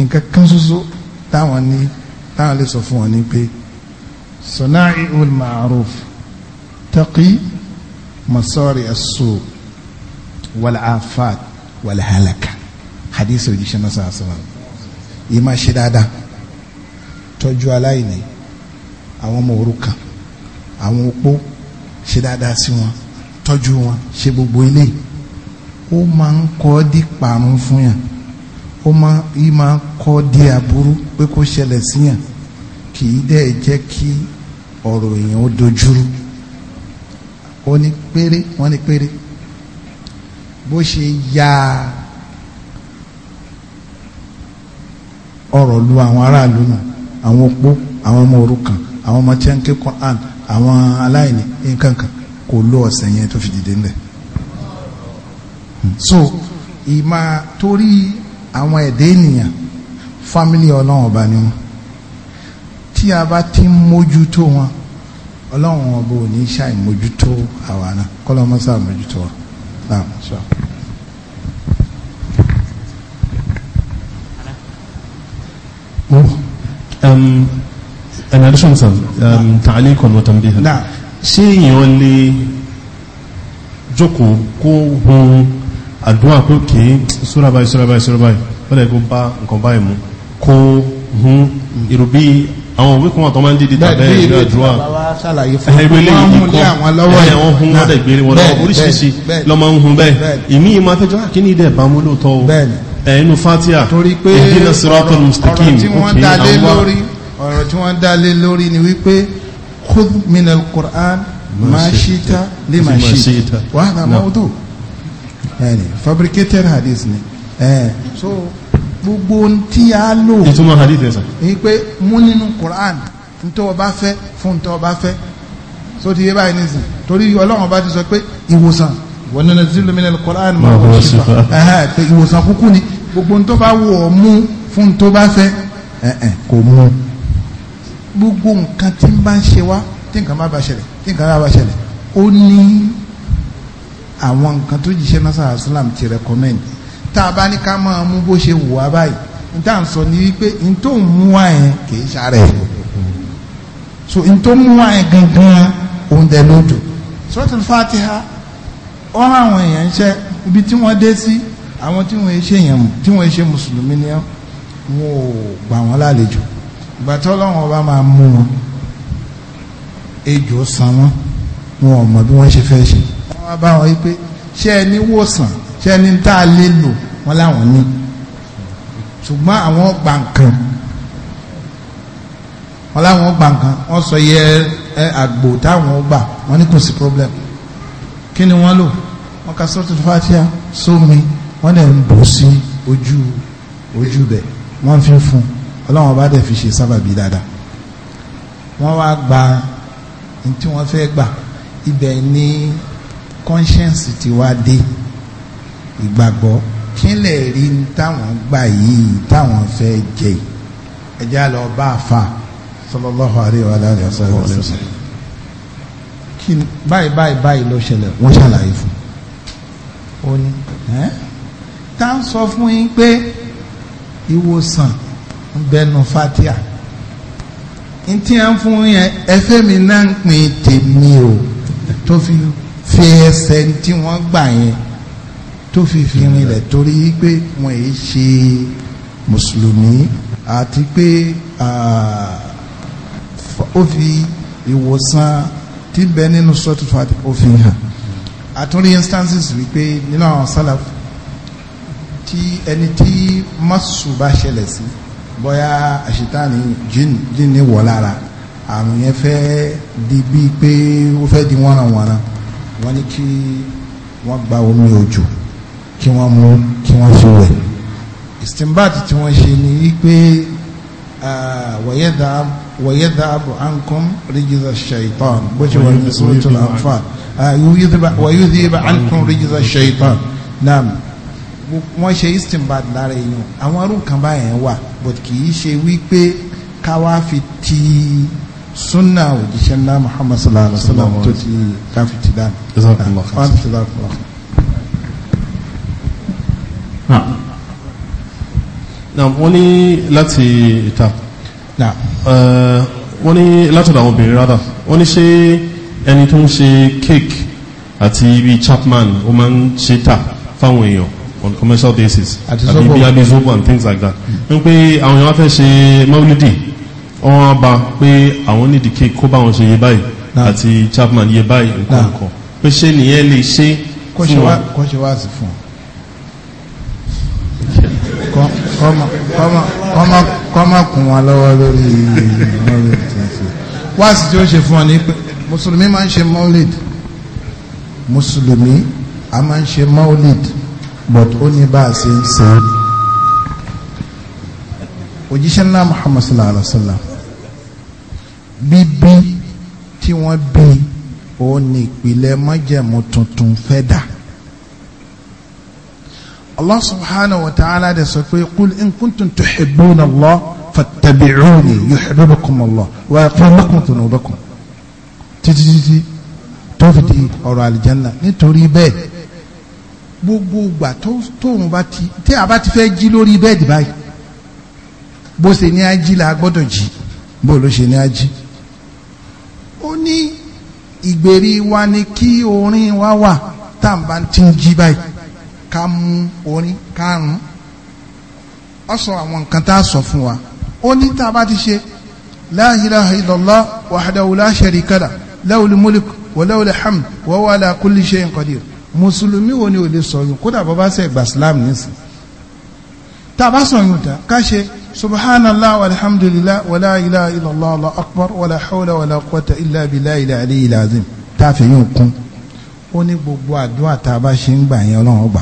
nǹkan kan ṣoṣo táwọn ní táà lè sọ fún wọn ni pé sọ̀nàì ul ma'ruf taqi masọ́rì ẹ̀sọ́ wàlá afat wàlá halaka hadith òjíṣẹ́ náà sọ̀rọ̀ sọ̀rọ̀ yìí máa ṣe dáadáa tọ́jú aláìní àwọn ọmọ òrukàn àwọn opó ṣe dáadáa sí wọn tọ́jú wọn ṣe gbogbo eléyìí ó máa ń kọ́ díparun fún yàn ó máa yí máa kọ́ di aburu pé kó ṣẹlẹ̀ síyàn kì í dẹ́ jẹ́ kí ọ̀rọ̀ èèyàn ó dojúrú wọ́n ní péré wọ́n ní péré bó ṣe ya ọ̀rọ̀ lu àwọn aráàlú awọn àwọn opó àwọn ọmọ òrukàn àwọn ọmọ tí wọ́n ń ké Quran àwọn aláìní nǹkan kan kò lọ ọ̀sẹ̀ yẹn tó fi dìde ńlẹ̀ so ìmà torí àwọn ẹ̀dẹ́ ènìyàn fámílì ọlọ́run ọba ni wọn tí a bá ti ń mójútó wọn ọlọ́run ọba ò ní ṣàì mójútó àwa náà kọ́lọ́mọ́sá mójútó wa. Naam, sure. Oh, um, an addition sir um, ta'alik on what I'm behind ṣé èèyàn lè jókòó kó hun àdúwà pé kí sórabáyé sórabáyé sórabáyé lọ́dẹ̀ kó bá nǹkan báyìí mú kó hún irú bí àwọn òwe kan àtọ́ máa ń dìde tàbẹ́ ìlú àdúrà ẹgbẹ́lẹ́ ìdíkọ́ ẹ̀wọ̀n hún wọ́n dẹ̀ gbére wọ́n lọ́wọ́ oríṣiríṣi lọ́mọ ń hun bẹ́ẹ̀ ìmí ìmọ̀ afẹ́jọ́ àkíní ah, ìdẹ̀ bá mú lóòótọ́ o ẹ̀yìn fatia ìdínà siratul mustaqim òkè àwọn ọ̀rọ̀ tí wọ́n dá lé lórí ni wípé khudh min al-Qur'an ma shi'ta lima shi'ta wa hadha ẹni fabricated hadith ni ẹ so gbogbo tí a lò ìtumọ̀ hadith ẹ̀ sà èyí pé mú nínú Quran ntọ́ ọba fẹ́ fún ntọ́ ọba fẹ́ so ti yé báyìí nísìn torí Ọlọ́run bá ti sọ pé ìwòsàn wa nunazzilu minal Quran ma huwa shifa ẹ̀hẹ́ pé ìwòsàn kúkú ni gbogbo ntọ́ bá wù ọ́ mú fún ntọ́ bá fẹ́ ẹ̀ẹ̀ kò mú gbogbo nǹkan tí ń bá ń ṣe wá tí nǹkan má ba ṣẹlẹ̀ tí nǹkan má ba ṣẹlẹ̀ ó ní àwọn nǹkan tó jíṣẹ́ náà sàrà sílám ti recommend tá a bá ní ká máa mú bó ṣe wù wá báyìí n tá à ń sọ ní wípé n tó ń mú wá yẹn kì í ṣàrẹ̀ so n tó mú wá yẹn gangan oúnjẹ ló dùn suratul Fatiha wọ́n àwọn èèyàn ń ṣe ibi tí wọ́n dé sí àwọn tí wọ́n ṣe èèyàn tí wọ́n ṣe mùsùlùmí ni wọ́n ò gbà wọ́n lálejò ìgbà tí ọlọ́run ọba máa mú wọn ejò san wọn wọn ò mọ bí wọ́n ṣe fẹ́ ṣe wá bá wọn pé ṣé ẹ ní wòsàn ṣé ẹ ní tá a lè lò wọn láwọn ní ṣùgbọ́n àwọn gbà wọn láwọn gbà wọn sọ yẹ ẹ àgbò táwọn gbà wọn ní kò sí problem kí ni wọ́n lò wọ́n ka sọ́tún fatia sómi wọ́n dẹ̀ ń bò sí ojú ojú bẹ̀ wọ́n fi fún ọlọ́wọ́n bá dẹ̀ fi ṣe sábàbí dáadáa wọ́n wá gba ní tí fẹ́ gbà ibẹ̀ ní conscience ti wá dé ìgbàgbọ́ kí lè rí táwọn gbà yìí táwọn fẹ́ jẹ ẹjá lọ bá fa, sallallahu alaihi wa alihi wasallam kí báyìí báyìí báyìí ló ṣẹlẹ̀ wọ́n ṣàlàyé fún ó ní ẹ́ tá ń sọ fún yín pé ìwòsàn ń bẹnu fatia n tí a ń fún yẹn ẹfẹ́ mi náà ń pin tèmi o tó fi hàn fi ẹsẹ̀ tí wọ́n gbà yẹn tó fi fi rinlẹ̀ torí pé wọ́n yìí ṣe mùsùlùmí àti pé ó fi ìwòsàn tí bẹ nínú sọ́tùfà ó hàn àtúndì instances wípé nínú àwọn sálàf tí ẹni tí mọ́sù bá ṣẹlẹ̀ sí bóyá àṣetáni jíìnì wọ̀ lára àrùn yẹn fẹ́ di bíi pé ó fẹ́ di wọ́nranwọ̀nran wọ́n ní kí wọ́n gba omi òjò kí wọ́n mu kí wọ́n fi wẹ̀ istimbat tí wọ́n ṣe ni wípé ويذهب عنكم رجز الشيطان وجه سورة الأنفال ويذهب عنكم رجز الشيطان نعم wọ́n ṣe istimbad lára èèyàn àwọn arúgbó kan báyẹn wà but kì í ṣe wípé ká fi ti sunna òjíṣẹ́ ńlá muhammad sallallahu alaihi wa sallam tó ti káfí ti dáná. naam wọ́n ní láti ìta eh, wọ́n ní látọ̀dọ̀ àwọn obìnrin rádà wọ́n ní ṣé ẹni tó ń ṣe cake àti ibi chapman ó máa ń ṣe tà fáwọn èèyàn on commercial basis àti bí abizobo and things like that ń hmm. pé àwọn èèyàn wá fẹ́ ṣe mawulidi wọ́n bá pé àwọn nídìí kí kó bá wọn ṣe yé báyìí àti Chapman yé báyìí nǹkan kan pé ṣé nìyẹn lè ṣe fún wa. kó ṣe wá sí fún un kọ́ má kún wọn lọ́wọ́ lórí wá sí tí ó ṣe fún ọ ní pé mùsùlùmí máa ń ṣe maulid mùsùlùmí a máa ń ṣe maulid but ó ní bá a ṣe ń ṣe é ńlá Muhammad sallallahu alaihi wa sallam bíbí tí wọ́n bí òun ni ìpìlẹ̀ májẹ̀mú tuntun fẹ́ dà. Allah subhanahu wa ta'ala de sọ pé kul in kuntum tuhibbuna Allah fattabi'uni yuhibbukum Allah wa yaghfir lakum dhunubakum títí títí tó fi di ọ̀rọ̀ àlìjánná nítorí bẹ́ẹ̀ gbogbo ìgbà tóun bá ti tí a bá ti fẹ́ jí lórí bẹ́ẹ̀dì báyìí bó ṣe ní ají la gbọ́dọ̀ jí bó ló ṣe ní ají ó ní ìgbèrí wa ni kí orin wa wà tá à ń bá ti ń jí báyìí ká mú orin kárùn-ún ọ sọ àwọn nǹkan tá a sọ fún wa ó ní tá a bá ti ṣe la ilaha illallah wahdahu la sharika lah lahul mulk wa lahul hamd wa mùsùlùmí wo ni ò lè sọ yìí kódà bàbá sẹ gbà sílámù nísìnyí tàbá sọ̀yún ta káṣe subhanallah walhamdulillah wala ilaha illallah allah akbar wala hawla wala quwwata illa billahi al-aliyyil azim tá a fi yún kún ó ní gbogbo àdúrà tá a bá ṣe ń gbà yẹn ọlọ́run gbà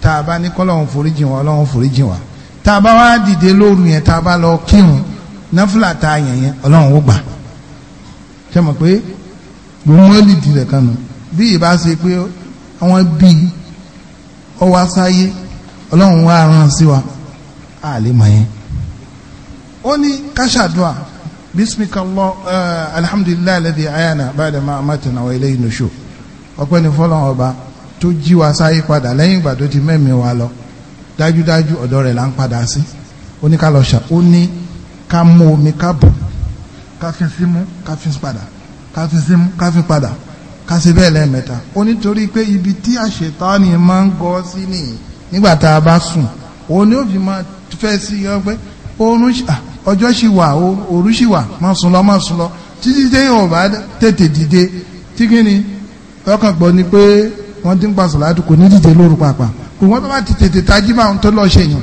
tá a bá ní kọ́lọ́run foríjì wa ọlọ́run foríjì wa tá a bá wá dìde lóru yẹn tá lọ kírun náfìlà tá a yẹn yẹn ọlọ́run ó gbà ṣe mọ̀ pé gbogbo ẹ̀lì dìrẹ̀ kan nù bí ìbá ọlọ́run wá rán sí wa a lè mọ̀ yẹn ó ní káṣàdúà bísmìkàlọ́ alhamdulilayi alladhi ayana ba'da ma amatana wa ilayhi nushu ọpẹ́ ní fọ́lọ́run ọba tó jí wa sáyé padà lẹ́yìn ìgbà tó ti mẹ́mìí wa lọ dájúdájú ọ̀dọ̀ rẹ̀ là ń padà sí ó ní ká lọ ṣà ó ní ká mú omi ká bù ká fi símú ká fi padà ká fi símú ká fi padà ká ṣe bẹ́ẹ̀ lẹ́ẹ̀mẹ́ta ó nítorí pé ibi tí àṣetánì máa ń gọ́ sí nìyí nígbà bá sùn òun ni ó fi máa fẹ́ sí i pé oorun ọjọ́ ṣì wà òru ṣì wà máa sùn lọ máa sùn lọ títí dé yóò bá tètè dìde tí kí ni lọ́kàn gbọ́ ni pé wọ́n ti ń pa sọ̀láàtù kò ní dìde lóru pàápàá kò wọ́n tó bá ti tètè tají báwọn tó lọ́ọ́ ṣe yàn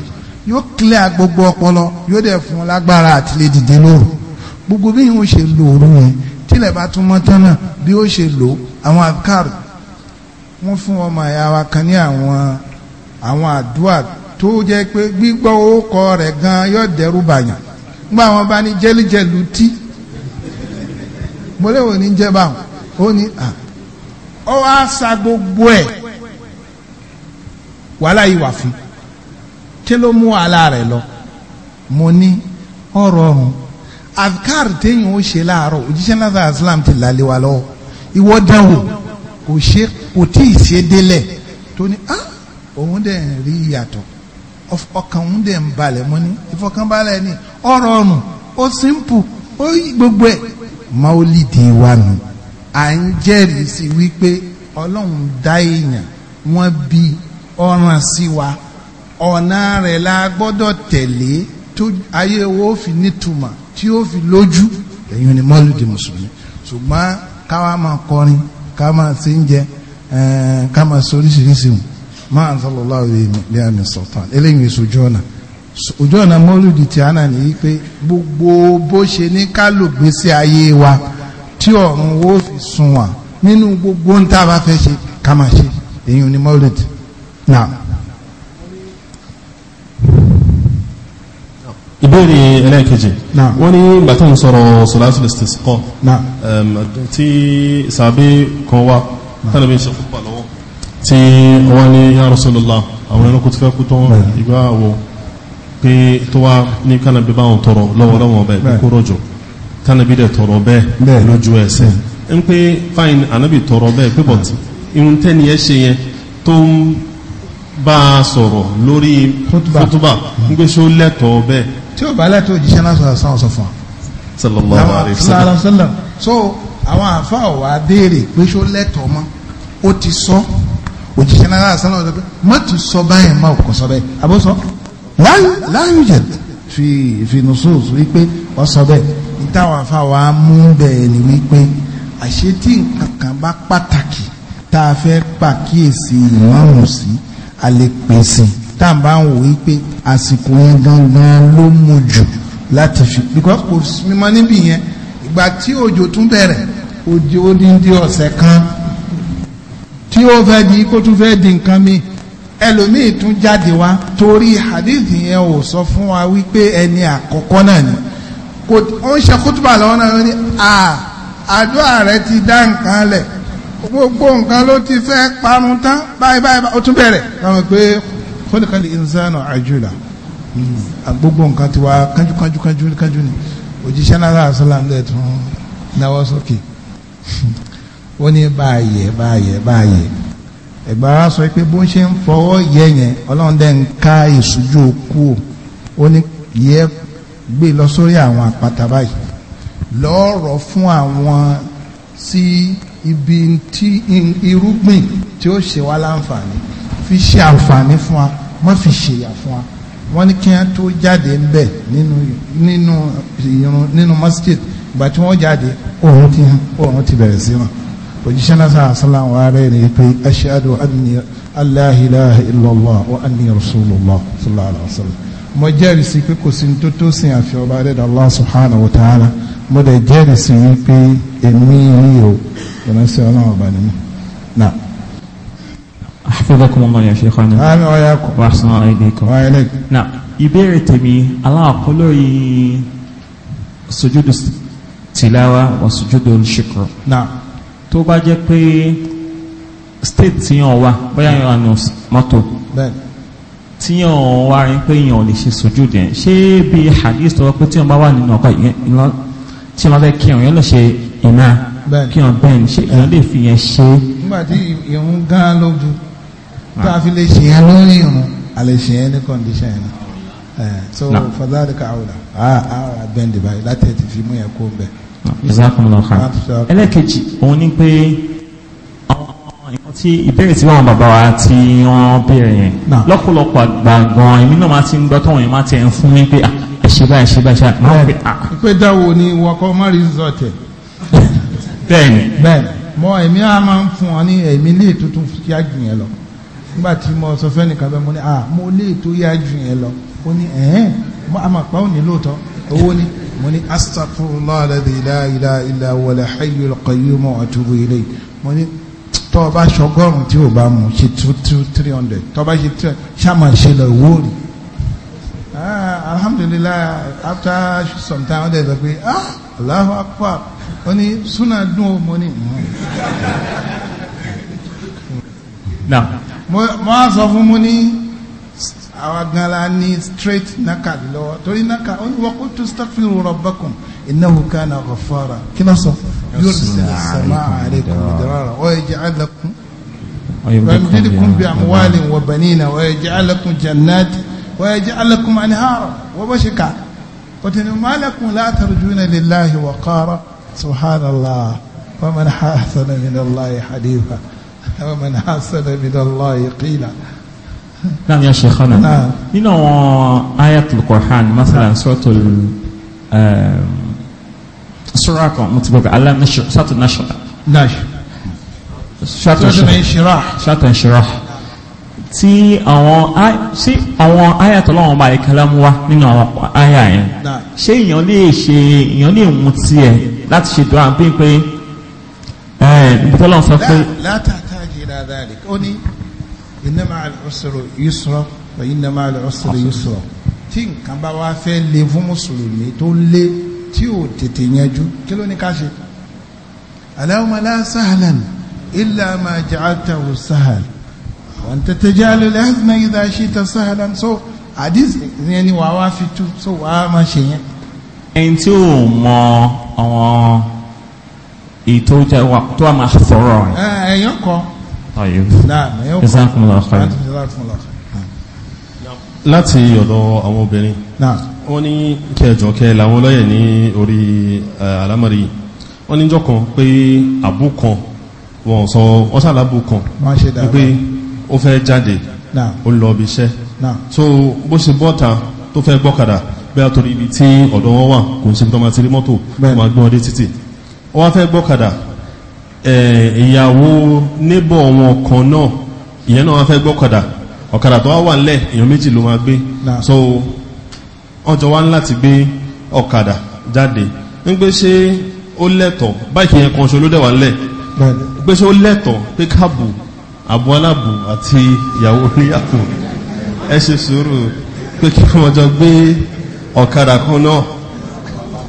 yóò clear gbogbo ọpọlọ yóò dẹ̀ fún lágbára àti lè dìde lóru gbogbo bí yóò ṣe lò òru yẹn tílẹ̀ bá tún mọ́ tán bí ó ṣe lò àwọn àkàrò wọ́n fún ọmọ ìyá wa kan ní àwọn àwọn àdúrà tó jẹ́ pé gbígbọ́ orúkọ rẹ̀ gan yóò dẹ́rù bàyàn nígbà wọn bá ní jẹ́líjẹ́lu tí mo léwo ní jẹ́ báwọn ó ní ọ wá sa gbogbo ẹ̀ wàhálà yìí wà fún tí ló mú wàhálà rẹ̀ lọ mo ní ọ̀rọ̀ ọ̀hún afkar téèyàn ó ṣe láàárọ̀ òjíṣẹ́ náà islam ti lálẹ́ wa lọ́wọ́ ìwọ dánwò kò ṣe kò tí ì ṣe délẹ̀ tó ní ah òun dẹ̀ ń rí ìyàtọ̀ ọkàn òun dẹ̀ ń balẹ̀ mọ́ ní ìfọkànbalẹ̀ ni ọ̀rọ̀ ọ̀run ó simple ó gbogbo ẹ̀ máòlìdì wa nù à ń jẹ́rìí sí wípé ọlọ́run dá èèyàn wọ́n bí ọ̀ràn sí wa ọ̀nà rẹ̀ la gbọ́dọ̀ tẹ̀lé tó ayé wo fi nítumọ̀ tí ó fi lójú ẹ̀yin ni mọ́lìdì mùsùlùmí ṣùgbọ́n káwa máa kọrin ká máa ṣe ń jẹ ká máa ṣe oríṣiríṣi wọn. Ma ń sọlọ láwùjọ ilé àmì sultan eléyìí ìṣojú ọ̀nà ojú ọ̀nà mọ́lùdì tí a náà ní wípé gbogbo bó ṣe ní kálò gbèsè ayé wa tí ọ̀run wo fi sun wa nínú gbogbo ń tá a bá fẹ́ ṣe ká máa ṣe èyí ò ní náà. ìbéèrè ẹlẹ́ẹ̀kejì wọ́n ní bàtà sọ̀rọ̀ sọ̀láṣù lè sọ̀kọ́ tí sàbí kan wá tánàbí ṣe fúnpà lọ́wọ́ tí wọ́n ní ya Rasulullah àwọn ẹranko ti fẹ́ kú tán ìgbà àwọ̀ pé tó wá ní kánàbí bá wọn tọrọ lọ́wọ́ lọ́wọ́ bẹ́ẹ̀ kó rọ̀jò kánàbí dẹ̀ tọrọ bẹ́ẹ̀ lójú ẹsẹ̀ ń pé fine ànábì tọrọ bẹ́ẹ̀ pé bọ̀tí irun tẹ́ni ẹ ṣe yẹn tó ń bá a sọ̀rọ̀ lórí kútùbà ń gbé ṣó lẹ́tọ̀ọ́ bẹ́ẹ̀. tí ó bá lẹ́tọ̀ọ́ òjíṣẹ́ náà sọ̀rọ̀ sáwọn sọ̀fọ̀ sallallahu alaihi wasallam so àwọn àfa ò wá béèrè pé ṣó òjíṣẹ́ náírà sálọ ọ̀dọ́ pé má tún sọ báyìí má kò sọ bẹ́ẹ̀ àbọ̀sọ láyé jẹ fi ìfinusùs wípé ọ sọ bẹ́ẹ̀ ìtawà fáwa mú bẹ́ẹ̀ ni wípé àṣetí nǹkan kan bá pàtàkì tá a fẹ́ pàkíyèsí ìwọ̀n sí a lè pèsè tá a bá ń wò wípé àsìkò yẹn gangan ló mú jù láti fi because kò mímọ níbí yẹn ìgbà tí òjò tún bẹ̀rẹ̀ òjò ó dín dín ọ̀sẹ̀ kan kí ó fẹ́ di kó tún fẹ́ di nǹkan mi ẹlòmíì tún jáde wá torí hadith yẹn ò sọ fún wa wípé ẹni àkọ́kọ́ náà ni kò ó ń ṣe kútùbà lọ́wọ́ náà ó ní à àdúrà rẹ ti dá nǹkan lẹ̀ gbogbo nǹkan ló ti fẹ́ parun tán báyìí báyìí ó tún bẹ̀rẹ̀ káwọn pé kọ́lẹ̀kọ́lẹ̀ ìnsánà àjùlá gbogbo nǹkan ti wá kánjú kánjú kánjú kánjú ni òjíṣẹ́ náà sọ́lá ń dẹ̀ tún náwó sókè ó ní báyẹ̀ báyẹ̀ báyẹ̀ ẹ̀gbà wa sọ pé bó ṣe ń fọwọ́ yẹ yẹn ọlọ́run dẹ́ ń ká ìṣújú okú ò ó ní yẹ gbé lọ sórí àwọn àpáta báyìí lọ́ọ̀rọ̀ fún àwọn sí ibi tí irúgbìn tí ó ṣe wá láǹfààní fi ṣe àǹfààní fún wa wọ́n fi ṣèyà fún wa wọ́n ní kí wọ́n tó jáde ń bẹ̀ nínú nínú nínú masjid ìgbà tí wọ́n jáde òun ti òun ti bẹ̀rẹ̀ sí wọn òjíṣẹ́ náà sàlám wa rẹ̀ ni pé ashadu alla ilaha illallah wa anni rasulullah sallallahu alaihi wa sallam mo jẹ́rìsí pé kò sí ní tó tó sìn àfi ọba rẹ̀ Allah subhanahu wa ta'ala mo dẹ̀ jẹ́rìsí wípé èmi yìí o ìránṣẹ́ ọlọ́run ọba ni mi. náà. حفظكم الله يا شيخنا آمين وإياكم وأحسن إليكم وإليك نعم ìbéèrè tèmi aláàkọ́ lórí sojúdù tìláwà wà sojúdù ṣìkọ̀ náà tó bá jẹ́ pé state tí yàn wá bóyá yàn ànà mọ́tò tí yàn wá rí pé yàn ò lè ṣe sojú dẹ̀ ṣé bí hadith tó wá pé tí yàn bá wà nínú ọkọ̀ tí yàn bá fẹ́ kírun yàn lọ ṣe ìná kírun bẹ́ẹ̀ ṣe yàn lè fi yẹn ṣe. nígbà tí ìrún gan lójú tá a fi lè ṣe yẹn lórí ìrún a lè ṣe yẹn ní condition yẹn so fọdádìkà àwòrán àwòrán bẹ́ẹ̀ dìbà láti ẹ̀ ti fi mú yẹn kó bẹ́ẹ̀ ẹlẹ́kejì òun ni pé nǹkan tí ìbéèrè tí wọ́n bàbá wa tí wọ́n béèrè yẹn lọ́pọ̀lọpọ̀ àgbà gan èmi náà máa ti ń gbọ́ tọ́wọ̀n yẹn máa ti ń fún mi pé ẹ̀ṣẹ̀ báyìí ẹ̀ṣẹ̀ báyìí ṣáà máa pè á. ìpè dáwo ni wakọ má rí zọtẹ. bẹ́ẹ̀ni. bẹ́ẹ̀ni mo èmi á máa ń fún ọ ní èmi lè tuntun yá jù yẹn lọ nígbà tí mo sọ fẹ́ nìkan bẹ́ẹ̀ mo ní à mo lè tó yá jù yẹn lọ ó ní ẹ̀ẹ́n àmàpá ò ní lóòótọ́ owó ni mo ní astaghfirullah alladhi la ilaha illa huwa al-hayyul qayyum wa atubu ilayh mo ní tọ́ bá ṣọgọ́rùn tí ò bá mú ṣe two two three hundred tọ́ bá ṣe three ṣàmà ṣe lọ wó rí ah, alhamdulilayi after some time wọ́n sọ pé ah Allahu akbar ó ní súnà dùn ó mo ní. Hmm. mo á sọ fún mo ní àwa gan la ní straight naka lọ́wọ́ torí naka ó ní wọ́kú tó staghfiru rabbakum innahu kana ghaffara kí ló sọ yursil as-samaa alaykum midrara wa yaj'al lakum ويمددكم بأموال وبنين ويجعل لكم جنات ويجعل لكم أنهارا وبشكا قلتني ما لكم لا ترجون لله وقارا سبحان الله ومن حاسن من الله حديثا ومن حاسن من الله قيلا Naam ya Sheikhana. Nínú àwọn ayatul Qur'an, masalan suratul eh, sura kan mo ti gbọ́gbọ́ Allah nashr suratul nashr. Nashr. Suratul Shirah. Suratul Shirah. Tí àwọn ṣé àwọn ayatul ọlọ́run ọba ìkàlá mú wá nínú àwọn aya yẹn. Ṣé èèyàn lè ṣe èèyàn lè mú tiẹ̀ láti ṣe dùn àbí pé eh, ibi tọ́lọ́run sọ pé. Látàtà jìnnà dáadé, ó ní iná máa lọ́sọ̀rọ̀ yusra wa iná máa lọ́sọ̀rọ̀ yusra tí nǹkan bá wá fẹ́ le fún mùsùlùmí tó lé tí ò tètè yanjú kí ló ní ká ṣe Allahumma la sahlan illa ma ja'altahu sahal wa anta taj'alul hazna idha shi'ta sahlan so àdìs yẹn ni wàá wá fi tú so wàá máa ṣe yẹn. ẹni tí ò mọ àwọn èyí tó wà máa sọ̀rọ̀ rẹ̀. ẹ̀yọ́ kan. Tayyib. Láti ọ̀dọ̀ àwọn obìnrin. Wọ́n ní kẹjọ kẹ làwọn lọ́yẹ̀ ní orí alámọ̀rí. Wọ́n ní jọ́ kan pé àbú kan wọ́n sọ wọ́n sàlábù kan. Wọ́n ṣe dáadáa. Wípé ó fẹ́ jáde. Ó lọ bí iṣẹ́. So bó ṣe bọ́ta tó fẹ́ gbọ́kadà bí a torí ibi tí ọ̀dọ̀ wọn wà kò ń ṣe Eh, ìyàwó nébọ̀ wọn kan náà ìyẹn náà wọ́n fẹ́ gbọ́kọ̀dà ọ̀kadà tó wà nílẹ̀ èèyàn méjì ló máa gbé so ọjọ́ wá láti gbé ọ̀kadà jáde ń gbé ṣe ó lẹ́tọ̀ báyìí kìí kan ṣe olódẹ̀wà nílẹ̀ gbé ṣe ó lẹ́tọ̀ pé káàbù àbú aláàbù àti ìyàwó oníyàwó ẹ ṣe sùúrù pé kí wọ́n jọ gbé ọ̀kadà kan náà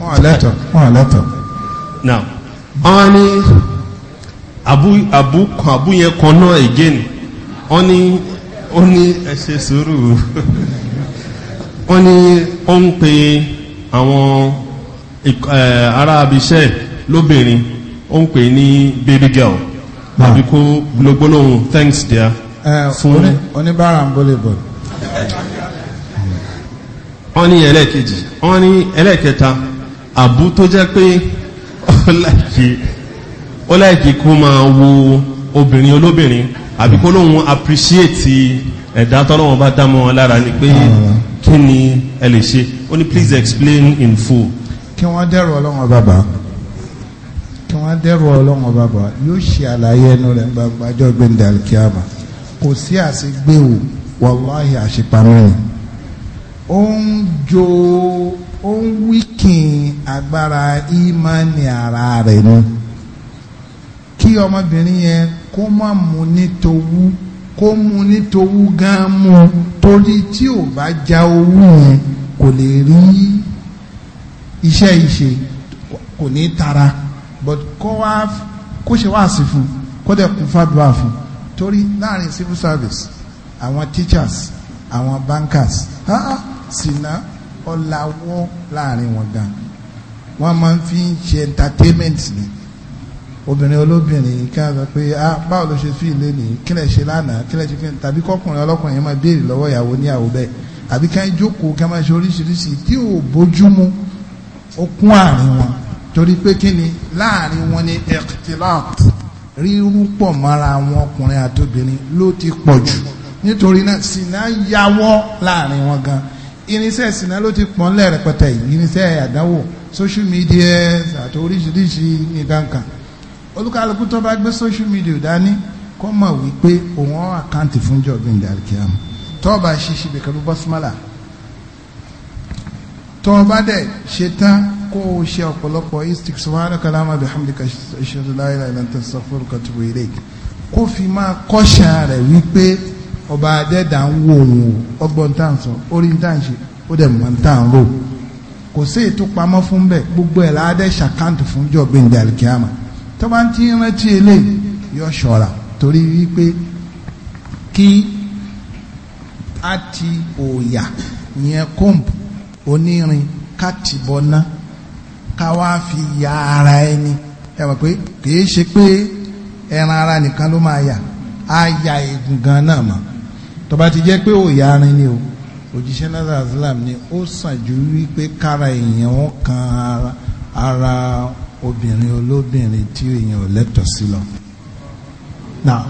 wọ́n lẹ́tọ̀ wọ́n lẹ́tọ̀ Abu Abu, kan àbú yẹn kan náà again wọ́n ní ó ní ẹsẹ̀ sùúrù wọ́n ní ó ń pe àwọn eh, ará abiṣẹ́ lóbìnrin ó ń pè ní baby girl ah. àbí kó gbólóhùn thanks dear eh, fún oníbàárà ń bọ́lẹ̀ bọ̀ wọ́n ní ẹlẹ́ẹ̀kejì wọ́n ní ẹlẹ́ẹ̀kẹta àbú tó jẹ́ pé ó láìpẹ́ ó láìkí kó máa wo obìnrin olóbìnrin àbí kó lóun appreciate ẹ̀dá tọ́lọ́wọ́n bá dá mọ́ wọn lára ni pé ah. kí ni ẹ lè ṣe ó ní please explain in full. kí wọ́n dẹ́rù ọlọ́wọ́n bàbá kí wọ́n dẹ́rù ọlọ́wọ́n bàbá yóò ṣe àlàyé ẹnu rẹ̀ gbàgbàjọ́ gbẹ̀ndẹ̀ alikiyama kò sí àṣegbéwò wàláhì àṣepamọ́ ni ó ń jo ó ń wíkìn agbára ìmánì ara rẹ̀ ni. Mm -hmm kí ọmọbìnrin yẹn kó má mú ní towú kó mú ní towú gan mú torí tí ò bá já owó yẹn kò lè rí iṣẹ́ ìṣe kò ní tara but kó wá kó ṣe wá sí fún kó dẹ̀ kún fàdúrà fún torí láàrin civil service àwọn teachers àwọn bankers ah, sínà ọ̀làwọ́ láàrin wọn gan wọ́n máa ń fi ṣe entertainment ni obìnrin olóbìnrin kí wọ́n sọ pé ah báwo ló ṣe fi ilé nìyí kí lè ṣe lánàá kí lè ṣe kíni tàbí kọkùnrin ọlọ́kùnrin yẹn máa béèrè lọ́wọ́ ìyàwó níyàwó bẹ́ẹ̀ àbí kí wọ́n jókòó kí wọ́n máa ṣe oríṣiríṣi tí ò bójúmu okun àárín wọn torí pé kí ni láàrin wọn ni ectilat rírú pọ̀ mọ́ra wọn ọkùnrin àtobìnrin ló ti pọ̀ jù nítorí náà sinna yáwọ́ láàrin wọn gan irinṣẹ́ sinna ló ti pọ̀ ńlẹ̀ rẹpẹtẹ yìí irinṣẹ́ àdánwò social media àti oríṣiríṣi nìkan kan olúkálukú tó bá gbé social media dání kọ́ mọ̀ wípé òun àkáǹtì fún jọ̀gbìn dàríkìámù tó bá ṣe ṣe bẹ̀kẹ́ ló bọ́ símọ́là tó bá dẹ̀ ṣe tán kó o ṣe ọ̀pọ̀lọpọ̀ istik subhanaka allahumma bihamdika ashhadu la ilaha illa anta astaghfiruka wa atubu ilayk kó fi máa kọ́ṣà rẹ̀ wípé ọba adẹ́dà ń wo òun ọgbọ́n tá à ń sọ orí tá à ń ṣe ó dẹ̀ mọ̀ tá à ń rò kò sí ètò pamọ́ fún bẹ́ẹ̀ gbogbo ẹ̀ láàdẹ́ ṣàkáǹtì fún jọ̀gbìn dàríkìámù tó bá ń tí ń rántí eléyìí yọ ṣọ́ra torí wípé kí a ti òòyà yẹn kóńpù onírin ká ti bọ́ná ká wá fi ya ara ẹni ẹ wà pé kìí ṣe pé ẹran ara nìkan ló máa yà á ya eegun náà mọ́ tó bá ti jẹ́ pé òòyà arin ni o òjíṣẹ́ náírà islam ni ó sàn ju wípé kára èèyàn kan ara ara obìnrin olóbìnrin tí èèyàn ò lẹ́tọ̀ sí lọ. now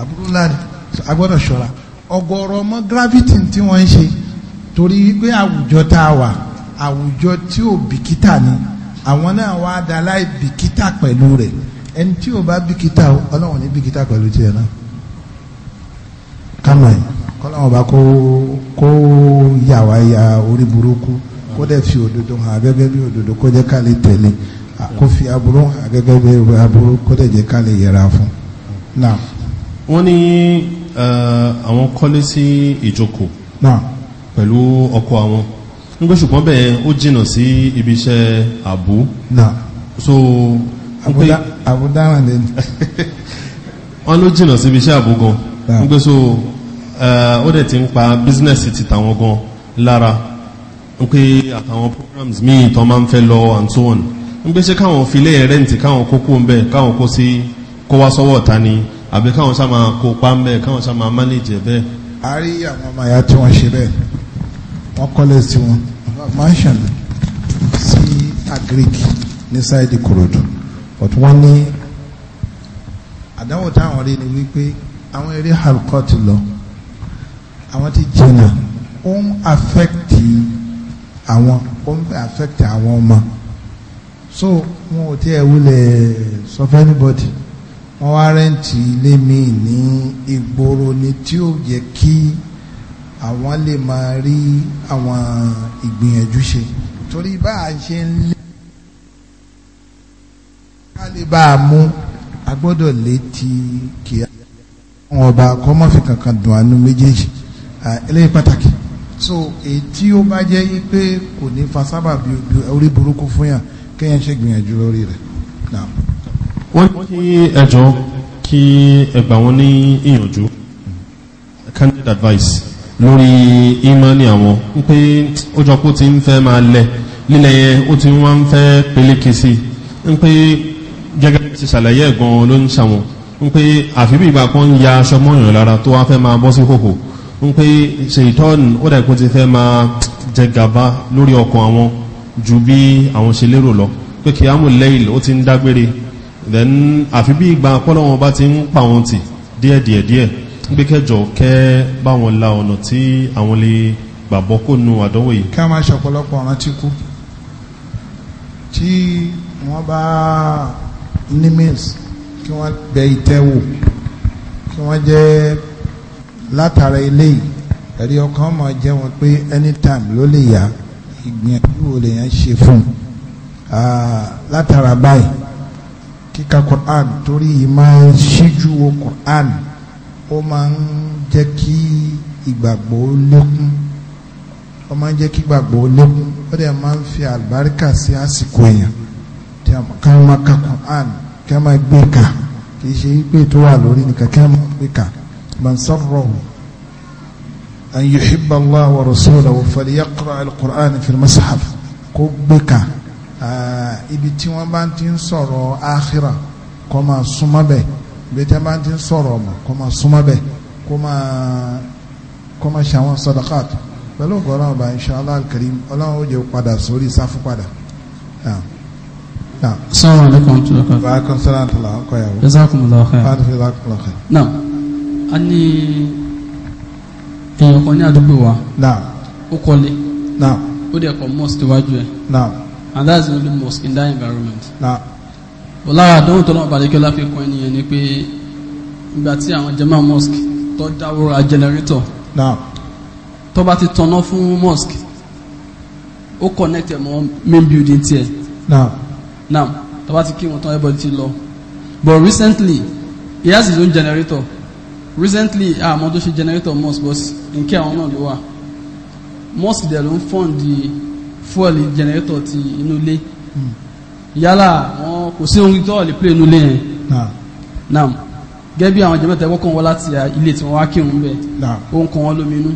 àbúrò láàrin agbọ́dọ̀ ṣọ́ra ọ̀gọ̀rọ̀ ọmọ gravity tí wọ́n ń ṣe torí pé àwùjọ tá a wà àwùjọ tí ò bìkítà ni àwọn náà wá da láì bìkítà pẹ̀lú rẹ̀ ẹni tí ò bá bìkítà ọlọ́run ní bìkítà pẹ̀lú tiẹ̀ náà kánò ẹ̀ kọ́lọ́wọ́n bá kó kó yàwá ya orí burúkú kó dẹ̀ fi òdodo hàn gẹ́gẹ́ bí òdodo kó jẹ́ ká lè tẹ̀lé. Ah, kó fi aburú gẹ́gẹ́ bí aburú kó lè jẹ́ ká lè yẹra fún náà. wọ́n ní àwọn kọ́lé sí ìjókòó pẹ̀lú ọkọ̀ àwọn nígbà ṣùgbọ́n bẹ́ẹ̀ ó jìnà sí ibi iṣẹ́ àbú. so àbúdáhàn lè ní. wọ́n ló jìnà sí ibi iṣẹ́ àbú gan nígbà so ó dẹ̀ ti ń pa bísínẹ̀sì ti tàwọn gan lára pé àtàwọn programs míì tán máa ń fẹ́ lọ and so on ńgbésẹ̀ káwọn fi lé rẹ́ǹtì káwọn kó kó ń bẹ̀ káwọn kó sí kó wá sọ́wọ́ ọ̀ta ni àbí káwọn sá máa kó pa ń bẹ̀ káwọn sá máa mánéjì ẹ̀ a rí àwọn ọmọ ìyá tí wọ́n ṣe bẹ́ẹ̀ wọ́n kọ́lé sí wọn mansion sí agric ní sáìdì kòròdú but wọ́n ní àdánwò táwọn rí ni wípé àwọn eré halkọ́ ti lọ àwọn ti jìnnà ó ń affect àwọn ó ń affect àwọn ọmọ so wọn ò tiẹ̀ wulẹ̀ sọ fún anybody wọ́n wá rẹ́ǹtì ilé mi ní ìgboro ni tí ó yẹ kí àwọn lè máa rí àwọn ìgbìyànjú ṣe torí bá a ṣe ń lé ká lè bá a mú a gbọ́dọ̀ létí kìá àwọn ọba kọ́mọ́fì kankan dùn àánú méjèèjì eléyìí pàtàkì so èyí tí ó bá jẹ́ pé kò ní fa sábàbí orí burúkú fún yàn kéèyàn ṣe gbìyànjú lórí rẹ̀ wọ́n kí ẹjọ́ kí ẹgbà wọn ní ìyànjú candid advice lórí imani àwọn wípé ó jọ kó ti ń fẹ́ máa lẹ̀ lílẹ̀ yẹn ó ti wọ́n ń fẹ́ peléke sí ń pé gẹ́gẹ́ ti ṣàlàyé ẹ̀gan ló ń ṣàwọn ń pé àfi bí ìgbà kan ya aṣọ mọ́yàn lára tó wá fẹ́ máa bọ́ sí kòkò ń pé ṣèyítọ́ọ̀nù ó dẹ̀ kó ti fẹ́ máa jẹ gàba lórí ọkàn àwọn ju bí àwọn ṣe lérò lọ pé kí ámù lẹ́yìn ó ti ń dágbére then àfi bí ìgbà pọ́lọ́ wọn bá ti ń pa wọn tì díẹ̀díẹ̀díẹ̀ pé kẹjọ kẹ́ bá wọn la ọ̀nà tí àwọn lè gbàgbọ́ kó nu àdánwò yìí. ká máa ṣọ̀pọ̀lọpọ̀ ọ̀ràn ti kú tí wọ́n bá ní means kí wọ́n bẹ ìtẹ́wò kí wọ́n jẹ́ látara eléyìí ẹ̀rí ọkàn máa jẹ́ wọn pé anytime ló lè yá ìgbìyànjú wo lèèyàn ṣe fún un látara báyìí kíka Quran torí máa ń ṣíjú wo Quran ó máa ń jẹ́ kí ìgbàgbọ́ lékún ó máa ń jẹ́ kí ìgbàgbọ́ lékún ó dẹ̀ máa ń fi àlùbáríkà sí àsìkò èèyàn tí a máa ka Quran kí a máa gbé kà kì í ṣe pé tó wà lórí nìkan kí a máa gbé kà mọ̀ ń أن يحب الله ورسوله فليقرأ القرآن في المصحف قبك ibi tí wọ́n bá ti ń sọ̀rọ̀ àkhírà kó máa súnmọ́ bẹ̀ ibi tí wọ́n bá ti ń sọ̀rọ̀ ọmọ kó máa súnmọ́ bẹ̀ kó máa kó máa ṣe àwọn sadaqat pẹ̀lú ọ̀gọ́rọ̀ ọba inshallah al-karim ọlọ́run ó jẹ́ padà sórí sáfù padà. sọ́wọ́n alaikum tó lọ́kọ̀. bákan sọ́wọ́n tó lọ́kọ̀ yàwó. jazakumullahu khair. a ní èèyàn kan ní àdúgbò wa ó kọ́lé ó dẹ̀ kọ́ mosque iwájú ẹ̀ and that's the only mosque in that environment. lára àdánwò tó náà balẹ̀kẹ́ láfi kọ́ ẹniyẹn ni pé ìgbà tí àwọn jama mosque tó dáwọ́ra generator tó bá ti tanná fún mosque ó connect ẹ̀ mọ́ main building tiẹ̀ now tó bá ti kí wọn tán everybody ti lọ but recently he has his own generator recently àmọ́ tó ṣe generator mosque bọ́sì nkẹ́ àwọn náà ló wà mosque dẹ̀ ló ń fọ́ǹdì fúọ̀lì jẹnẹrétọ̀ ti inú ilé yálà wọn kò sí ohun tó lè pè inú ilé yẹn naam gẹ́gẹ́ bí àwọn jẹ́mẹ́ta ẹ̀kọ́ kan láti ilé tí wọ́n wá kírun bẹ́ẹ̀ ó ń kan wọ́n lóminú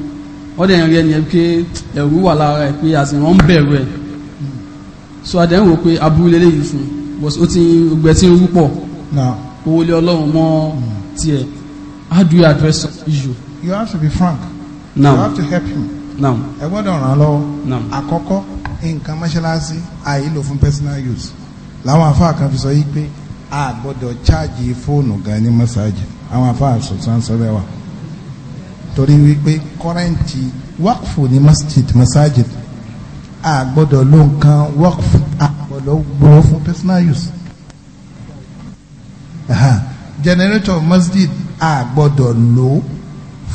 wọ́n dẹ̀ rẹ̀ ni ẹ pé ẹ̀rù wà lára ẹ̀ pé àti wọ́n ń bẹ̀rù ẹ̀ so adẹ̀ ń wò pé aburú lélẹ́yìí fún bọ́s ó ti gbẹ tí ń rú pọ̀ owó lé ọlọ́run mọ́ mm. tiẹ̀ how do you address issue. you have to be frank you have to help him ẹ gbọ́dọ̀ ràn án lọ́wọ́ àkọ́kọ́ nǹkan mọ́ṣáláṣí àìlò fún personal use làwọn àfáà kan fi sọ yí pé a gbọ́dọ̀ cháàjì fóònù gan ní mọ́sáàjì àwọn àfáà sọ̀tún sọ bẹ́ẹ̀ wà torí wípé kọ́rẹ́ǹtì wákùfù ní masjid mọ́sáàjì a gbọ́dọ̀ ló nǹkan wákùfù a gbọ́dọ̀ gbọ́ fún personal use generator masjid a gbọ́dọ̀ lò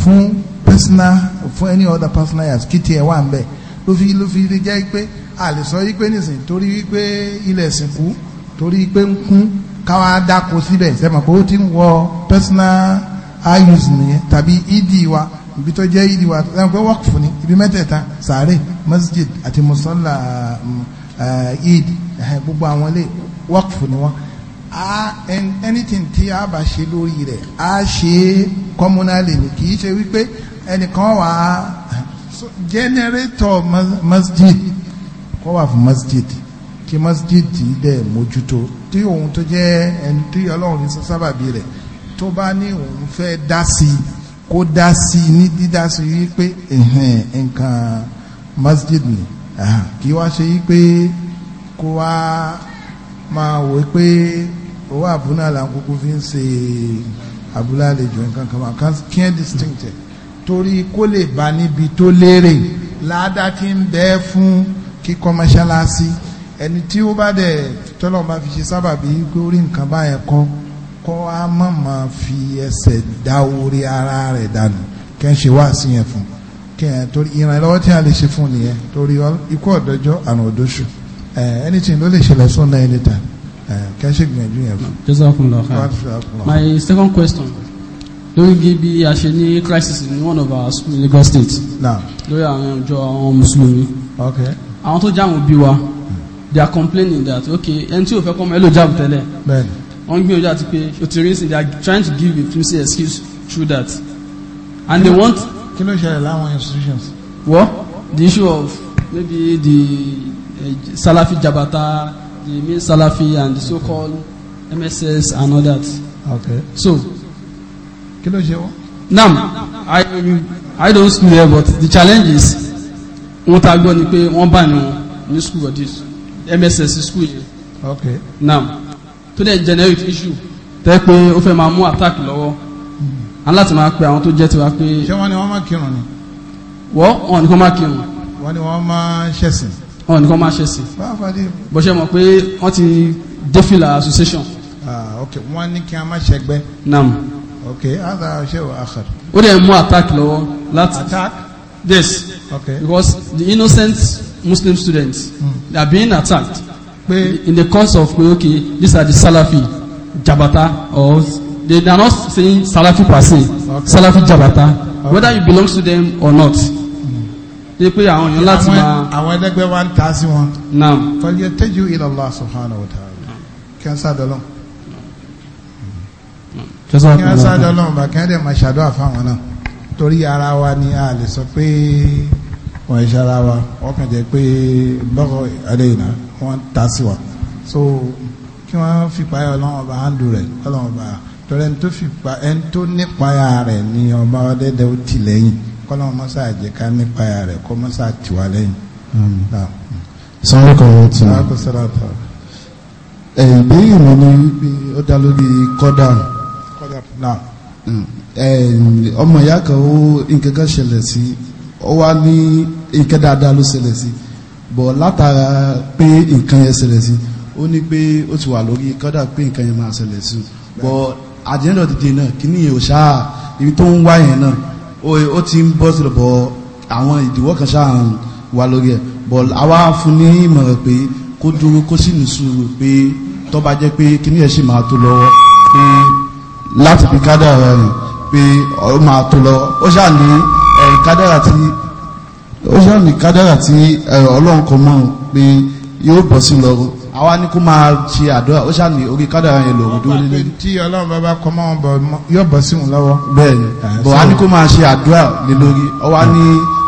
fún personal for any other personal yas kí tiẹ̀ wà ń bẹ̀ ló fi ló fi jẹ́ pé a lè sọ yí pé nìsín torí wípé ilẹ̀ sìnkú torí pé ń kún káwa dáko síbẹ̀ sẹ́mọ̀ pé ó ti ń wọ personal ayus nìyẹn tàbí ìdí wa ibi tó jẹ́ ìdí wa sẹ́mọ̀ pé wọ́ọ̀kì fún ni ibi mẹ́tẹ̀ẹ̀ta sàárè masjid àti musalla mm, eh, id gbogbo àwọn ilé wọ́ọ̀kì fún ni wọ́n anything tí a bá ṣe lórí rẹ̀ a ṣe communally ni kì í ṣe wípé ẹnìkan wà á jẹnẹrétọ̀ masjid kọ́ wà fún masjid kí masjid yìí dẹ̀ mójútó tí òun tó jẹ́ ẹni tí ọlọ́run fi sábàbí rẹ̀ tó bá ní òun fẹ́ dá sí i kó dá sí i ní dídá sí i wípé nǹkan masjid ni kí wá ṣe wípé kó wá máa wò pé owó àbúnà là ń kúkú fi ń ṣe àbúlà àlejò nǹkan kan kí ẹ distinct torí kó lè bá níbi tó lérè láàdá tí ń bẹ fún kíkọ́ mọ́ṣáláṣí ẹni tí ó bá dẹ̀ tọ́lọ̀ bá fi ṣe sábàbí pé orí nǹkan báyẹn kọ́ kọ́ á mọ̀ máa fi ẹsẹ̀ dá orí ara rẹ̀ dànù kẹ́ ń ṣe wá sí yẹn fún kẹ́hìn torí ìrànlọ́wọ́ tí a lè ṣe fún nìyẹn torí ikú ọ̀dọ́jọ́ àrùn òdóṣù anything ló lè ṣẹlẹ̀ sọ́nà anytime kẹ́ ṣe gbìyànjú yẹn fún. Jazakumullah khair. My second question lórí gí bí a ṣe ní crisis in one of our school in Lagos State lórí àwọn ìjọ àwọn mùsùlùmí àwọn tó jáwọn òbí wa hmm. they are complaining that okay ẹni tí ò fẹ́ kọ́mọ ẹ ló jáàbù tẹ́lẹ̀ wọ́n gbìyànjú àti pé o ti rí sí they are trying to give a flimsy excuse through that and they want. kí ló ṣẹlẹ̀ láwọn institutions. what the issue of maybe the uh, Salafi Jabata the main Salafi and the so-called MSS and all that. okay so kí ló ṣe wọ́n. now i i don't school there, but the challenge is wọ́n ta gbọ́ ni pé wọ́n bá ní wọn ní school of this mss school yẹn. okay now to dey generic issue tẹ́ pé ó fẹ́ máa mú attack lọ́wọ́ aláti máa pe àwọn tó jẹ́ tiwa pé. ṣé wọ́n ní wọ́n máa kírun ni. wọ́n wọn ni kò máa kírun. wọ́n ní wọ́n máa ṣẹ̀sìn. wọ́n ní kò máa ṣẹ̀sìn. bó ṣe mọ̀ pé wọ́n ti défìlà association. ah ok wọ́n ní kí a má ṣẹgbẹ́. naam okay other ṣe o akhar. ó dẹ̀ mú attack lọ́wọ́ láti. attack. yes okay because the innocent muslim students mm. they are being attacked pé in the course of pé okay these are the salafi jabata or they are not saying salafi per se okay. salafi jabata okay. whether you belong to them or not ṣe hmm. pé àwọn èèyàn láti máa. àwọn ẹlẹgbẹ́ wa ń ta sí wọn. naam. fọlẹ́ tẹ́jú ila Allah subhanahu wa ta'ala kí wọ́n sá kí wọ́n sáré ọlọ́run bá kí wọ́n dẹ̀ máa ṣàdúrà fáwọn náà torí ara wa ni a lè sọ pé wọ́n ẹ̀ ṣara wa wọ́n kàn jẹ́ pé bọ́kọ̀ ẹlẹ́yìnà wọ́n ta sí wa so kí wọ́n fi payà ọlọ́run ọba hàndù rẹ̀ ọlọ́run ọba torí ẹni tó fi pa ẹni tó nípayà rẹ̀ ni ọba ọdẹ́dẹ́ ó ti lẹ́yìn kọ́lọ́run mọ́sá àjẹ́ ká nípayà rẹ̀ kọ́ tiwa lẹ́yìn. sáré kan wọ́n ti. ìbéèrè mi ni ó dá lórí kọ́dà. Mm. ọmọ ìyá kan ó nǹkan kan ṣẹlẹ̀ sí ó wá ní nǹkan dáadáa ló ṣẹlẹ̀ sí bọ̀ látara pé nǹkan yẹn ṣẹlẹ̀ sí ó ní pé ó ti wà lórí kọ́dà pé nǹkan yẹn máa ṣẹlẹ̀ sí bọ̀ àjẹ́ńdọ̀ dìde náà kí ni òṣà ibi tó ń wá yẹn náà ó ti ń bọ́ sílẹ̀ bọ̀ àwọn ìdíwọ́ kan ṣáà ń wà lórí ẹ̀ bọ̀ àwa fún ní ìmọ̀ràn pé kó dúró kó sì ní sùúrù pé tó jẹ́ pé kíní ẹ̀ sì máa tó lọ́wọ́ pé láti fi kádàrà rẹ̀ pé ó máa tó lọ ó ṣáà ní kádàrà tí ó ṣáà ní kádàrà tí ọlọ́run kan mọ̀ pé yóò bọ̀ sí lọ́rùn àwa ní kó máa ṣe àdúrà ó ṣáà ní orí kádàrà yẹn lòun dúró nílé. wọ́n pàpẹ tí ọlọ́run bàbá kọ́ mọ́ bọ̀ yóò bọ̀ sí wọn lọ́wọ́. bẹ́ẹ̀ni bọ̀ wá ní kó máa ṣe àdúrà lé lórí ọwá ní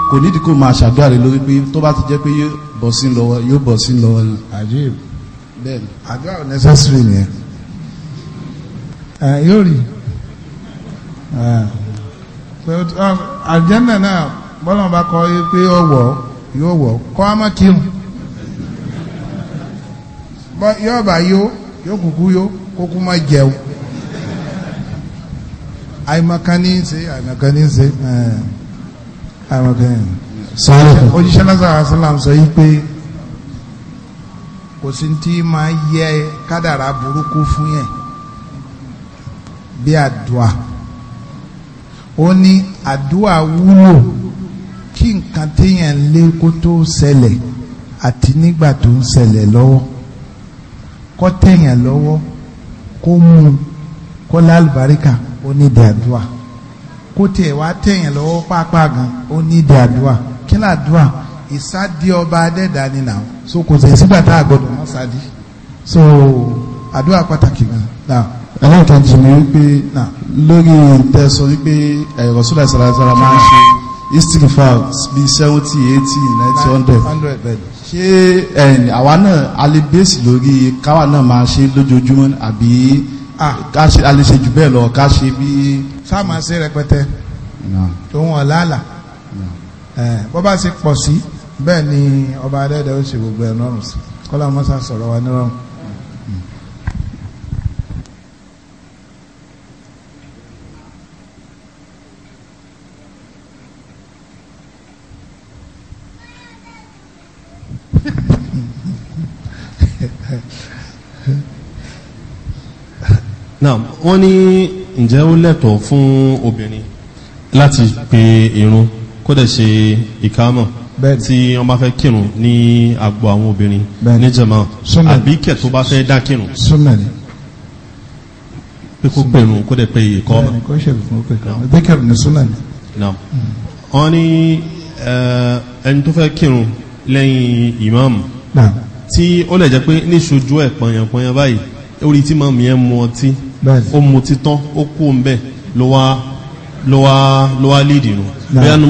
kò nídìí kó máa ṣàdúrà lé lórí pé tó bá ti jẹ́ pé yóò bọ̀ sí lọ́wọ́ yóò bọ̀ sí lọ́wọ́ ni. àdúrà necessary nìyẹn yóò rí àjẹ́ndà náà bọ́lá bá kọ́ pé ọwọ́ yóò wọ̀ kọ́ á má kírun yóò bá yó yóò kúkú yó kókú má jẹun àìmọ̀kan ní í ṣe àìmọ̀kan ní í ṣe eh, àìmọ̀kan ní í ṣe sọ́ọ́lẹ̀kùn òjíṣẹ́ lásàrà sọ́làm sọ yí pé kò sí tí máa yẹ kádàrá burúkú fún yẹn bí àdúà ó ní àdúà wúlò kí nǹkan téèyàn lé kó tó ṣẹlẹ̀ àti nígbà tó ń ṣẹlẹ̀ lọ́wọ́ kó téèyàn lọ́wọ́ kó mú un kó lálùbáríkà ó ní di àdúà kó tiẹ̀ wá téèyàn lọ́wọ́ pápá gan ó ní di àdúà kí làdúà ìsádi ọba adẹ́dàá ni nà so kò sẹ̀ sígbà tá a gbọdọ̀ sádi so àdúà pàtàkì gan náà ẹlẹ́kẹ̀jì mi wípé náà lórí ìtẹ́sọ wípé ẹ̀rọ̀sọ́lẹ̀ eh, sàrásàrà máa ń ṣe istighfar bíi 70 80 90 100 ṣé ẹ̀yìn eh, àwa náà alébèsì lórí káwa náà máa ṣe lójoojúmọ́ àbí aléṣe jù bẹ́ẹ̀ lọ ká ṣe bí. sáàmà ṣe rẹpẹtẹ tòun ọ̀làlà eh, bó bá ṣe pọ̀ sí bẹ́ẹ̀ ni ọba adẹ́dẹ́ ó ṣe gbogbo ẹ̀ nọ́rùn sí kọ́lá mọ́sá sọ̀rọ̀ wa nírọ̀rùn. náà wọ́n ní ǹjẹ́ ó lẹ́tọ̀ọ́ fún obìnrin láti pe irun kó dẹ̀ ṣe ìkámọ̀ tí wọ́n bá fẹ́ kírun ní agbo àwọn obìnrin ní jàmá àbíkẹ̀ tó bá fẹ́ dá kírun pé kó kó dẹ̀ pe ìkámọ̀ wọ́n ní ẹni tó fẹ́ kírun lẹ́yìn ìmáàmù tí ó lè jẹ́ pé ní ṣojú ẹ̀ pọ̀yànpọ̀yàn báyìí orí tí máa mìíràn mu ọtí ó mu títán ó kú ń bẹ̀ ló wá ló wá ló wá lead inú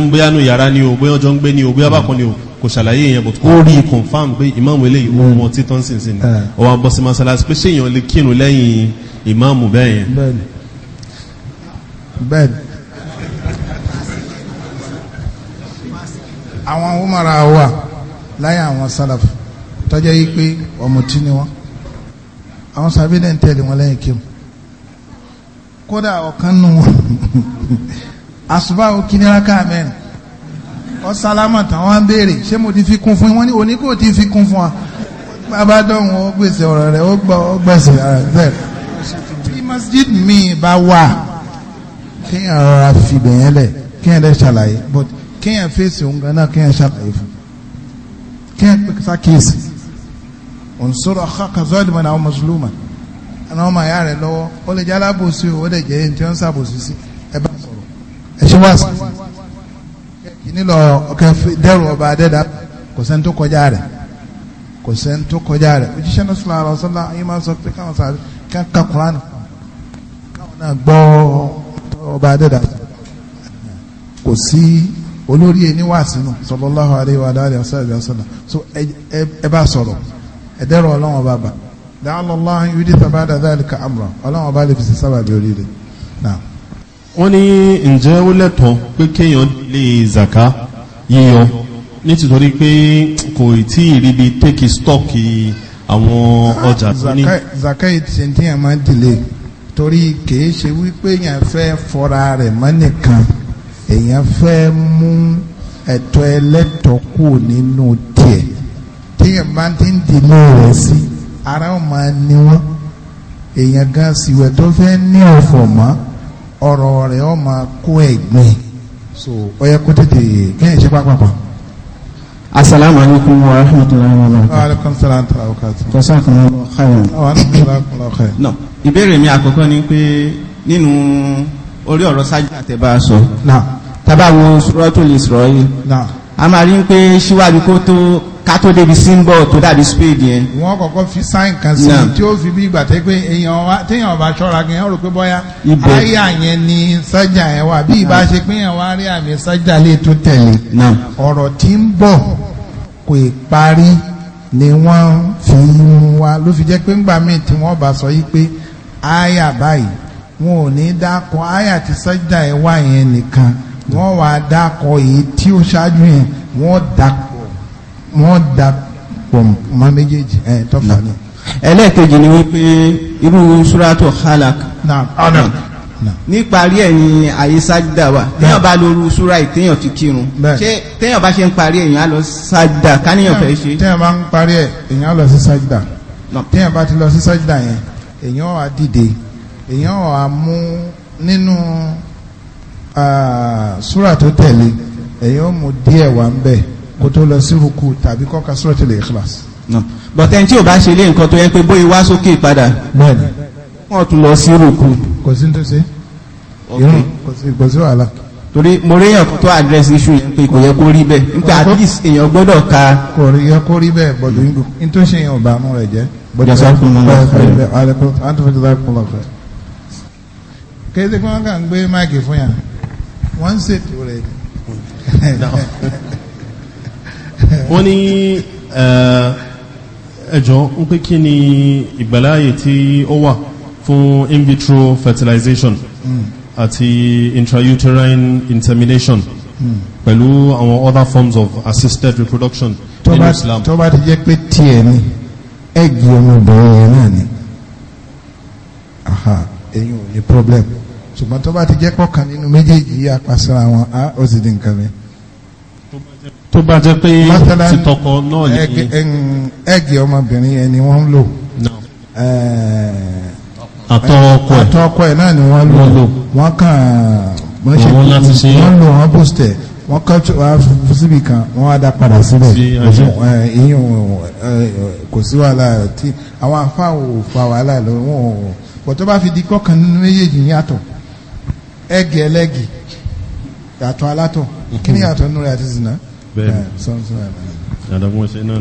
bóyá nu yàrá ni o bóyá ọjọ́ ń gbé ni o bóyá bákan ni o kò ṣàlàyé yẹn but ó rí confam pé ìmáàmù eléyìí ó mọ mm. títán sínsìn eh. ó wá bọ́ sí masalasi pé ṣéèyàn lè kírun lẹ́yìn ìmáàmù bẹ́ẹ̀ yẹn. àwọn umara wà láyé àwọn sálàfù tọ́jọ́ yìí pé ọ̀mùtí ni wọ́n àwọn sábẹ́ dẹ̀ ń tẹ̀lé wọn lẹ́yìn kírun kódà ọ̀kan nù wọ́n àṣùbà òkìniraka mẹ́rin ọ̀sálámà táwọn béèrè ṣé mo ti fi kún fún wọn ní òní kò ti fi kún fún wa bàbá dọ̀hún ó gbèsè ọ̀rọ̀ rẹ̀ ó gbọ́ ó gbèsè ara rẹ̀ bẹ́ẹ̀ bí masjid mi bá wà kéèyàn rọra fìbẹ̀ yẹn lẹ̀ kéèyàn lẹ̀ ṣàlàyé but kéèyàn fèsì òun gan náà kéèyàn ṣàlàyé fún kéèyàn pèsè àkíyèsí òun sọ̀rọ̀ ọ̀ká kazọ́ọ̀dì mọ́ni àwọn mùsùlùmí àwọn ọmọ àyà rẹ̀ lọ́wọ́ ó lè jẹ́ alábòsí o ó lè jẹ́ ẹni tí wọ́n ń sàbòsí sí ẹ bá sọ̀rọ̀ ẹ ṣe wá sí i nílò ọ̀kẹ́ dẹ́rù ọba adẹ́dá kò sẹ́ni tó kọjá rẹ̀ kò sẹ́ni tó kọjá rẹ̀ òjíṣẹ́ náà sọ̀rọ̀ àrọ̀ sọ́lá yìí máa sọ pé káwọn sàrẹ̀ ká kúránì káwọn náà gbọ́ ọba adẹ́dá kò sí olórí ẹni wà sínú sallallahu alaihi wa alihi wasallam so ẹ bá sọ̀rọ̀ ẹ dẹ́rù ọlọ́wọ́n bàbà la'alla Allah yuhditha ba'da dhalika amra ọlọ́run ọba lè wọ́n zaka yíyọ nítorí pé kò tí ọjà tó ní. zaka ìtìyẹn tí máa dìlé torí kìí ṣe wípé fẹ́ fọra rẹ̀ mọ́ nìkan èèyàn fẹ́ mú ẹ̀tọ́ ẹlẹ́tọ̀ọ́ kù nínú tiẹ̀ tí bá ti ń rẹ̀ sí. ara wọn máa ní wọn èèyàn gan tó fẹ́ ní ọ̀fọ̀ mọ́ ọ̀rọ̀ rẹ̀ ọ máa kó ẹ̀gbìn so ó kó ṣe asalaamu wa rahmatulahi wa salaam wa rahmatulahi. mi àkọ́kọ́ ni pé nínú orí ọ̀rọ̀ a máa rí pé síwájú kó tó ká tó débi symbol tó dàbí spade yẹn. wọ́n kọ́kọ́ fi sign kan sí i tí ó fi bí ìgbà tẹ́ pé èèyàn wa téèyàn bá ṣọ́ra gan yẹn ó rò pé bọ́yá àyà yẹn ni sọ́jà yẹn wà bí ìbá ṣe pé èèyàn wá rí àmì sọ́jà lè tó tẹ̀lé ọ̀rọ̀ tí ń bọ̀ kò ì parí ni wọ́n fi mú wa ló fi jẹ́ pé ńgbà míì tí wọ́n bá sọ yìí pé àyà báyìí wọn ò ní dákun àyà tí sọ́jà yẹn wà yẹn nìkan wọ́n wá dákọ̀ èyí tí ó ṣáájú yẹn wọ́n dàpọ̀ wọ́n dàpọ̀ mọ́ méjèèjì ẹ̀ tọ́fà náà. ẹlẹ́ẹ̀kejì ni wípé irú suratul Khalaq. Ah, níparí ẹ̀ ni àyè sájúdà wà téèyàn bá lóru súra yìí téèyàn ti kírun ṣé téèyàn bá ṣe ń parí ẹ̀ á lọ sájúdà káníyàn fẹ́ ṣe. téèyàn bá ń parí ẹ̀ á lọ sí sájúdà téèyàn bá ti lọ sí sájúdà yẹn èèyàn á dìde èèyàn á mú nínú súrà tó tẹ̀lé ẹ̀yin ó mú díẹ̀ wá ń bẹ̀ kó tó lọ sí ruku tàbí kọ́ka súratul ikhlas. bọ̀tẹ́ tí ò bá ṣe lé nǹkan tó yẹ pé bóyá wá sókè padà wọ́n tún lọ sí ruku. kò sí tó ṣe irun kò sí wàhálà. torí mo rí èèyàn tó address issue yẹn pé kò yẹ kó rí bẹ́ẹ̀ nípa at least èèyàn gbọ́dọ̀ ka. kò yẹ kó rí bẹ́ẹ̀ bọ̀dọ̀ ní tó ṣe yẹn ò bá mú rẹ̀ jẹ́. bọ̀dọ̀ kí ẹ ti gbé máàkì fún yàn wọ́n ń ṣètò rẹ̀ ni. wọ́n ní ẹjọ́ ń pé kí ni ìgbàláyè tí ó wà fún in vitro fertilization mm. àti intrauterine insemination mm. pẹ̀lú mm. àwọn other forms of assisted reproduction in Islam. tó bá ti jẹ́ pé tiẹ̀ ni ẹ̀gì ọmọbìnrin yẹn náà ni ẹ̀yin ò ní problem ṣùgbọ́n tó bá ti jẹ́ pọ̀kan nínú méjèèjì yí apasara wọn á ó ti di nǹkan mi. tó bá jẹ́ pé ti tọkọ náà yìí. ẹ̀gì ọmọbìnrin ẹni wọ́n ń lò. àtọ ẹ̀ àtọ ẹ̀ náà ni wọ́n lò wọ́n kàn wọ́n ṣe wọ́n lò wọ́n bùsùtẹ̀ wọ́n kọ́tù wá síbi kan wọ́n á dá padà síbẹ̀ ìyẹn kò sí wàhálà tí àwọn afáwò fa wàhálà lọ́wọ́ pọ̀ tó bá fi di kọ́kàn nínú méjèèjì yàtọ̀ ẹgì ẹlẹ́gì yàtọ̀ alátọ̀ kí ni yàtọ̀ nínú rẹ̀ àti zina. bẹ́ẹ̀ni yàtọ̀ fún ẹsẹ náà.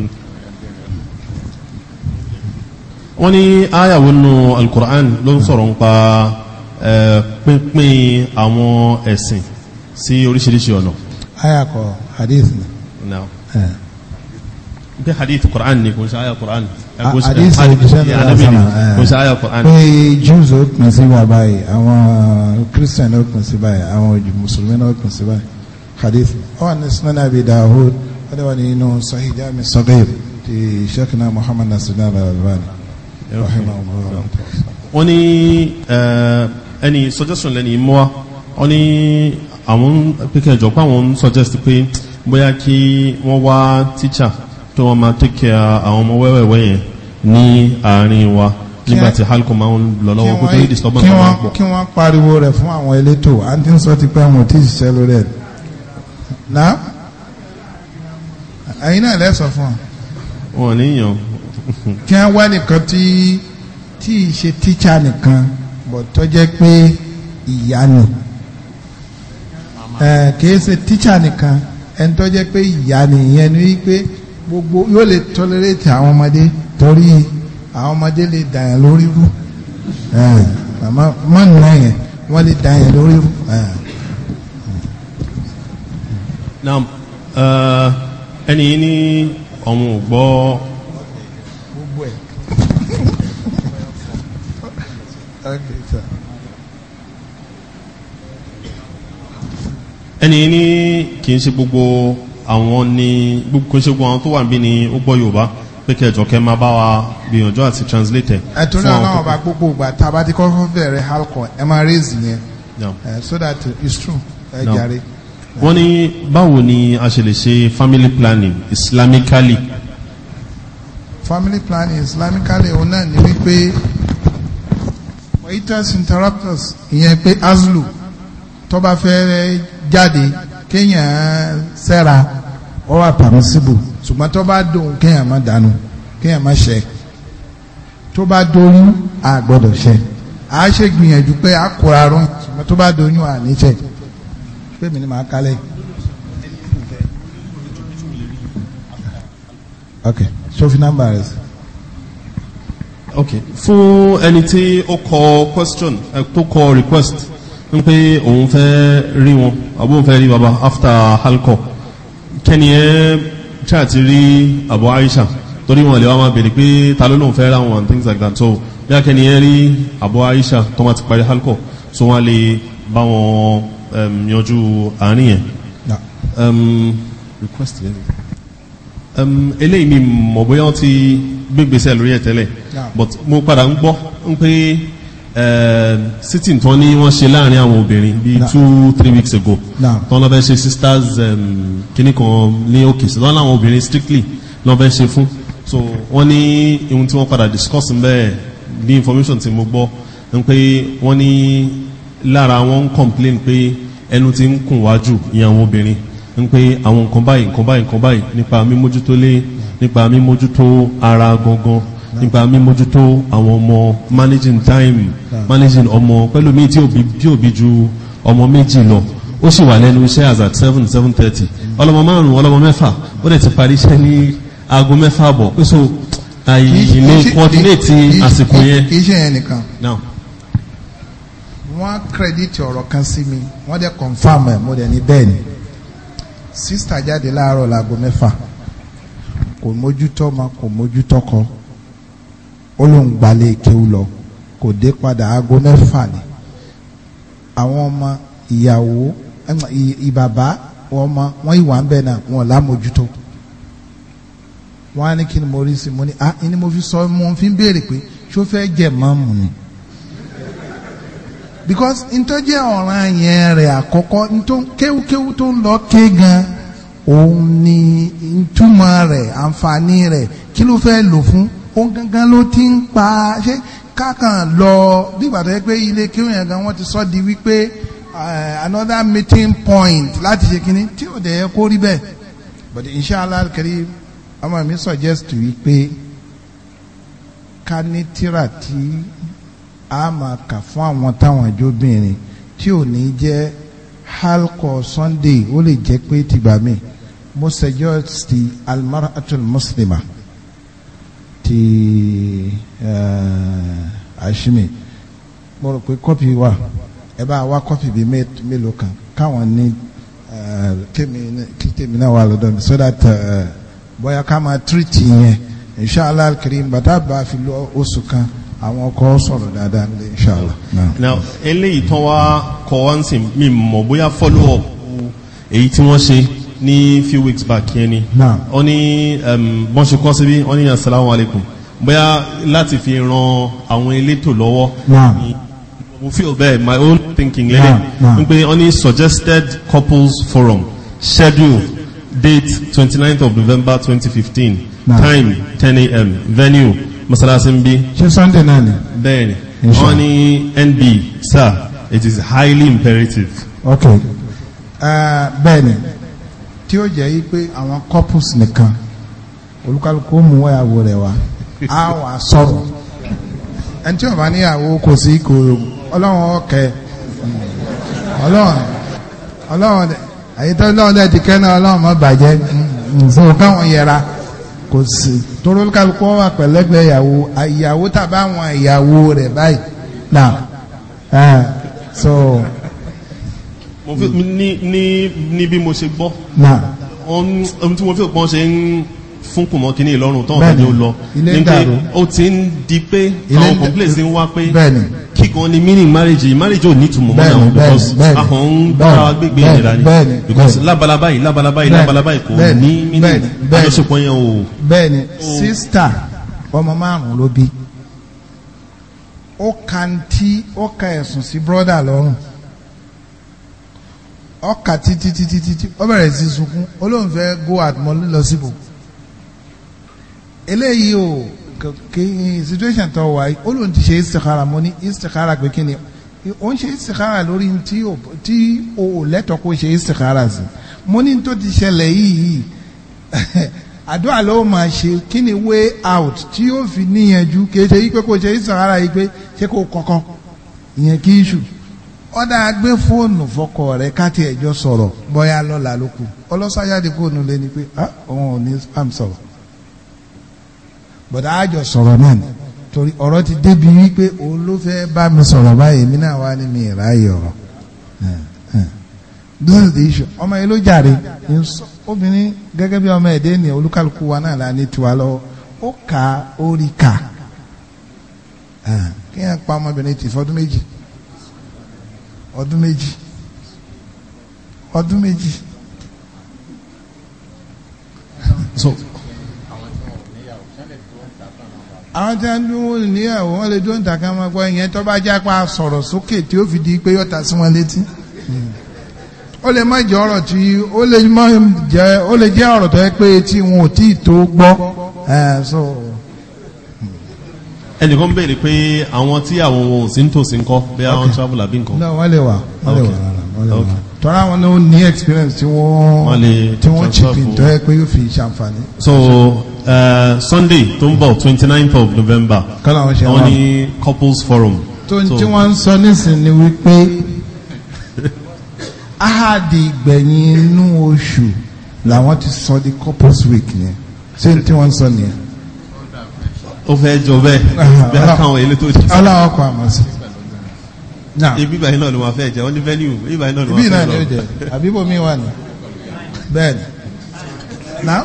wọ́n ní ayàwó nù alukur'an ló ń sọ̀rọ̀ nípa pínpín àwọn ẹ̀sìn sí oríṣiríṣi ọ̀nà. ayàkọ̀ hadith ni pé hadith quran ni kò sáyà quran kò sáyà quran. Eh. pé jews ó pín sí báyìí àwọn christian ó pín sí báyìí àwọn mùsùlùmí ó pín sí báyìí hadith ó wà ní sunan abi dahud ó dẹ̀ wà ní inú sahih jami sagir ti shekina muhammad nasirina al wọ́n ní ẹni suggestion lẹ́ni mọ́ wọ́n ní àwọn pẹ́kẹ́ ìjọba àwọn suggest pé bóyá kí wọ́n wá teacher tó wọ́n máa tẹ́kẹ̀ àwọn ọmọ wẹ́wẹ̀wẹ́ yẹn ní àárín wa nígbàtí halkọ máa ń lọ lọ́wọ́ kó tó yí disturbance máa pọ̀. kí wọ́n pariwo rẹ̀ fún àwọn elétò àti ń sọ ti pé àwọn tí ìṣiṣẹ́ lórí ẹ̀ ná ẹ̀yin náà lẹ́sọ̀ fún ọ. wọn ò ní kí wọ́n wá nìkan tí tí ì ṣe tíṣà nìkan bọ̀ tó jẹ́ pé ìyá ni kì í ṣe tíṣà nìkan ẹni tó jẹ́ pé ìyá ni ìyẹn ni wípé gbogbo yóò lè tolerate àwọn ọmọdé torí àwọn ọmọdé lè dàyàn lórí rú màmá eh, mọ́nù náà yẹn wọ́n lè dàyàn lórí rú. Eh. naam eh, ẹni ní ọmọ ògbọ́ gbogbo ẹ̀ ẹni ní kì í ṣe gbogbo àwọn ní gbogbo ṣégun àwọn tó wà níbí ni ó gbọ́ yorùbá pé kẹjọ kẹ máa bá wa gbìyànjú àti translate ẹ. ẹtúnú náà ọba gbogbo ìgbà tá a bá ti kọ́kọ́ bẹ̀rẹ̀ halkọ ẹ máa raise yẹn so that is true ẹ jàre. wọ́n ní báwo ni a ṣe lè ṣe family planning islamically. family planning islamically òun náà ni wípé waiters interrupters ìyẹn pé aslu tó bá fẹ́ jáde kéèyàn sẹ́ra ó wà pàmísìbò ṣùgbọ́n tó bá dòun kéèyàn má dànù kéèyàn má ṣe tó bá doyún a gbọ́dọ̀ ṣe a ṣe gbìyànjú pé a kóra rún ṣùgbọ́n tó bá doyún a níṣe pé mi ni màá kálẹ̀. ok so fi nọ́mbà rẹ sí. ok fún ẹni tí ó kọ question tó kọ request wípé òun fẹ́ rí wọn àbó òun fẹ́ rí baba after halkọ kẹ́ni ẹ́ ṣáàtì rí àbọ̀ Aisha torí wọn lè wá máa bèèrè pé ta ló lóun fẹ́ ráwọn and things like that so bí akẹ́ni ẹ́ rí àbọ̀ Aisha tó máa ti parí halkọ so wọ́n lè bá wọn um, yanjú àárín yẹn um, request Um, eléyìí mi mọ̀ bóyá wọ́n ti gbégbèsè lórí ẹ̀ tẹ́lẹ̀ but mo padà ń gbọ́ ń pé sitting eh, tán ní wọ́n ṣe láàrin àwọn obìnrin bí two three weeks ago tán lọ́fẹ́ ṣe sisters kìíní kan ní òkè sí lọ́nà àwọn obìnrin strictly lọ́fẹ́ ṣe fún so wọ́n ní ohun tí wọ́n padà discuss ń bẹ́ẹ̀ ní information tí mo gbọ́ ń pé wọ́n ní lára wọn ń complain pé ẹnu ti ń kùn wájú ìyẹn àwọn obìnrin ń pé àwọn nǹkan báyìí nǹkan báyìí nǹkan báyìí nípa mímójútó lé nípa mímójútó ara gangan nípa mímójútó àwọn ọmọ managing time ah. managing ọmọ pẹ̀lú míì tí òbí ju ọmọ méjì lọ ó sì wà lẹ́nu iṣẹ́ as at seven seven thirty ọlọ́mọ márùn-ún ọlọ́mọ mẹ́fà ó dẹ̀ ti parí iṣẹ́ ní aago mẹ́fà bọ̀ pé so àìlè coordinate àsìkò yẹn. kì í ṣe yẹn nìkan wọ́n credit ọ̀rọ̀ kan sí mi wọ́n dẹ̀ confam ẹ̀ mo dẹ̀ ní bẹ́ẹ̀ ni sista jáde láàárọ̀ laago mẹ́fà kò mójútó ma kò mójútó kọ́ ó ló ń lọ kò dé padà aago mẹ́fà ni àwọn ọmọ ìyàwó ìbàbá ọmọ wọn ìwà ń bẹ náà wọn ò lámójútó wọn á ní kí ni mo rí sí mo ní ah ni mo fi sọ mo fi ń béèrè pé ṣó fẹ́ jẹ mọ́mù ni because ntọ́ jẹ́ ọ̀ràn yẹn rẹ̀ àkọ́kọ́ ntọ́ kéwúkéwú tó ń lọ ké gan ni rẹ̀ àǹfààní rẹ̀ kí ló fẹ́ lò fún òun gangan ló ti ń pa ṣé kákan lọ bí ìgbà tó yẹ pé ilé kí yẹn gan wọ́n ti sọ di wípé eh, another meeting point láti ṣe kínní tí ò dẹ̀ yẹ kó rí bẹ́ẹ̀ but inshallah kiri ọmọ mi suggest wípé ká ní tíra tí a máa kà fún àwọn táwọn àjọbìnrin tí ò ní jẹ́ halkọ sunday ó lè jẹ́ pé tìgbà mi mo suggest almaratul muslima ti àṣìmì eh, mo rò pé kọ́pì wà ẹ bá wá kọ́pì bíi mélòó kan káwọn eh, ní kí tèmi náà wà lọ́dọ̀ mi so that eh, bóyá ká máa tírìtì yẹn inshallah al-karim bàtà bá fi lọ oṣù kan àwọn ọkọ̀ sọ̀rọ̀ dáadáa ní inshallah. now eléyìí tán wá kọ́ wá ń sìn mí mọ̀ bóyá follow up èyí tí wọ́n ṣe ní few weeks back yẹn ni wọ́n ní wọ́n ṣe kọ́ síbí wọ́n ní assalamu alaikum bóyá láti fi ran àwọn elétò lọ́wọ́ mo feel bẹ́ẹ̀ my own thinking lẹ́yìn wípé wọ́n ní suggested couples forum schedule date 29th of november 2015. fifteen time 10 a.m. venue masalasi ń bí. ṣé sunday náà ni. bẹ́ẹ̀ni wọ́n ní nb sir it is highly imperative. okay uh, bẹ́ẹ̀ni tí ó jẹ́ wípé àwọn couples nìkan olúkálukú mú ìyàwó rẹ̀ wá á wà sọ̀rọ̀ ẹni tí ó bá níyàwó kò sí kò ọlọ́run ọ̀kẹ́ ọlọ́run ọlọ́run àyètọ́ ọlọ́run dẹ̀ ti kẹ́nà ọlọ́run má bàjẹ́ nǹkan káwọn yẹra kò sí torí olúkálukú wà pẹ̀lẹ́gbẹ̀ ìyàwó ìyàwó tàbí àwọn ìyàwó rẹ̀ báyìí náà so ní bí mo ṣe gbọ́ ohun tí mo fi pọ́n ṣe ń fún kùmọ̀ kí ní ìlọ́run tán ọ̀tẹ́ ló lọ nígbé ó ti ń di pé àwọn complaints ń wá pé kíkan ni meaning marriage marriage ò ní ìtumọ̀ mọ́ náà because akàn ń bára gbégbé ìlera ni because lábalábá yìí lábalábá yìí lábalábá yìí kò ní meaning àjọṣepọ̀ yẹn o. bẹ́ẹ̀ni sista ọmọ márùn-ún ló bí ó kan tí ó ka ẹ̀sùn sí brọ́dà lọ́rùn ọkà títí títí títí ó bẹ̀rẹ̀ sí sunkún olóhùn fẹ́ go at mọ́ lọ síbò eléyìí o kìí situation tó wà yìí olóhùn ti ṣe istikhara mo ní istikhara pé kí ni ó ń ṣe istikhara lórí tí o ò lẹ́tọ̀ọ́ kó ṣe istikhara sí mo ní tó ti ṣẹlẹ̀ yìí àdúrà ló máa ṣe kí ni way out tí yóò fi níyanjú kì í ṣe yí pé kò ṣe istikhara yìí pé ṣé kò kọ̀kan ìyẹn kí í ọ̀dà gbé fóònù fọkọ rẹ̀ káti ẹ̀jọ́ sọ̀rọ̀ bọ́yá lọ́la ló kù ọlọ́sàyáde fóònù lé ni pé ọ̀hún ah, ò ní spam sọ̀rọ̀ bọ̀dá àjọ sọ̀rọ̀ náà ni torí ọ̀rọ̀ ti débi wípé òun ló fẹ́ bá mi sọ̀rọ̀ báyìí mi náà wá ní mi ìráyè ọ̀rọ̀ this is the issue ọmọ yìí ló jàre obìnrin gẹ́gẹ́ bí ọmọ ẹ̀dẹ́ ènìyàn olúkálùkù wa náà la ní tiwa lọ́wọ́ ó kà á ó rí kà á kí ọdún méjì ọdún méjì. àwọn tí wọ́n dúró níyàwó wọ́n lè dúró níta kan máa gbọ́ ìyẹn tó bá jápa sọ̀rọ̀ sókè tí ó fi di pé yọ̀tà sí wọn létí ó lè má jẹ́ ọ̀rọ̀ tí ó lè má jẹ́ ó lè jẹ́ ọ̀rọ̀ tó yẹ pé tí wọn ò tí ì tó gbọ́ ẹ̀ sọ̀rọ̀ ẹnìkan bèèrè pé àwọn tí àwọn ohun sí ń tò sí ń kọ́ bí àwọn travel àbí nǹkan. náà wọ́n lè wà wọ́n lè wà rárá tọ́ra wọn náà ní experience tí wọ́n tí wọ́n chipin tó yẹ pé yóò fi ṣàǹfààní. so uh, sunday tó ń bọ̀ twenty ninth of november wọ́n ní couples forum. tó ń tí wọ́n ń sọ nísìnyí wípé ahadi ìgbẹ̀yìn inú oṣù làwọn ti sọ di couples week yẹn ṣé tí wọ́n ń sọ nìyẹn ó fẹ́ jọ bẹ́ẹ̀ bí a káwọn ilé tó jẹ́ aláwọ̀ kọ àmọ́ sí ibi ìbáyìí náà ló máa fẹ́ jẹ ó ní venue ibi ìbáyìí náà ló máa fẹ́ jẹ àbíbò mi wà ní bẹ́ẹ̀ ni na.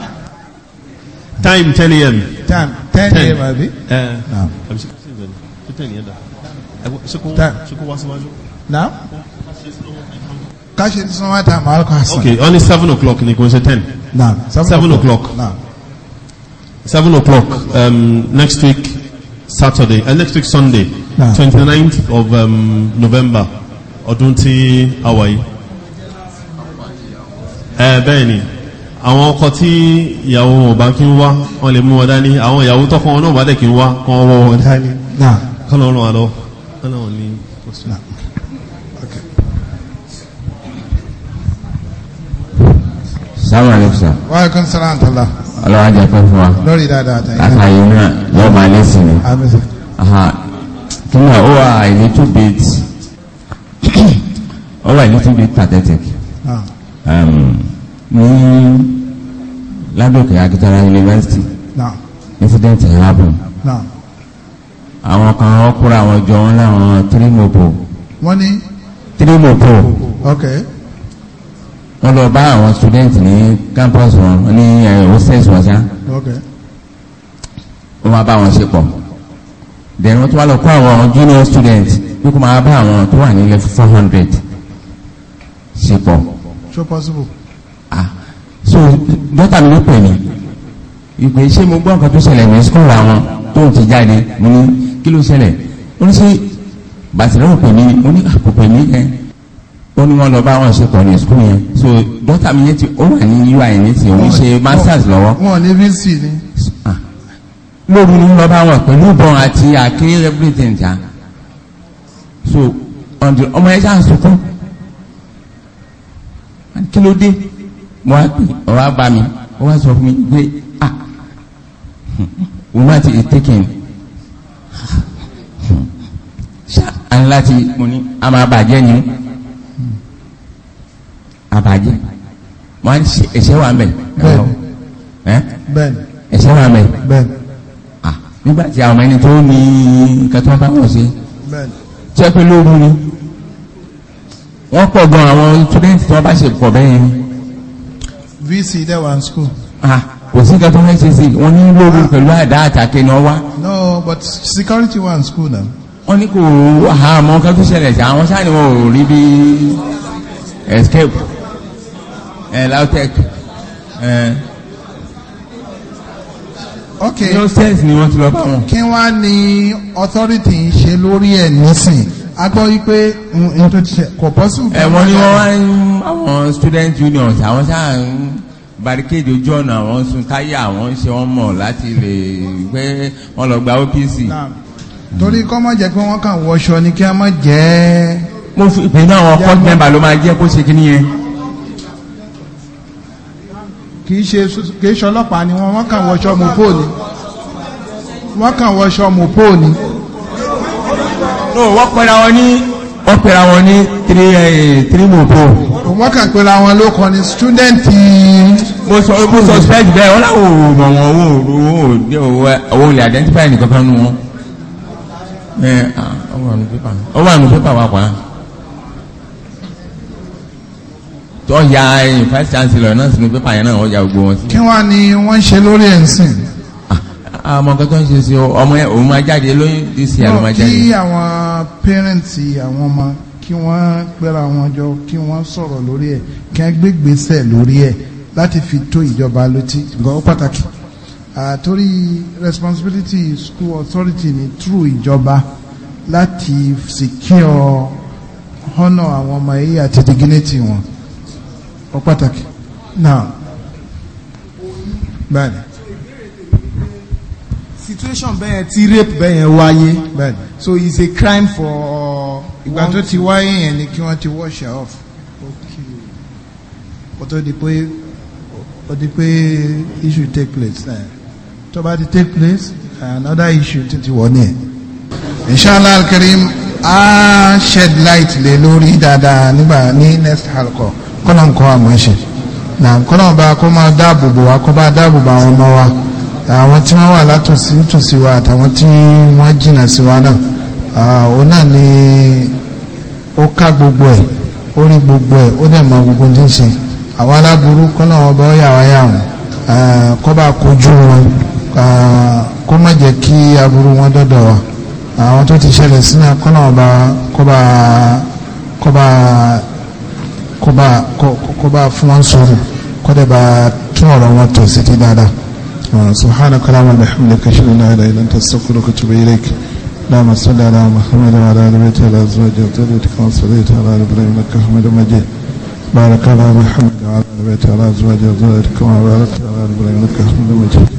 time ten am. time ten am àbí. na. káṣí tí wọ́n wá ta àmọ́ àlùkò àṣà. ok only seven o'clock ni kò ṣe ten. na seven o'clock. na. 7 o'clock um, next week, Saturday, uh, next week, Sunday, nah. 29th of um, November, Odunti Hawaii. a Benny, yìí. Ẹ bẹ́ẹ̀ ni, àwọn ọkọ tí ìyàwó wọn bá kí ń wá, wọ́n lè mú wọn dání, àwọn ìyàwó tọ́kọ wọn náà bá dẹ̀ kí ń wá, kọ́ wọ́n wọn dání. Kọ́lọ́run àlọ́, kọ́lọ́run ní ọ̀sán. sáwọn alẹ́kùsà. wàá kún sọ́ra àtàlà. ọlọ́wọ́ ajá pẹ́ fún wa. lórí dáadáa tẹ̀yìn. àtàyè náà yóò máa lẹ́sìn ni. kí ni ó wà a little bit ó wà a little bit pathetic. Ah. Um, ní lábẹ́òkè Akitara University incident happen. àwọn kan wọ́n kóra àwọn jọ wọn láwọn tírímọ̀pọ̀. wọ́n ní. tírímọ̀pọ̀. okay wọ́n lọ bá àwọn student ní campus wọn ní hostels eh, wọn sá wọ́n máa bá wọn ṣe pọ̀ then wọ́n tún wá lọ kó àwọn junior student bí kò máa bá àwọn tó wà nílẹ̀ four hundred ṣe pọ̀. so possible. ah so dọ́tà mi ló pè mí ìpè ṣé mo gbọ́ nǹkan tó ṣẹlẹ̀ ní skóòlù àwọn tóun ti jáde mo ní kí ló ṣẹlẹ̀ ó ní sí bàtìrẹ́ òpè mí ó ní àpòpè ah, mí ẹ. Eh ó ní wọ́n lọ bá wọn ṣe kọ̀ọ̀lì skul yẹn so dọ́tà mi yẹn ti ó wà ní ui ní ti òun ṣe masters lọ́wọ́. wọn ní vc ni. Ah. lóru ni wọ́n bá wọn pẹ̀lú bọ́n àti àkíní represent ya so ọmọ yẹn ṣáà sunkún kí ló dé mo wá pè ọ wá bá mi ó wá sọ fún mi pé ah woman is taken ṣá àńlá ti mo ní a máa bàjẹ́ ni àbájẹ́ wọ́n á ṣe ẹ̀ṣẹ́ wà mẹ́ ẹ̀ṣẹ́ wà mẹ́ nígbàtí àwọn ẹni tó ní nǹkan tó ń bá wọ̀ sí tí ẹ pé lóru ni wọ́n pọ̀ gan àwọn student tó bá ṣe pọ̀ bẹ́yẹn vc dẹ́wà ń school kò sí nǹkan tó fẹ́ ṣe sí wọ́n ní lóru pẹ̀lú àdá àtàkè náà wá no but security wà ń school na. wọ́n ní kò àmọ́ nǹkan tó ṣẹlẹ̀ sí àwọn sáà ni wọ́n ò rí bí escape ẹ̀ eh, LAUTECH ẹ̀. Eh. ok nonsense ni wọ́n ti lọ bá wọn. kí wàá ní authority ń ṣe lórí ẹ̀ nísìn a gbọ́ wípé n kò possible. ẹ wọ́n ní wọ́n wá ń àwọn student unions àwọn sáà ń barricade ojú ọ̀nà àwọn sun táyà àwọn ṣe wọ́n mọ̀ láti lè pé wọ́n lọ gba OPC. torí kọ́ mọ̀ jẹ́ pé wọ́n kàn wọṣọ ni kí a mọ̀ jẹ́. mo fi ìpínlẹ̀ àwọn court member ló máa jẹ́ kó ṣe kí nìyẹn kì í ṣe kì í ṣe ọlọ́pàá ni wọ́n kàn wọṣọ mùpó ni wọ́n kàn wọṣọ mùpó ni. no wọ́n pera wọn ní wọ́n pera wọn ní three eh, three mùpó. wọ́n kàn pera wọn ló kọ́ ni stúdẹ́ǹtì. mo sọ mo suspect bẹ́ẹ̀ wọ́n láwọn ò mọ̀ wọn ò ò ò lè identify nìkan kan nù wọn. ẹ eh, ọ ah, wà nù pépà wa pa. tó ya ẹ̀yìn vice chancellor náà sínú pépà yẹn náà wọ́n ya gbogbo wọn sí. kí wàá ni wọ́n ṣe lórí ẹ̀sìn. Ah, ah, ọmọ kankan ṣe sí ọmọ yẹn òun máa jáde lóyún dc àlọ́ máa jáde. kí àwọn parents àwọn ọmọ kí wọ́n gbéra wọn jọ kí wọ́n sọ̀rọ̀ lórí ẹ̀ kí wọ́n gbégbèsè lórí ẹ̀ láti fi tó ìjọba létí gbọ́ pàtàkì àtórí responsibility school authority ni through ìjọba láti secure honour àwọn ọmọ yìí àti dignity wọn ọ pàtàkì náà bẹ́ẹ̀ni. situation bẹ́ẹ̀ tí rape bẹ́ẹ̀ wáyé bẹ́ẹ̀ni so it's a crime for. ìgbà tó ti wáyé yẹn ni kí wọ́n ti wash her off. kó tó di pé ó di pé issue take place tó bá ti take place another issue ti ti wọ̀ ní ẹ̀. inshallah al-karim a shed light lé lórí dáadáa nígbà ní next halkọ kọ́nà ń kọ́ àmọ́ ṣe na kọ́nà ọba kó máa dáàbò bò wá kó bá dáàbò bò àwọn ọmọ wa àwọn tí wọ́n wà látòsí tòsí wa àtàwọn tí wọ́n jìnnà sí wa náà òun náà ni ó ká gbogbo ẹ̀ ó rí gbogbo ẹ̀ ó dẹ̀ mọ gbogbo tí ń ṣe àwọn aláburú kọ́nà ọba ó yà wá yà wọ́n kọ́ bá kojú wọn kó má jẹ́ kí aburú wọn dọ́dọ̀ wa àwọn tó ti ṣẹlẹ̀ sínú kọ́nà ọba kọ́ bá kọ́ bá kó bá fún wọn sọ̀rọ̀ kó dẹ̀ bá tún ọ̀rọ̀ wọn tó sí ti dáadáa. سبحانك اللهم وبحمدك اشهد ان لا اله الا انت استغفرك واتوب اليك اللهم صل على محمد وعلى ال بيته وعلى ازواجه وذريته كما صليت على ال ابراهيم انك حميد مجيد بارك على محمد وعلى ال بيته وعلى ازواجه وذريته كما باركت على ال ابراهيم انك حميد مجيد